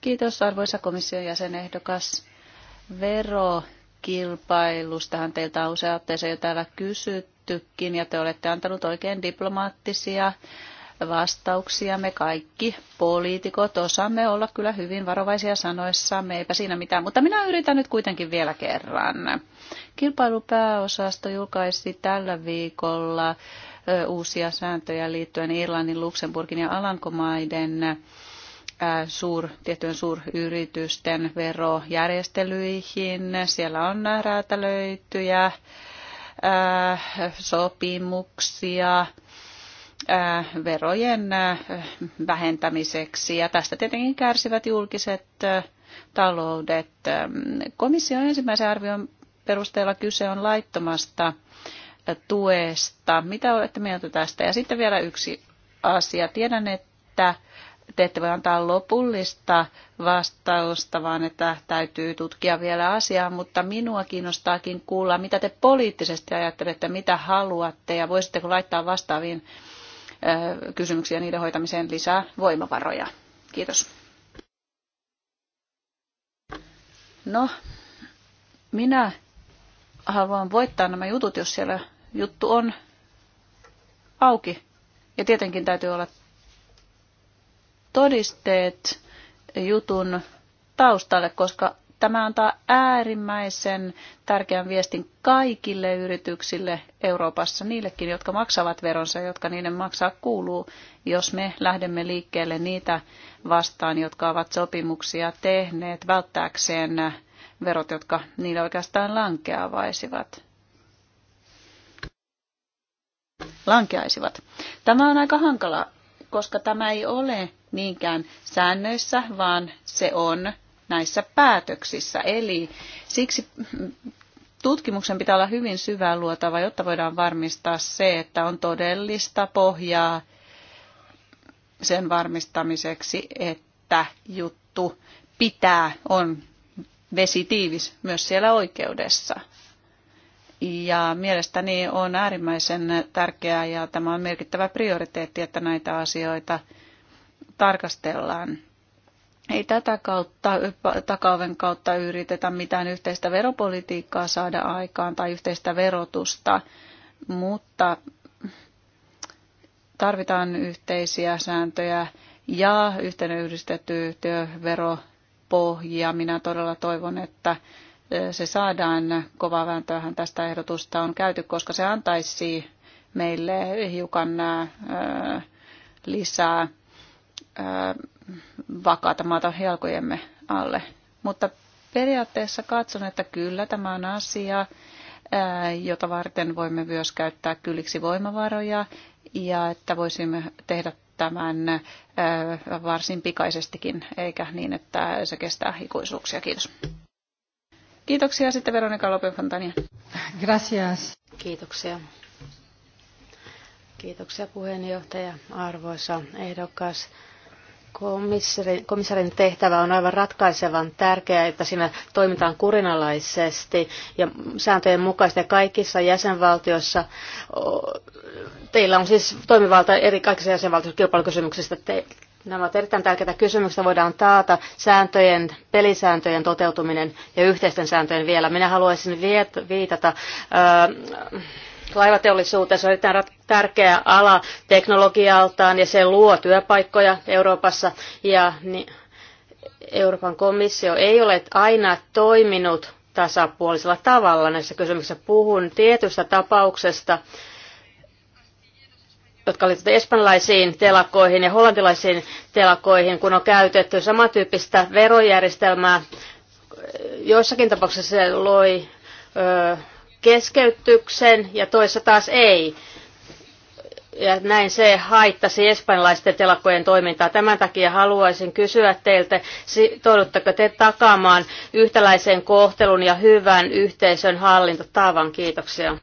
Speaker 2: Kiitos arvoisa komission jäsenehdokas. Verokilpailustahan teiltä on usea otteeseen jo täällä kysyttykin ja te olette antanut oikein diplomaattisia vastauksia. Me kaikki poliitikot osaamme olla kyllä hyvin varovaisia sanoissamme, eipä siinä mitään. Mutta minä yritän nyt kuitenkin vielä kerran. Kilpailupääosasto julkaisi tällä viikolla uusia sääntöjä liittyen Irlannin, Luxemburgin ja Alankomaiden suur, tiettyjen suuryritysten verojärjestelyihin. Siellä on räätälöityjä sopimuksia verojen vähentämiseksi. Ja tästä tietenkin kärsivät julkiset taloudet. Komission ensimmäisen arvion perusteella kyse on laittomasta tuesta. Mitä olette mieltä tästä? Ja sitten vielä yksi asia. Tiedän, että te ette voi antaa lopullista vastausta, vaan että täytyy tutkia vielä asiaa, mutta minua kiinnostaakin kuulla, mitä te poliittisesti ajattelette, mitä haluatte ja voisitteko laittaa vastaaviin kysymyksiä niiden hoitamiseen lisää voimavaroja. Kiitos. No, minä haluan voittaa nämä jutut, jos siellä juttu on auki. Ja tietenkin täytyy olla todisteet jutun taustalle, koska Tämä antaa äärimmäisen tärkeän viestin kaikille yrityksille Euroopassa, niillekin, jotka maksavat veronsa, jotka niiden maksaa kuuluu, jos me lähdemme liikkeelle niitä vastaan, jotka ovat sopimuksia tehneet välttääkseen verot, jotka niille oikeastaan lankeavaisivat. Lankeaisivat. Tämä on aika hankala, koska tämä ei ole niinkään säännöissä, vaan se on näissä päätöksissä. Eli siksi tutkimuksen pitää olla hyvin syvään luotava, jotta voidaan varmistaa se, että on todellista pohjaa sen varmistamiseksi, että juttu pitää, on vesitiivis myös siellä oikeudessa. Ja mielestäni on äärimmäisen tärkeää ja tämä on merkittävä prioriteetti, että näitä asioita tarkastellaan ei tätä kautta, takaoven kautta yritetä mitään yhteistä veropolitiikkaa saada aikaan tai yhteistä verotusta, mutta tarvitaan yhteisiä sääntöjä ja yhteinen yhdistetty työveropohja. Minä todella toivon, että e, se saadaan. Kovaa vääntöähän tästä ehdotusta on käyty, koska se antaisi meille hiukan e, lisää e, vakaata maata jalkojemme alle. Mutta periaatteessa katson, että kyllä tämä on asia, jota varten voimme myös käyttää kylliksi voimavaroja ja että voisimme tehdä tämän varsin pikaisestikin, eikä niin, että se kestää ikuisuuksia. Kiitos. Kiitoksia sitten Veronika lopen
Speaker 3: Gracias. Kiitoksia. Kiitoksia puheenjohtaja, arvoisa ehdokas. Komissarin, tehtävä on aivan ratkaisevan tärkeää, että siinä toimitaan kurinalaisesti ja sääntöjen mukaisesti ja kaikissa jäsenvaltioissa. Teillä on siis toimivalta eri kaikissa jäsenvaltioissa kilpailukysymyksistä. Te, nämä ovat erittäin tärkeitä kysymyksiä. Voidaan taata sääntöjen, pelisääntöjen toteutuminen ja yhteisten sääntöjen vielä. Minä haluaisin viet, viitata se on erittäin tärkeä ala teknologialtaan ja se luo työpaikkoja Euroopassa ja niin, Euroopan komissio ei ole aina toiminut tasapuolisella tavalla näissä kysymyksissä. Puhun tietystä tapauksesta, jotka liittyvät espanjalaisiin telakoihin ja hollantilaisiin telakoihin, kun on käytetty samantyyppistä verojärjestelmää. Joissakin tapauksissa se loi ö, keskeytyksen ja toissa taas ei. Ja näin se haittasi espanjalaisten telakkojen toimintaa. Tämän takia haluaisin kysyä teiltä, toivottako te takaamaan yhtäläisen kohtelun ja hyvän yhteisön hallintotavan. Kiitoksia.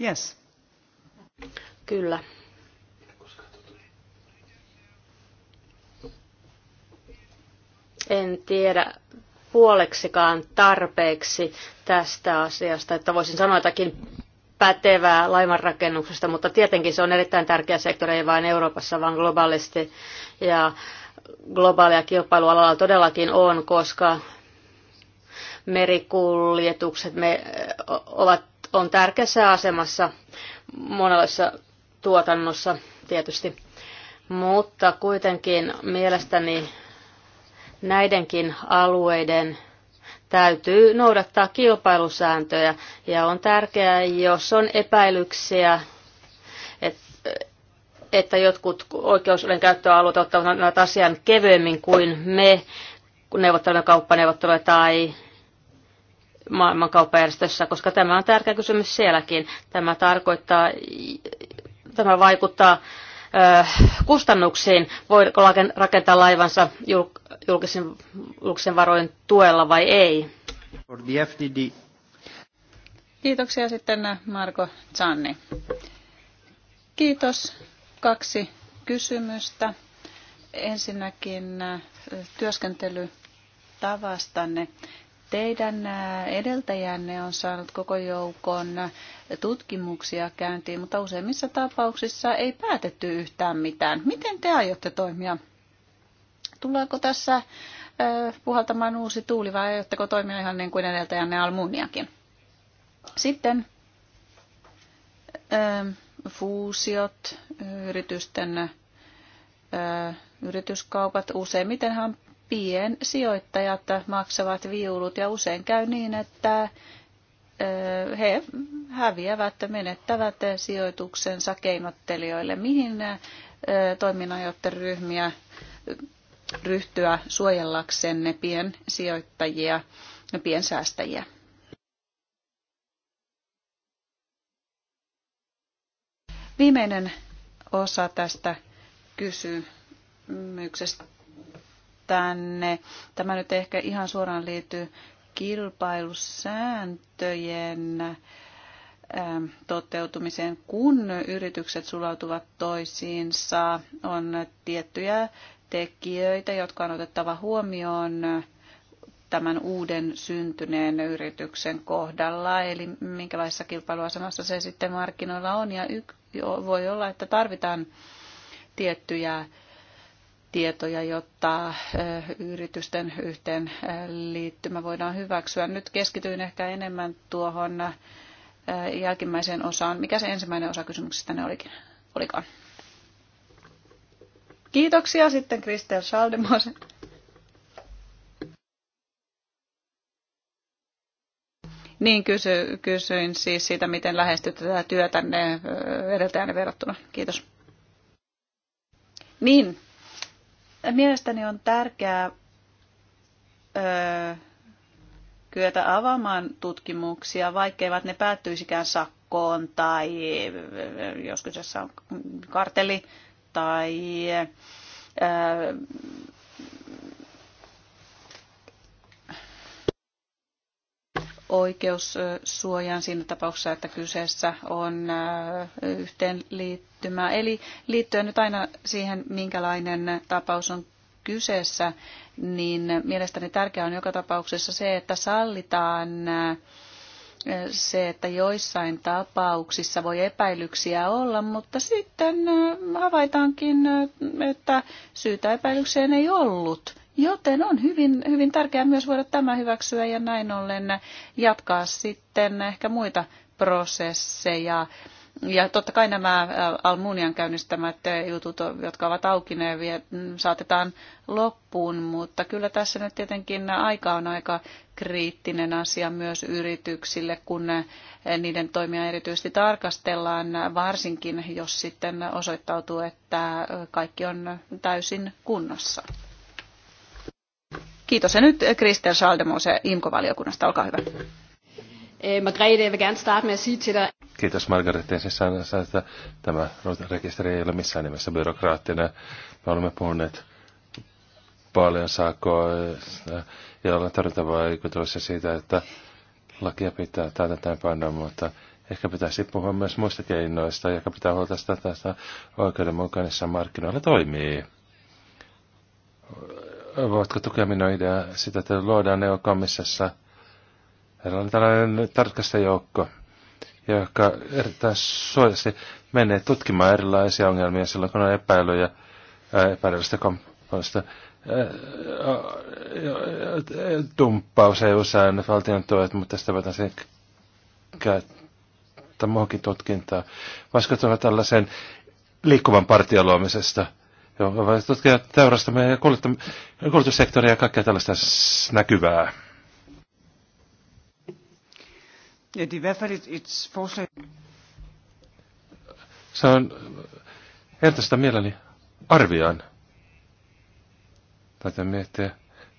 Speaker 3: Yes. Kyllä. En tiedä puoleksikaan tarpeeksi tästä asiasta, että voisin sanoa jotakin pätevää laivanrakennuksesta, mutta tietenkin se on erittäin tärkeä sektori, ei vain Euroopassa, vaan globaalisti. Ja globaalia kilpailualalla todellakin on, koska merikuljetukset me ovat, on tärkeässä asemassa monenlaisessa tuotannossa tietysti. Mutta kuitenkin mielestäni näidenkin alueiden täytyy noudattaa kilpailusääntöjä ja on tärkeää, jos on epäilyksiä, että jotkut oikeusolen käyttöalueet ottavat asian kevyemmin kuin me, kun neuvottelemme kauppaneuvotteluja tai maailmankauppajärjestössä, koska tämä on tärkeä kysymys sielläkin. Tämä tarkoittaa, tämä vaikuttaa kustannuksiin, voiko rakentaa laivansa julkisen, julkisen varojen tuella vai ei.
Speaker 2: Kiitoksia sitten äh, Marko Zanni. Kiitos. Kaksi kysymystä. Ensinnäkin äh, työskentelytavastanne. Teidän edeltäjänne on saanut koko joukon tutkimuksia käyntiin, mutta useimmissa tapauksissa ei päätetty yhtään mitään. Miten te aiotte toimia? Tuleeko tässä puhaltamaan uusi tuuli vai aiotteko toimia ihan niin kuin edeltäjänne Almuniakin? Sitten fuusiot, yritysten yrityskaupat. Useimmitenhan piensijoittajat maksavat viulut ja usein käy niin, että he häviävät, menettävät sijoituksensa keinottelijoille. Mihin toiminnanjohtajaryhmiä ryhtyä pien piensijoittajia ja piensäästäjiä? Viimeinen osa tästä kysymyksestä tänne. Tämä nyt ehkä ihan suoraan liittyy kilpailusääntöjen ähm, toteutumiseen, kun yritykset sulautuvat toisiinsa, on tiettyjä tekijöitä, jotka on otettava huomioon tämän uuden syntyneen yrityksen kohdalla, eli minkälaisessa kilpailuasemassa se sitten markkinoilla on. Ja voi olla, että tarvitaan tiettyjä tietoja, jotta yritysten yhteen liittymä voidaan hyväksyä. Nyt keskityin ehkä enemmän tuohon jälkimmäiseen osaan. Mikä se ensimmäinen osa kysymyksestä ne olikin? olikaan? Kiitoksia sitten Kristel Schaldemosen. Niin kysy, kysyin siis siitä, miten lähestyt tätä työtänne edeltäjänne verrattuna. Kiitos. Niin, Mielestäni on tärkeää öö, kyetä avaamaan tutkimuksia, vaikkeivat ne päättyisikään sakkoon tai joskus kyseessä on karteli tai öö, oikeussuojan siinä tapauksessa, että kyseessä on yhteenliittymä. Eli liittyen nyt aina siihen, minkälainen tapaus on kyseessä, niin mielestäni tärkeää on joka tapauksessa se, että sallitaan se, että joissain tapauksissa voi epäilyksiä olla, mutta sitten havaitaankin, että syytä epäilykseen ei ollut. Joten on hyvin, hyvin tärkeää myös voida tämä hyväksyä ja näin ollen jatkaa sitten ehkä muita prosesseja. Ja totta kai nämä Almunian käynnistämät jutut, jotka ovat auki, ne mm, saatetaan loppuun, mutta kyllä tässä nyt tietenkin aika on aika kriittinen asia myös yrityksille, kun niiden toimia erityisesti tarkastellaan, varsinkin jos sitten osoittautuu, että kaikki on täysin kunnossa. Kiitos. Ja nyt Kristel Schaldemose IMKO-valiokunnasta, olkaa hyvä.
Speaker 3: Eh, Margrethe, jeg vil gerne starte med at sige til dig...
Speaker 4: Kiitos Margaret että tämä rekisteri ei ole missään nimessä byrokraattinen. Me olemme puhuneet paljon sakoista ja ollaan tarjontavaikutuksia siitä, että lakia pitää tämän panna, mutta ehkä pitäisi puhua myös muista keinoista, jotka pitää huolta sitä, että oikeudenmukaisessa markkinoilla toimii voitko tukea minun ideaa sitä, että luodaan EU-komissassa tällainen tarkastajoukko, joka erittäin suojasti menee tutkimaan erilaisia ongelmia silloin, kun on epäilyjä epäilystä komponista. Tumppaus ei usein valtion tuet, mutta sitä voitaisiin käyttää muuhunkin tutkintaan. Voisiko tulla tällaisen liikkuvan partion luomisesta – Joo, vai tutkia teurastamme ja koulutussektoria ja kaikkea tällaista näkyvää.
Speaker 1: Ja er i hvert fald et, forslag.
Speaker 4: Se on entistä mieleni arvioin. tätä miettiä,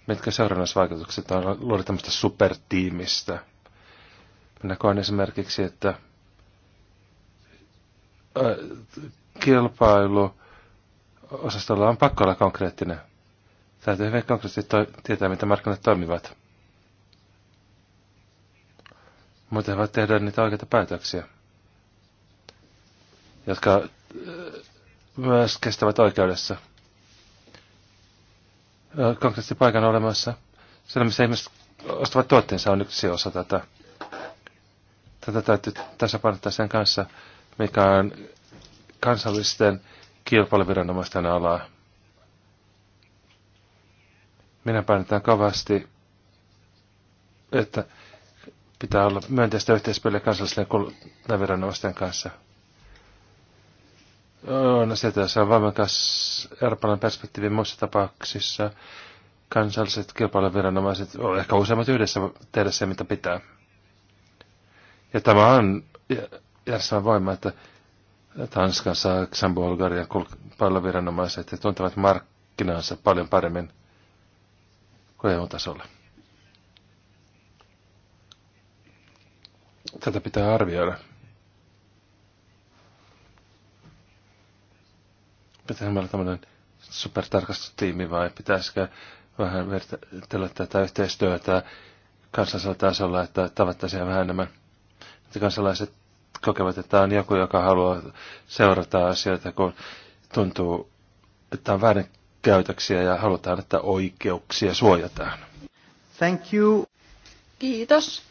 Speaker 4: mitkä seurannaisvaikutukset on luoda tämmöistä supertiimistä. Minä koen esimerkiksi, että kilpailu osastolla on pakko olla konkreettinen. Täytyy hyvin konkreettisesti tietää, miten markkinat toimivat. Muuten voit tehdä niitä oikeita päätöksiä, jotka myös kestävät oikeudessa. Konkreettisesti paikan olemassa. Siellä, missä ihmiset ostavat tuotteensa, on yksi osa tätä. Tätä täytyy tasapainottaa sen kanssa, mikä on kansallisten kilpailuviranomaisten alaa. Minä painetaan kovasti, että pitää olla myönteistä yhteispeliä kansallisten kuluttajien kanssa. On että se on voimakas Euroopan perspektiivi muissa tapauksissa. Kansalliset kilpailuviranomaiset, ehkä useimmat yhdessä tehdä se, mitä pitää. Ja tämä on järjestelmän voima, että Tanska, Saksan, Bulgaria, paljon viranomaiset että tuntevat markkinansa paljon paremmin kuin EU-tasolla. Tätä pitää arvioida. Pitää meillä tämmöinen supertarkastustiimi vai pitäisikö vähän vertailla tätä yhteistyötä kansallisella tasolla, että tavattaisiin vähän enemmän. Että kansalaiset kokevat, että on joku, joka haluaa seurata asioita, kun tuntuu, että on väärin käytöksiä ja halutaan, että oikeuksia suojataan.
Speaker 1: Thank you.
Speaker 2: Kiitos.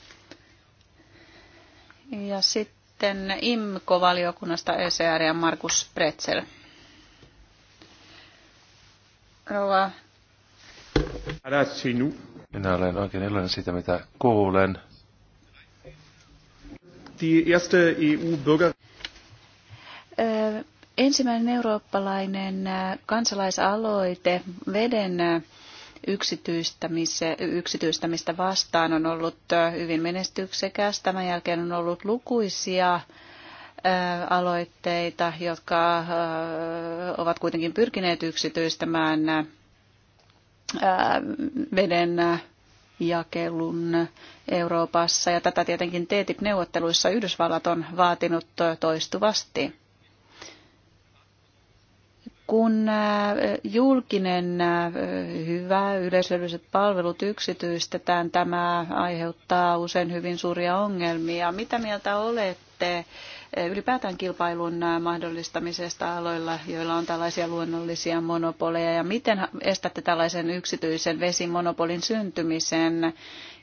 Speaker 2: Ja sitten IMKO-valiokunnasta ECR ja Markus Pretzel. Rouva.
Speaker 4: Minä olen oikein iloinen siitä, mitä kuulen.
Speaker 3: Die erste EU-Bürger...
Speaker 2: Ensimmäinen eurooppalainen kansalaisaloite veden yksityistämistä vastaan on ollut hyvin menestyksekäs. Tämän jälkeen on ollut lukuisia aloitteita, jotka ovat kuitenkin pyrkineet yksityistämään veden jakelun Euroopassa. Ja tätä tietenkin TTIP-neuvotteluissa Yhdysvallat on vaatinut toistuvasti. Kun äh, julkinen äh, hyvä yleisölliset palvelut yksityistetään, tämä aiheuttaa usein hyvin suuria ongelmia. Mitä mieltä olette? ylipäätään kilpailun mahdollistamisesta aloilla, joilla on tällaisia luonnollisia monopoleja ja miten estätte tällaisen yksityisen vesimonopolin syntymisen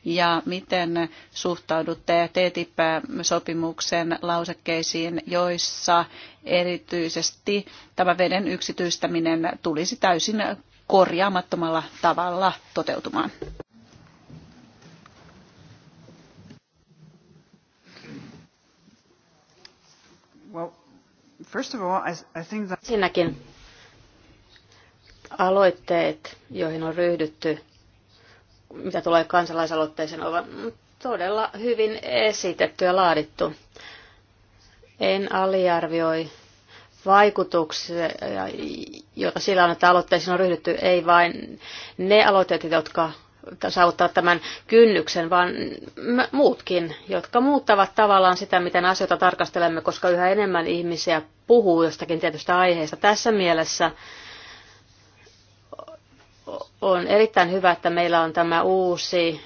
Speaker 2: ja miten suhtaudutte TTIP-sopimuksen lausekkeisiin, joissa erityisesti tämä veden yksityistäminen tulisi täysin korjaamattomalla tavalla toteutumaan?
Speaker 3: Ensinnäkin Sinäkin aloitteet, joihin on ryhdytty, mitä tulee kansalaisaloitteeseen, ovat todella hyvin esitetty ja laadittu. En aliarvioi vaikutuksia, joita sillä on, että aloitteisiin on ryhdytty, ei vain ne aloitteet, jotka saavuttaa tämän kynnyksen, vaan muutkin, jotka muuttavat tavallaan sitä, miten asioita tarkastelemme, koska yhä enemmän ihmisiä puhuu jostakin tietystä aiheesta. Tässä mielessä on erittäin hyvä, että meillä on tämä uusi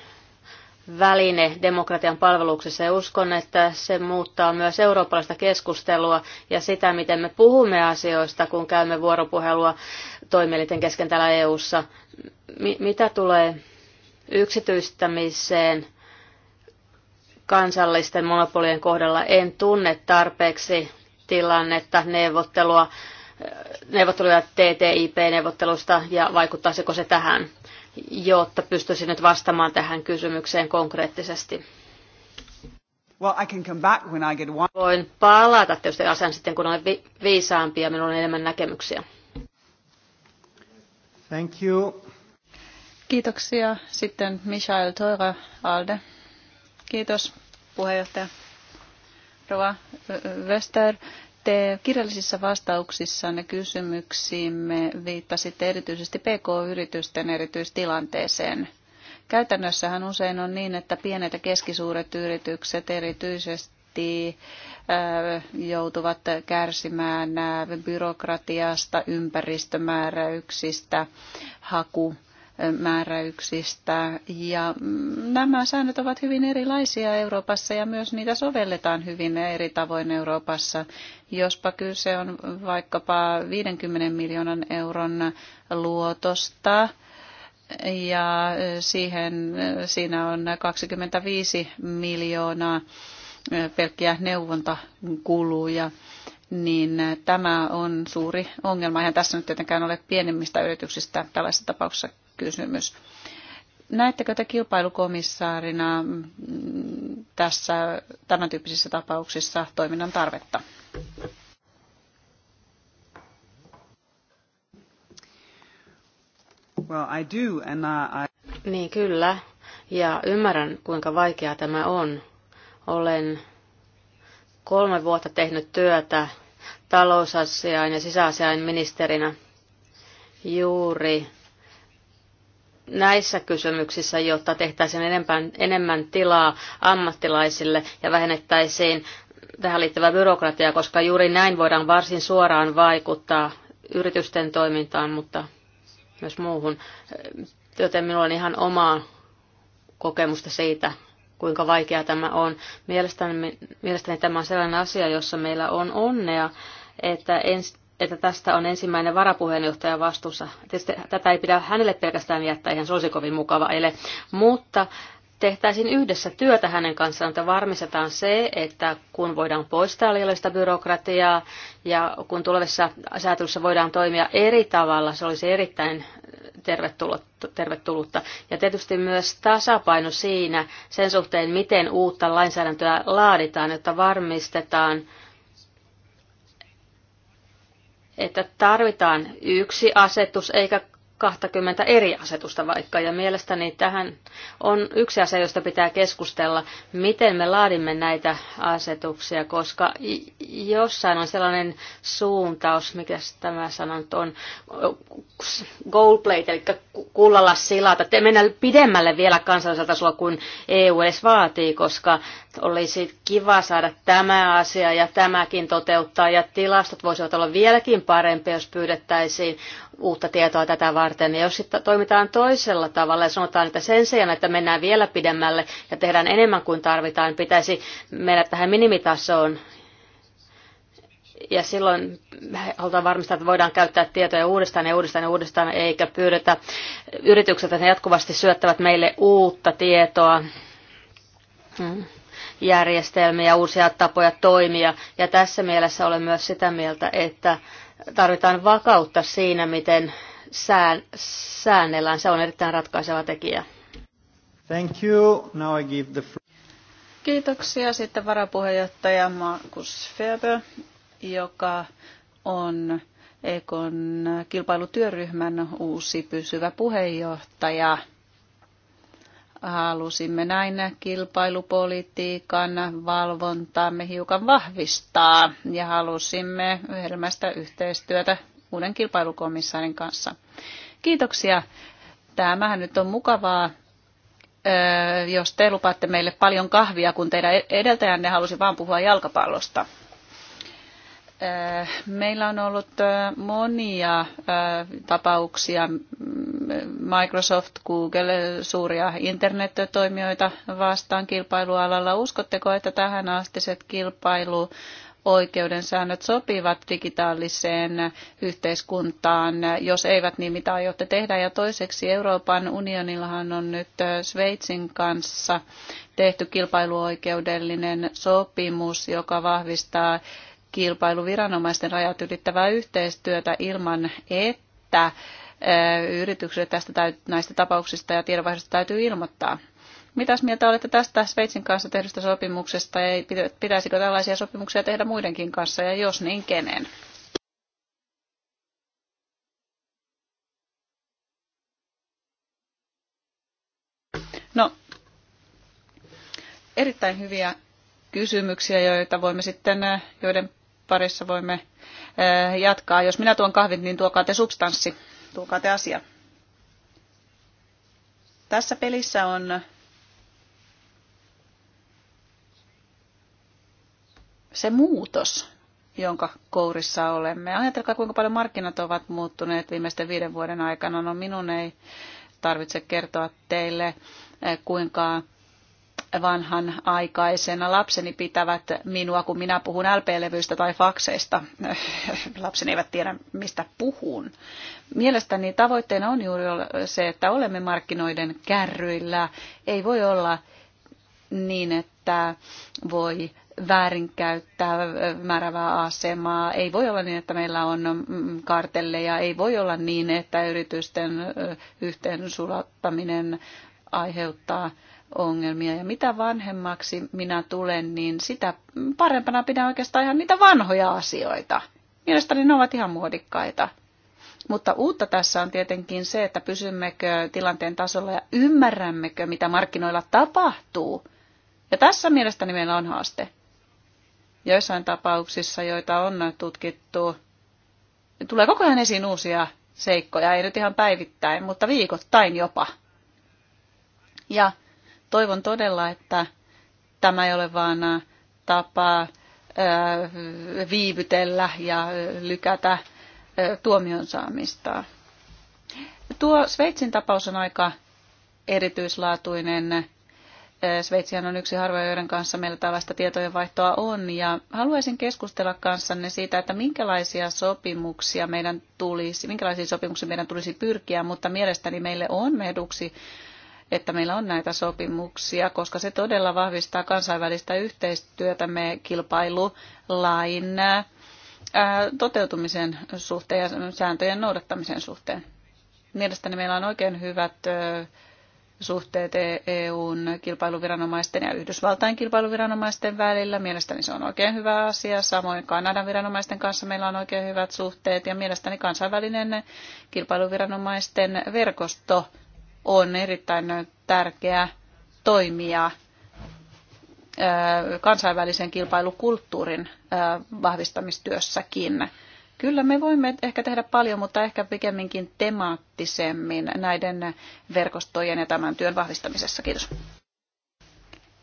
Speaker 3: väline demokratian palveluksessa ja uskon, että se muuttaa myös eurooppalaista keskustelua ja sitä, miten me puhumme asioista, kun käymme vuoropuhelua toimielinten kesken täällä EU-ssa. mitä tulee yksityistämiseen kansallisten monopolien kohdalla en tunne tarpeeksi tilannetta neuvottelua, neuvotteluja TTIP-neuvottelusta ja vaikuttaisiko se tähän, jotta pystyisin nyt vastaamaan tähän kysymykseen konkreettisesti. Well, I can come back when I get one. Voin palata tietysti asian sitten, kun olen vi- viisaampi ja minulla on enemmän näkemyksiä.
Speaker 2: Thank you. Kiitoksia. Sitten Michael Toira Alde. Kiitos puheenjohtaja. Rova Wester, te kirjallisissa vastauksissanne kysymyksiimme viittasitte erityisesti PK-yritysten erityistilanteeseen. Käytännössähän usein on niin, että pienet ja keskisuuret yritykset erityisesti äh, joutuvat kärsimään äh, byrokratiasta, ympäristömääräyksistä, haku määräyksistä. Ja mm, nämä säännöt ovat hyvin erilaisia Euroopassa ja myös niitä sovelletaan hyvin eri tavoin Euroopassa. Jospa kyse on vaikkapa 50 miljoonan euron luotosta, ja siihen, siinä on 25 miljoonaa eh, pelkkiä neuvontakuluja, niin eh, tämä on suuri ongelma. Eihän tässä nyt tietenkään ole pienemmistä yrityksistä tällaisessa tapauksessa kysymys. Näettekö te kilpailukomissaarina mm, tässä tämän tyyppisissä tapauksissa toiminnan tarvetta?
Speaker 3: Well, I do, and I... Niin kyllä, ja ymmärrän kuinka vaikeaa tämä on. Olen kolme vuotta tehnyt työtä talousasiain ja sisäasiain ministerinä juuri näissä kysymyksissä, jotta tehtäisiin enemmän, enemmän tilaa ammattilaisille ja vähennettäisiin tähän liittyvää byrokratiaa, koska juuri näin voidaan varsin suoraan vaikuttaa yritysten toimintaan, mutta myös muuhun. Joten minulla on ihan omaa kokemusta siitä, kuinka vaikeaa tämä on. Mielestäni, mielestäni tämä on sellainen asia, jossa meillä on onnea, että ens, että tästä on ensimmäinen varapuheenjohtaja vastuussa. Tietysti tätä ei pidä hänelle pelkästään jättää, ihan se olisi kovin mukava ele, mutta tehtäisiin yhdessä työtä hänen kanssaan, että varmistetaan se, että kun voidaan poistaa liiallista byrokratiaa ja kun tulevissa säätelyssä voidaan toimia eri tavalla, se olisi erittäin tervetullutta. Ja tietysti myös tasapaino siinä sen suhteen, miten uutta lainsäädäntöä laaditaan, jotta varmistetaan, että tarvitaan yksi asetus eikä 20 eri asetusta vaikka, ja mielestäni tähän on yksi asia, josta pitää keskustella, miten me laadimme näitä asetuksia, koska jossain on sellainen suuntaus, mikä tämä sana nyt on, gold plate, eli kullalla silata, että mennä pidemmälle vielä kansalliselta tasolla kuin EU edes vaatii, koska olisi kiva saada tämä asia ja tämäkin toteuttaa, ja tilastot voisivat olla vieläkin parempia, jos pyydettäisiin uutta tietoa tätä varten. Ja jos sitten toimitaan toisella tavalla ja sanotaan, että sen sijaan, että mennään vielä pidemmälle ja tehdään enemmän kuin tarvitaan, pitäisi mennä tähän minimitasoon. Ja silloin halutaan varmistaa, että voidaan käyttää tietoja uudestaan ja uudestaan ja uudestaan, eikä pyydetä yritykset, että ne jatkuvasti syöttävät meille uutta tietoa mm, järjestelmiä, uusia tapoja toimia. Ja tässä mielessä olen myös sitä mieltä, että tarvitaan vakautta siinä, miten sään, säännellään. Se on erittäin ratkaiseva tekijä.
Speaker 1: Thank you. Now I give the
Speaker 2: Kiitoksia. Sitten varapuheenjohtaja Markus Feber, joka on EKon kilpailutyöryhmän uusi pysyvä puheenjohtaja halusimme näin kilpailupolitiikan valvontaamme hiukan vahvistaa ja halusimme yhdelmästä yhteistyötä uuden kilpailukomissaarin kanssa. Kiitoksia. Tämähän nyt on mukavaa, jos te lupaatte meille paljon kahvia, kun teidän e- edeltäjänne halusi vain puhua jalkapallosta. Äh, meillä on ollut äh, monia äh, tapauksia Microsoft, Google, suuria internettoimijoita vastaan kilpailualalla. Uskotteko, että tähän astiset kilpailu oikeuden säännöt sopivat digitaaliseen yhteiskuntaan, jos eivät, niin mitä aiotte tehdä? Ja toiseksi Euroopan unionillahan on nyt Sveitsin kanssa tehty kilpailuoikeudellinen sopimus, joka vahvistaa kilpailuviranomaisten rajat ylittävää yhteistyötä ilman, että yrityksille tästä, näistä tapauksista ja tiedonvaihdosta täytyy ilmoittaa. Mitäs mieltä olette tästä Sveitsin kanssa tehdystä sopimuksesta? ja pitäisikö tällaisia sopimuksia tehdä muidenkin kanssa ja jos niin kenen? No, erittäin hyviä kysymyksiä, joita voimme sitten, joiden parissa voimme eh, jatkaa. Jos minä tuon kahvit, niin tuokaa te substanssi, tuokaa te asia. Tässä pelissä on se muutos, jonka kourissa olemme. Ajatelkaa, kuinka paljon markkinat ovat muuttuneet viimeisten viiden vuoden aikana. No minun ei tarvitse kertoa teille, eh, kuinka vanhan aikaisena. Lapseni pitävät minua, kun minä puhun LP-levyistä tai fakseista. Lapseni eivät tiedä, mistä puhun. Mielestäni tavoitteena on juuri se, että olemme markkinoiden kärryillä. Ei voi olla niin, että voi väärinkäyttää määrävää asemaa. Ei voi olla niin, että meillä on mm, kartelleja. Ei voi olla niin, että yritysten yhteensulattaminen aiheuttaa ongelmia. Ja mitä vanhemmaksi minä tulen, niin sitä parempana pidän oikeastaan ihan niitä vanhoja asioita. Mielestäni ne ovat ihan muodikkaita. Mutta uutta tässä on tietenkin se, että pysymmekö tilanteen tasolla ja ymmärrämmekö, mitä markkinoilla tapahtuu. Ja tässä mielestäni meillä on haaste. Joissain tapauksissa, joita on tutkittu, tulee koko ajan esiin uusia seikkoja, ei nyt ihan päivittäin, mutta viikoittain jopa. Ja Toivon todella, että tämä ei ole vain äh, tapa äh, viivytellä ja äh, lykätä tuomion saamista. Tuo Sveitsin tapaus on aika erityislaatuinen. Sveitsihan on yksi harvoja, joiden kanssa meillä tällaista tietojenvaihtoa on. Ja haluaisin keskustella kanssanne siitä, että minkälaisia sopimuksia meidän tulisi, minkälaisia sopimuksia meidän tulisi pyrkiä, mutta mielestäni meille on eduksi että meillä on näitä sopimuksia, koska se todella vahvistaa kansainvälistä yhteistyötämme kilpailulain toteutumisen suhteen ja sääntöjen noudattamisen suhteen. Mielestäni meillä on oikein hyvät suhteet e- EUn kilpailuviranomaisten ja Yhdysvaltain kilpailuviranomaisten välillä. Mielestäni se on oikein hyvä asia. Samoin Kanadan viranomaisten kanssa meillä on oikein hyvät suhteet ja mielestäni kansainvälinen kilpailuviranomaisten verkosto on erittäin tärkeä toimija kansainvälisen kilpailukulttuurin vahvistamistyössäkin. Kyllä me voimme ehkä tehdä paljon, mutta ehkä pikemminkin temaattisemmin näiden verkostojen ja tämän työn vahvistamisessa. Kiitos.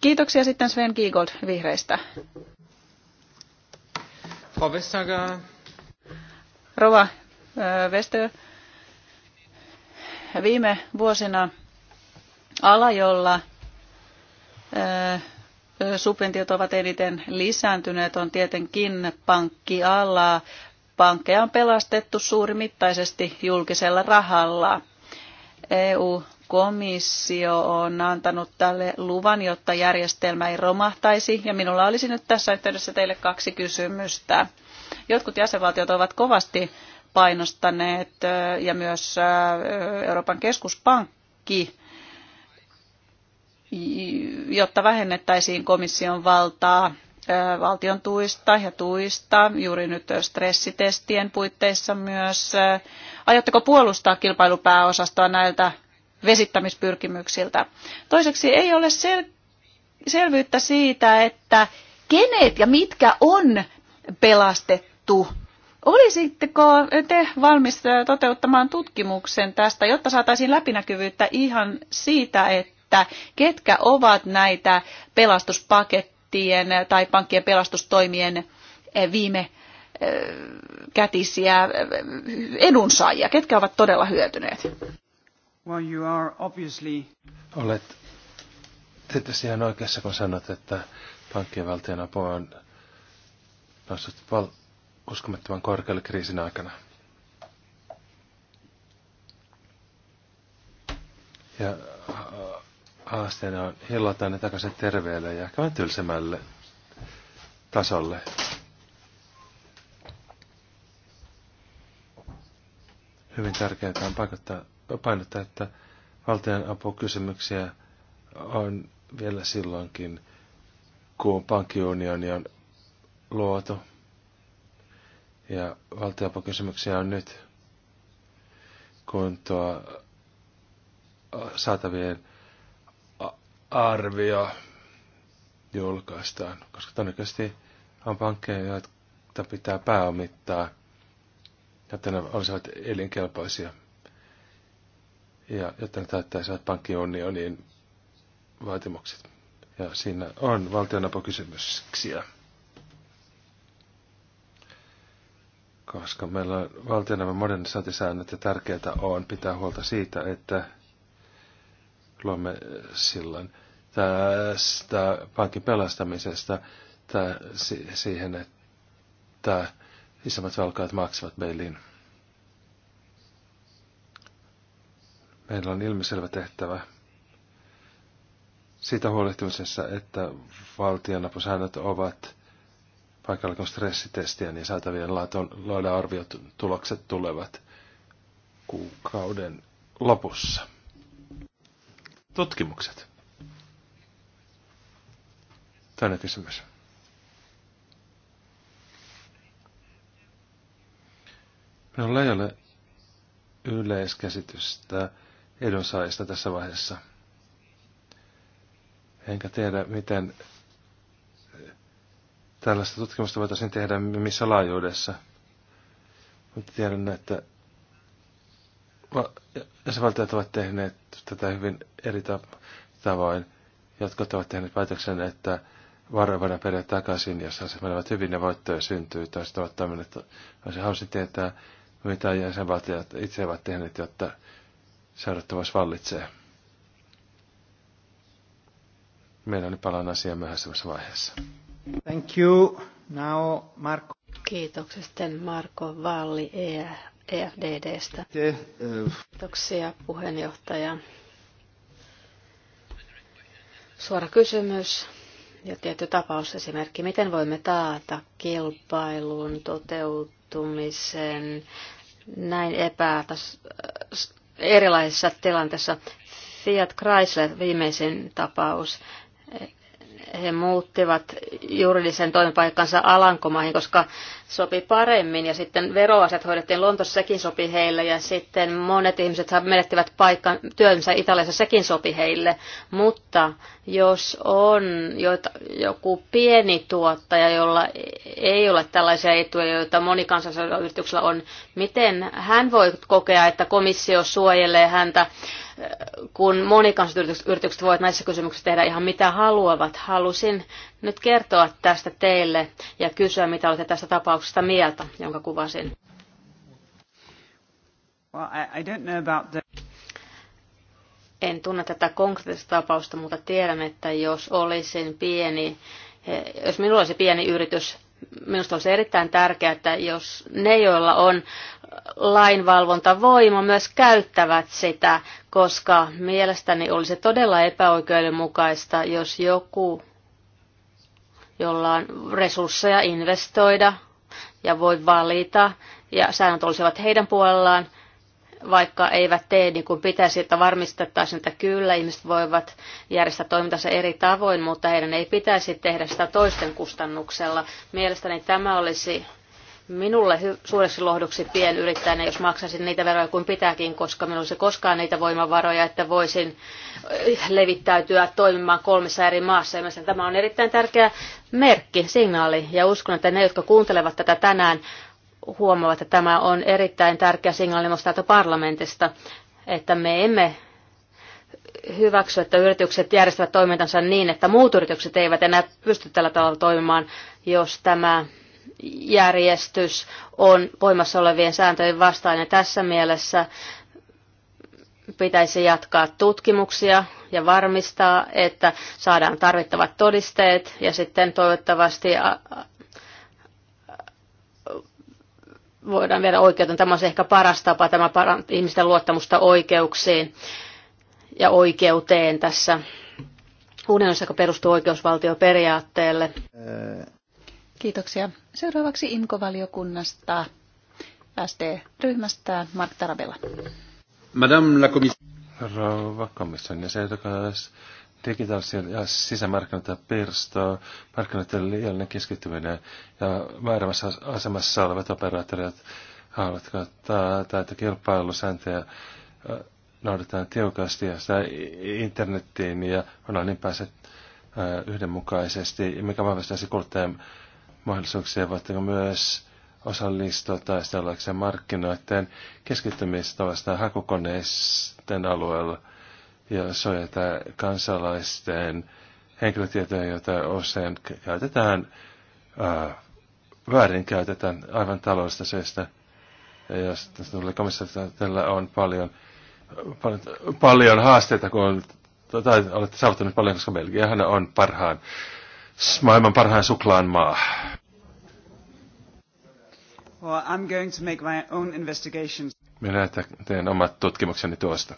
Speaker 2: Kiitoksia sitten Sven Giegold vihreistä. Rova Vestö, viime vuosina ala, jolla subventiot ovat eniten lisääntyneet, on tietenkin pankkiala. Pankkeja on pelastettu suurimittaisesti julkisella rahalla. EU-komissio on antanut tälle luvan, jotta järjestelmä ei romahtaisi. Ja minulla olisi nyt tässä yhteydessä teille kaksi kysymystä. Jotkut jäsenvaltiot ovat kovasti painostaneet ja myös Euroopan keskuspankki, jotta vähennettäisiin komission valtaa valtion tuista ja tuista, juuri nyt stressitestien puitteissa myös. Aiotteko puolustaa kilpailupääosastoa näiltä vesittämispyrkimyksiltä? Toiseksi ei ole sel- selvyyttä siitä, että kenet ja mitkä on pelastettu Olisitteko te valmis toteuttamaan tutkimuksen tästä, jotta saataisiin läpinäkyvyyttä ihan siitä, että ketkä ovat näitä pelastuspakettien tai pankkien pelastustoimien viime kätisiä edunsaajia, ketkä ovat todella hyötyneet?
Speaker 1: Well, you are obviously...
Speaker 4: Olet tietysti ihan oikeassa, kun sanot, että pankkien valtionapu on noussut val- uskomattoman korkealle kriisin aikana. Ja äh, haasteena on hillata ne takaisin terveelle ja ehkä tylsemmälle tasolle. Hyvin tärkeää on painottaa, painottaa että valtion apukysymyksiä on vielä silloinkin, kun pankkiunioni on luotu. Ja valtioapukysymyksiä on nyt, kun tuo saatavien arvio julkaistaan, koska todennäköisesti on pankkeja, joita pitää pääomittaa, jotta ne olisivat elinkelpoisia ja jotta ne täyttäisivät pankkiunionin vaatimukset. Ja siinä on valtionapukysymyksiä. koska meillä on valtioneuvon modernisointisäännöt ja tärkeää on pitää huolta siitä, että luomme silloin tästä pankin pelastamisesta tää, si, siihen, että isommat velkaat maksavat meilin. Meillä on ilmiselvä tehtävä siitä huolehtimisessa, että valtionapusäännöt ovat paikalla kun stressitestiä, niin saatavien laadun arviot tulokset tulevat kuukauden lopussa. Tutkimukset. Toinen kysymys. Minulla ei ole yleiskäsitystä edunsaajista tässä vaiheessa. Enkä tiedä, miten tällaista tutkimusta voitaisiin tehdä missä laajuudessa. Mutta tiedän, että jäsenvaltiot ovat tehneet tätä hyvin eri tavoin. Jotkut ovat tehneet päätöksen, että varoja voidaan periä takaisin, jos se menevät hyvin ja voittoja syntyy. Toiset ovat toimineet, olisi hausi tietää, mitä jäsenvaltiot itse ovat tehneet, jotta seurattavuus vallitsee. Meillä on nyt palaan asiaan myöhäisemmässä vaiheessa.
Speaker 1: Thank you. Now Marko.
Speaker 3: Kiitoksia sitten Marko Valli EFDDstä. E eh, Kiitoksia puheenjohtaja. Suora kysymys ja tietty tapausesimerkki. Miten voimme taata kilpailun toteutumisen näin epätas erilaisessa tilanteessa Fiat Chrysler, viimeisin tapaus, he muuttivat juridisen toimipaikkansa Alankomaihin, koska sopi paremmin ja sitten veroasiat hoidettiin Lontossa, sekin sopi heille ja sitten monet ihmiset menettivät paikan työnsä Italiassa, sekin sopi heille. Mutta jos on joku pieni tuottaja, jolla ei ole tällaisia etuja, joita monikansallisella yrityksellä on, miten hän voi kokea, että komissio suojelee häntä kun monikansalliset voivat näissä kysymyksissä tehdä ihan mitä haluavat. Halusin nyt kertoa tästä teille ja kysyä, mitä olette tästä tapauksesta mieltä, jonka kuvasin. Well, I, I don't know about the... En tunne tätä konkreettista tapausta, mutta tiedän, että jos olisin pieni, eh, jos minulla olisi pieni yritys, minusta olisi erittäin tärkeää, että jos ne, joilla on lainvalvontavoima myös käyttävät sitä, koska mielestäni olisi todella epäoikeudenmukaista, jos joku, jolla on resursseja investoida ja voi valita, ja säännöt olisivat heidän puolellaan, vaikka eivät tee niin kuin pitäisi, että varmistettaisiin, että kyllä ihmiset voivat järjestää toimintansa eri tavoin, mutta heidän ei pitäisi tehdä sitä toisten kustannuksella. Mielestäni tämä olisi minulle suureksi lohduksi pienyrittäjänä, jos maksaisin niitä veroja kuin pitääkin, koska minulla olisi koskaan niitä voimavaroja, että voisin eh, levittäytyä toimimaan kolmessa eri maassa. Ja tämä on erittäin tärkeä merkki, signaali, ja uskon, että ne, jotka kuuntelevat tätä tänään, huomaavat, että tämä on erittäin tärkeä signaali myös täältä parlamentista, että me emme hyväksy, että yritykset järjestävät toimintansa niin, että muut yritykset eivät enää pysty tällä tavalla toimimaan, jos tämä järjestys on voimassa olevien sääntöjen vastainen. Tässä mielessä pitäisi jatkaa tutkimuksia ja varmistaa, että saadaan tarvittavat todisteet ja sitten toivottavasti voidaan viedä oikeuteen. Tämä on ehkä paras tapa, tämä ihmisten luottamusta oikeuksiin ja oikeuteen tässä unionissa, joka perustuu oikeusvaltioperiaatteelle.
Speaker 4: Ää
Speaker 2: Kiitoksia. Seuraavaksi IMKO-valiokunnasta, SD-ryhmästä, Mark Tarabella.
Speaker 4: Madame la Rouva komission jäsenetokas, digitaalisia ja sisämarkkinoita pirstoa, markkinoiden liiallinen keskittyminen ja väärämässä asemassa olevat operaattorit haluatko taata, että kilpailusääntöjä äh, noudatetaan tiukasti ja sitä internettiin ja online niin pääset äh, yhdenmukaisesti, mikä vahvistaisi kuluttajan mahdollisuuksia, voitteko myös osallistua taistellakseen markkinoiden keskittymistä vastaan hakukoneisten alueella ja suojata kansalaisten henkilötietoja, joita usein käytetään, äh, väärin käytetään aivan taloudesta syystä. Ja jos tulee komissaari, tällä on paljon, paljon, paljon haasteita, kun on, tai olette saavuttaneet paljon, koska Belgiahan on parhaan maailman parhaan suklaan maa.
Speaker 1: Well, I'm going to make my own investigations.
Speaker 4: Minä teen omat tutkimukseni tuosta.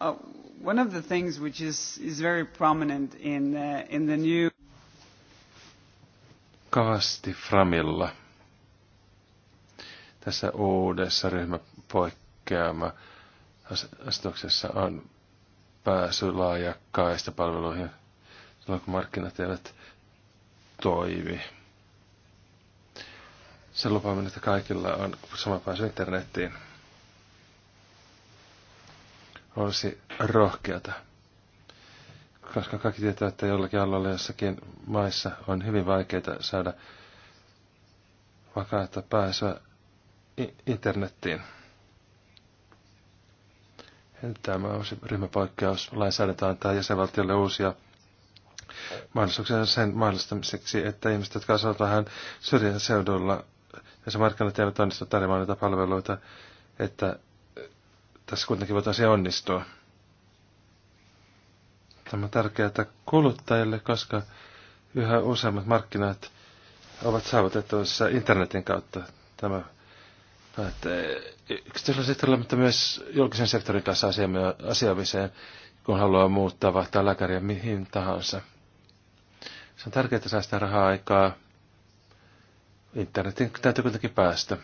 Speaker 1: Uh, one of the things which is, is very prominent in, uh, in the new...
Speaker 4: Kavasti Framilla. Tässä uudessa ryhmäpoikkeama asetuksessa on pääsy laajakkaista palveluihin silloin, kun markkinat eivät toimi. Sen lupaaminen, että kaikilla on sama pääsy internettiin, olisi rohkeata. Koska kaikki tietävät, että jollakin alueella jossakin maissa on hyvin vaikeaa saada vakaata pääsyä internettiin. Tämä se ryhmäpoikkeus lainsäädäntö antaa jäsenvaltiolle uusia mahdollisuuksia sen mahdollistamiseksi, että ihmiset, jotka asuvat vähän syrjän seudulla, ja se markkinat eivät onnistu tarjoamaan näitä palveluita, että tässä kuitenkin voitaisiin onnistua. Tämä on tärkeää kuluttajille, koska yhä useammat markkinat ovat saavutettavissa internetin kautta. Tämä Eh, yksityisellä sektorilla, mutta myös julkisen sektorin kanssa asiaamiseen, kun haluaa muuttaa, vaihtaa lääkäriä mihin tahansa. Se on tärkeää että säästää rahaa aikaa. Internetin täytyy kuitenkin päästä.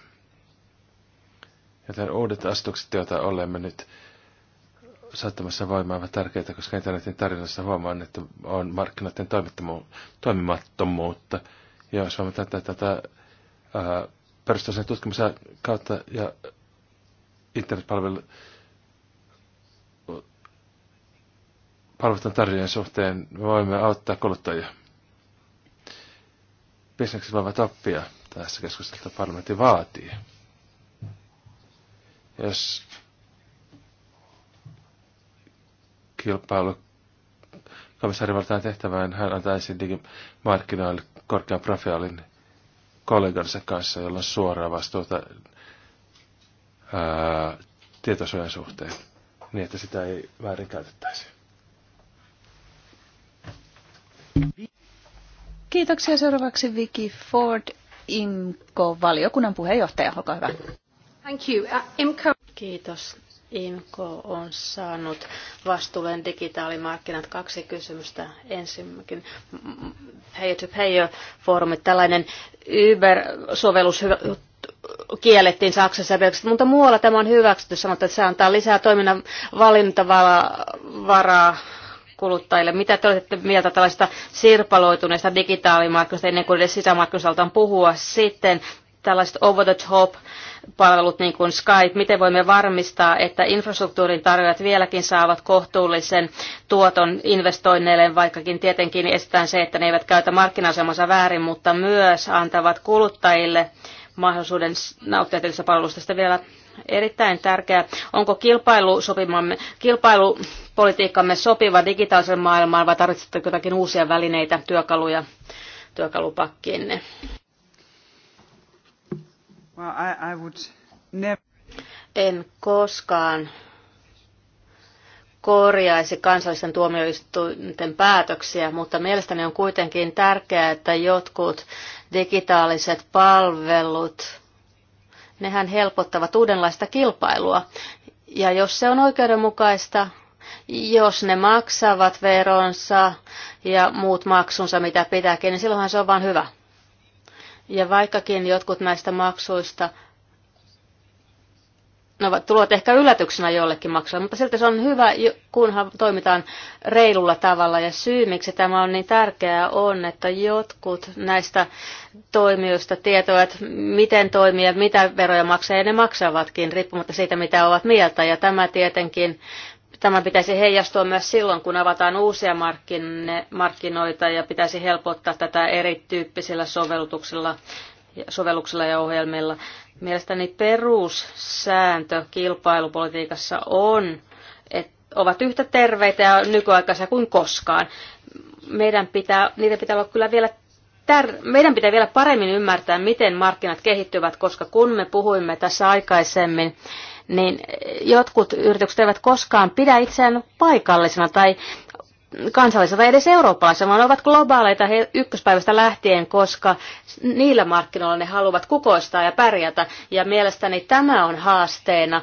Speaker 4: Joten uudet astukset, joita olemme nyt saattamassa voimaan, ovat tärkeitä, koska internetin tarinassa huomaan, että on markkinoiden toimimattomuutta. Ja jos tätä, tätä ää, perustaisen tutkimuksen kautta ja internetpalvelun tarjoajien suhteen me voimme auttaa kuluttajia. Bisneksillä ovat oppia tässä keskustelussa parlamentti vaatii. Jos kilpailu komissaari valtaan tehtävään, hän antaisi digimarkkinoille korkean profiilin kollegansa kanssa, jolla on suoraa vastuuta tietosuojan suhteen, niin että sitä ei käytettäisi.
Speaker 2: Kiitoksia. Seuraavaksi Vicky Ford, IMCO-valiokunnan puheenjohtaja. Olkaa hyvä.
Speaker 3: Thank you. Uh, IMCO... Kiitos. IMKO on saanut vastuulleen digitaalimarkkinat kaksi kysymystä. Ensinnäkin Pay to Pay-foorumi, tällainen Uber-sovellus kiellettiin Saksassa, mutta muualla tämä on hyväksytty, sanotaan, että se antaa lisää toiminnan valintavaraa kuluttajille. Mitä te olette mieltä tällaista sirpaloituneesta digitaalimarkkinoista ennen kuin edes sisämarkkinoista puhua sitten tällaiset over the top palvelut niin kuin Skype, miten voimme varmistaa, että infrastruktuurin tarjoajat vieläkin saavat kohtuullisen tuoton investoinneille, vaikkakin tietenkin estetään se, että ne eivät käytä markkina-asemansa väärin, mutta myös antavat kuluttajille mahdollisuuden nauttia tietystä palvelusta. Sitten vielä erittäin tärkeää, onko kilpailupolitiikkamme sopiva digitaalisen maailmaan vai tarvitsetteko jotakin uusia välineitä, työkaluja työkalupakkiinne? Well, I, I would never... En koskaan korjaisi kansallisten tuomioistuinten päätöksiä, mutta mielestäni on kuitenkin tärkeää, että jotkut digitaaliset palvelut, nehän helpottavat uudenlaista kilpailua. Ja jos se on oikeudenmukaista, jos ne maksavat veronsa ja muut maksunsa, mitä pitääkin, niin silloinhan se on vain hyvä. Ja vaikkakin jotkut näistä maksuista no tulevat ehkä yllätyksenä jollekin maksulle, mutta silti se on hyvä, kunhan toimitaan reilulla tavalla. Ja syy, miksi tämä on niin tärkeää, on, että jotkut näistä toimijoista tietävät, miten toimia, mitä veroja maksaa, ja ne maksavatkin, riippumatta siitä, mitä ovat mieltä. Ja tämä tietenkin Tämä pitäisi heijastua myös silloin, kun avataan uusia markkinoita ja pitäisi helpottaa tätä erityyppisillä sovellutuksilla, sovelluksilla ja ohjelmilla. Mielestäni perussääntö kilpailupolitiikassa on, että ovat yhtä terveitä ja nykyaikaisia kuin koskaan. Meidän pitää, niitä pitää olla kyllä vielä tär- meidän pitää vielä paremmin ymmärtää, miten markkinat kehittyvät, koska kun me puhuimme tässä aikaisemmin, niin jotkut yritykset eivät koskaan pidä itseään paikallisena tai kansallisena tai edes eurooppalaisena, vaan ovat globaaleita he ykköspäivästä lähtien, koska niillä markkinoilla ne haluavat kukoistaa ja pärjätä. Ja mielestäni tämä on haasteena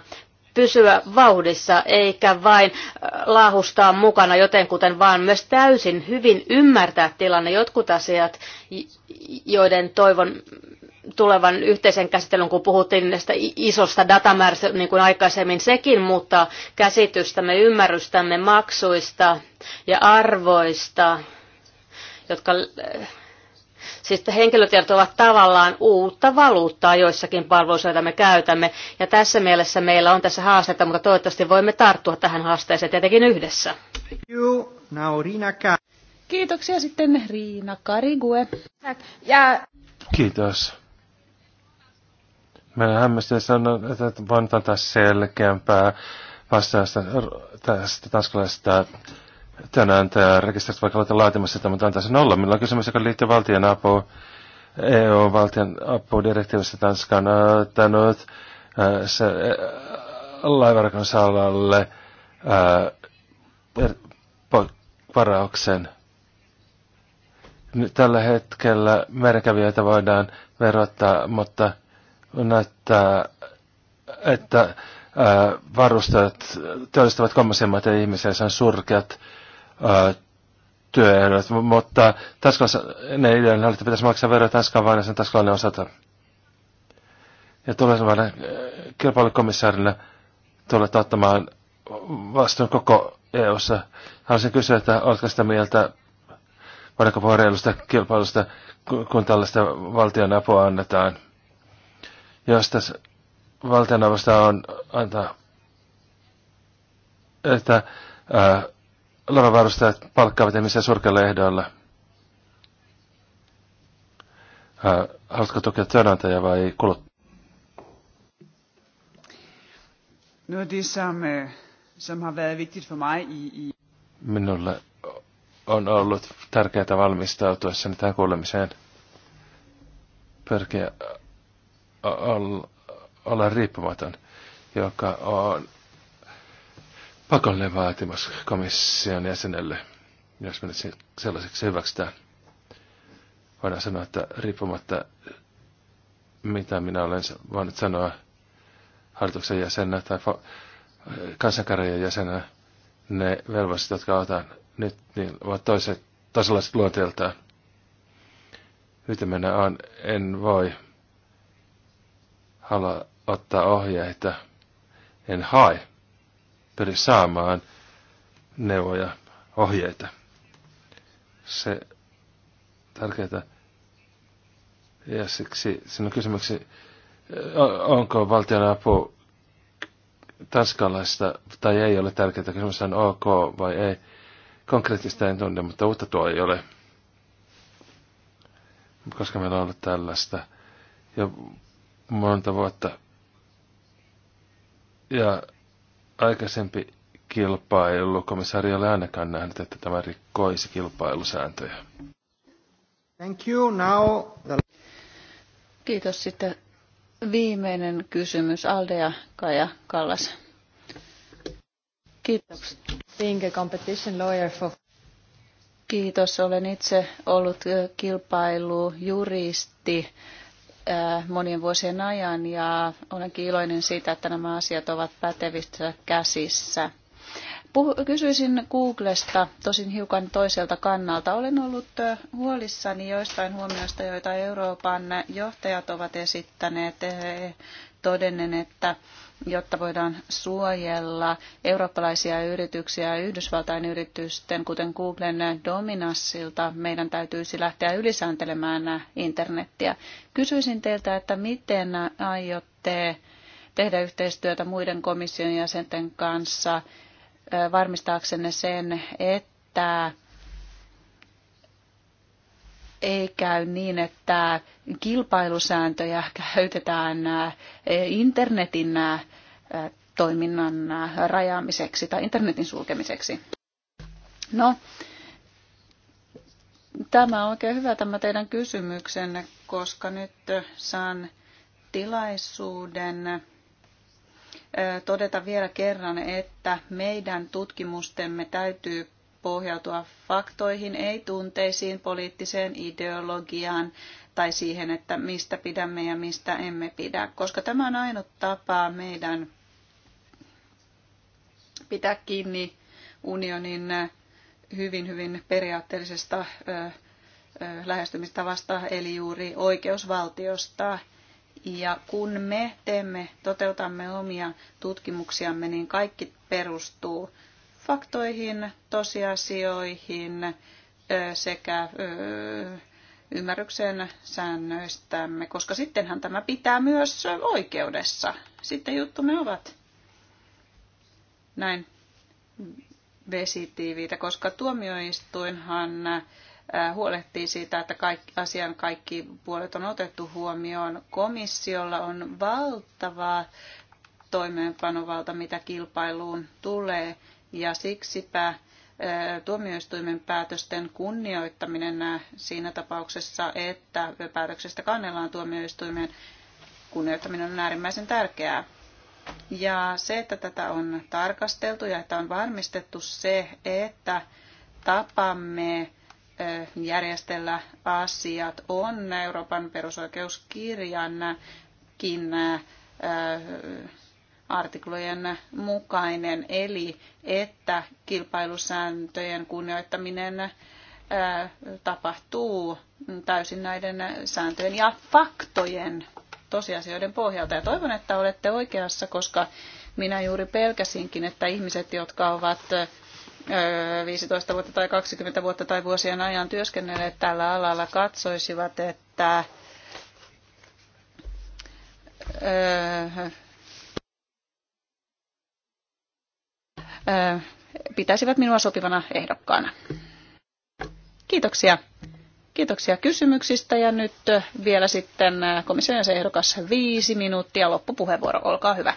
Speaker 3: pysyä vauhdissa eikä vain äh, laahustaa mukana jotenkuten, vaan myös täysin hyvin ymmärtää tilanne. Jotkut asiat, joiden toivon tulevan yhteisen käsittelyn, kun puhuttiin näistä isosta datamäärästä niin kuin aikaisemmin, sekin muuttaa käsitystämme, ymmärrystämme maksuista ja arvoista, jotka eh, Siis henkilötiedot ovat tavallaan uutta valuuttaa joissakin palveluissa, joita me käytämme. Ja tässä mielessä meillä on tässä haasteita, mutta toivottavasti voimme tarttua tähän haasteeseen tietenkin yhdessä. Kiitoksia
Speaker 2: sitten Riina Karigue.
Speaker 4: Kiitos. Mä hämmästyn sanon, että voin antaa selkeämpää vastausta tästä tanskalaisesta tänään tämä rekisteristä vaikka olette laatimassa sitä, mutta sen olla. Meillä on kysymys, joka liittyy valtion apuun. EU-valtion apudirektiivistä Tanska on ottanut se laivarakon salalle varauksen. Nyt tällä hetkellä merkävijöitä voidaan verottaa, mutta että, että varustajat työllistävät kolmansien ja ihmisiä, sen surkeat työehdot, mutta Tanskassa ne ideoiden hallitta pitäisi maksaa veroja Tanskaan vain sen tanskalainen osata. Ja tulevana kilpailukomissaarille tulet ottamaan vastuun koko EU-ssa. Haluaisin kysyä, että oletko sitä mieltä, voidaanko puhua reilusta kilpailusta, kun tällaista valtion apua annetaan? jos tässä valtioneuvosta on antaa, että äh, lavavarustajat palkkaavat ihmisiä surkeilla ehdoilla. Äh, haluatko tukea työnantaja vai kulut?
Speaker 1: Noget af det, som, øh, som har været vigtigt for mig i, i...
Speaker 4: Minulle on ollut tärkeää valmistautua sen tähän kuulemiseen. Pyrkiä olla riippumaton, joka on pakollinen vaatimus komission jäsenelle, jos me nyt sellaiseksi hyväksytään. Voidaan sanoa, että riippumatta mitä minä olen voinut sanoa hallituksen jäsenä tai kansankarjan jäsenä, ne velvoiset, jotka otan nyt, niin ovat toiset, toisenlaiset luonteeltaan. Nyt on, en voi halua ottaa ohjeita. En hae. Pyri saamaan neuvoja, ohjeita. Se tärkeää. Ja siksi sinun kysymyksi, onko valtion apu tanskalaista tai ei ole tärkeää, kysymys on ok vai ei. Konkreettista en tunne, mutta uutta tuo ei ole. Koska meillä on ollut tällaista jo monta vuotta. Ja aikaisempi kilpailu, komissaari ole ainakaan nähnyt, että tämä rikkoisi kilpailusääntöjä.
Speaker 2: Thank you. Now the... Kiitos. Sitten viimeinen kysymys. Aldea Kaja Kallas. Kiitos. Being a competition lawyer for... Kiitos. Olen itse ollut kilpailujuristi Äh, monien vuosien ajan ja olenkin iloinen siitä, että nämä asiat ovat pätevissä käsissä. Puhu, kysyisin Googlesta tosin hiukan toiselta kannalta. Olen ollut äh, huolissani joistain huomioista, joita Euroopan johtajat ovat esittäneet, eh, todennen, että jotta voidaan suojella eurooppalaisia yrityksiä ja Yhdysvaltain yritysten, kuten Googlen dominanssilta, meidän täytyisi lähteä ylisääntelemään internettiä. Kysyisin teiltä, että miten aiotte tehdä yhteistyötä muiden komission jäsenten kanssa varmistaaksenne sen, että ei käy niin, että kilpailusääntöjä käytetään eh, internetin eh, toiminnan eh, rajaamiseksi tai internetin sulkemiseksi. No, tämä on oikein hyvä tämä teidän kysymyksenne, koska nyt saan tilaisuuden todeta vielä kerran, että meidän tutkimustemme täytyy pohjautua faktoihin, ei tunteisiin, poliittiseen ideologiaan tai siihen, että mistä pidämme ja mistä emme pidä, koska tämä on ainut tapa meidän pitää kiinni unionin hyvin, hyvin periaatteellisesta lähestymistavasta, eli juuri oikeusvaltiosta. Ja kun me teemme, toteutamme omia tutkimuksiamme, niin kaikki perustuu faktoihin, tosiasioihin sekä ymmärryksen säännöistämme, koska sittenhän tämä pitää myös oikeudessa. Sitten juttumme ovat näin vesitiiviitä, koska tuomioistuinhan huolehtii siitä, että kaikki, asian kaikki puolet on otettu huomioon. Komissiolla on valtavaa toimeenpanovalta, mitä kilpailuun tulee. Ja siksipä tuomioistuimen päätösten kunnioittaminen siinä tapauksessa, että päätöksestä kannellaan tuomioistuimen kunnioittaminen on äärimmäisen tärkeää. Ja se, että tätä on tarkasteltu ja että on varmistettu se, että tapamme järjestellä asiat on Euroopan perusoikeuskirjan artiklojen mukainen, eli että kilpailusääntöjen kunnioittaminen tapahtuu täysin näiden sääntöjen ja faktojen tosiasioiden pohjalta. Ja toivon, että olette oikeassa, koska minä juuri pelkäsinkin, että ihmiset, jotka ovat 15 vuotta tai 20 vuotta tai vuosien ajan työskennelleet tällä alalla, katsoisivat, että pitäisivät minua sopivana ehdokkaana. Kiitoksia. Kiitoksia kysymyksistä ja nyt vielä sitten komission ehdokas viisi minuuttia loppupuheenvuoro. Olkaa hyvä.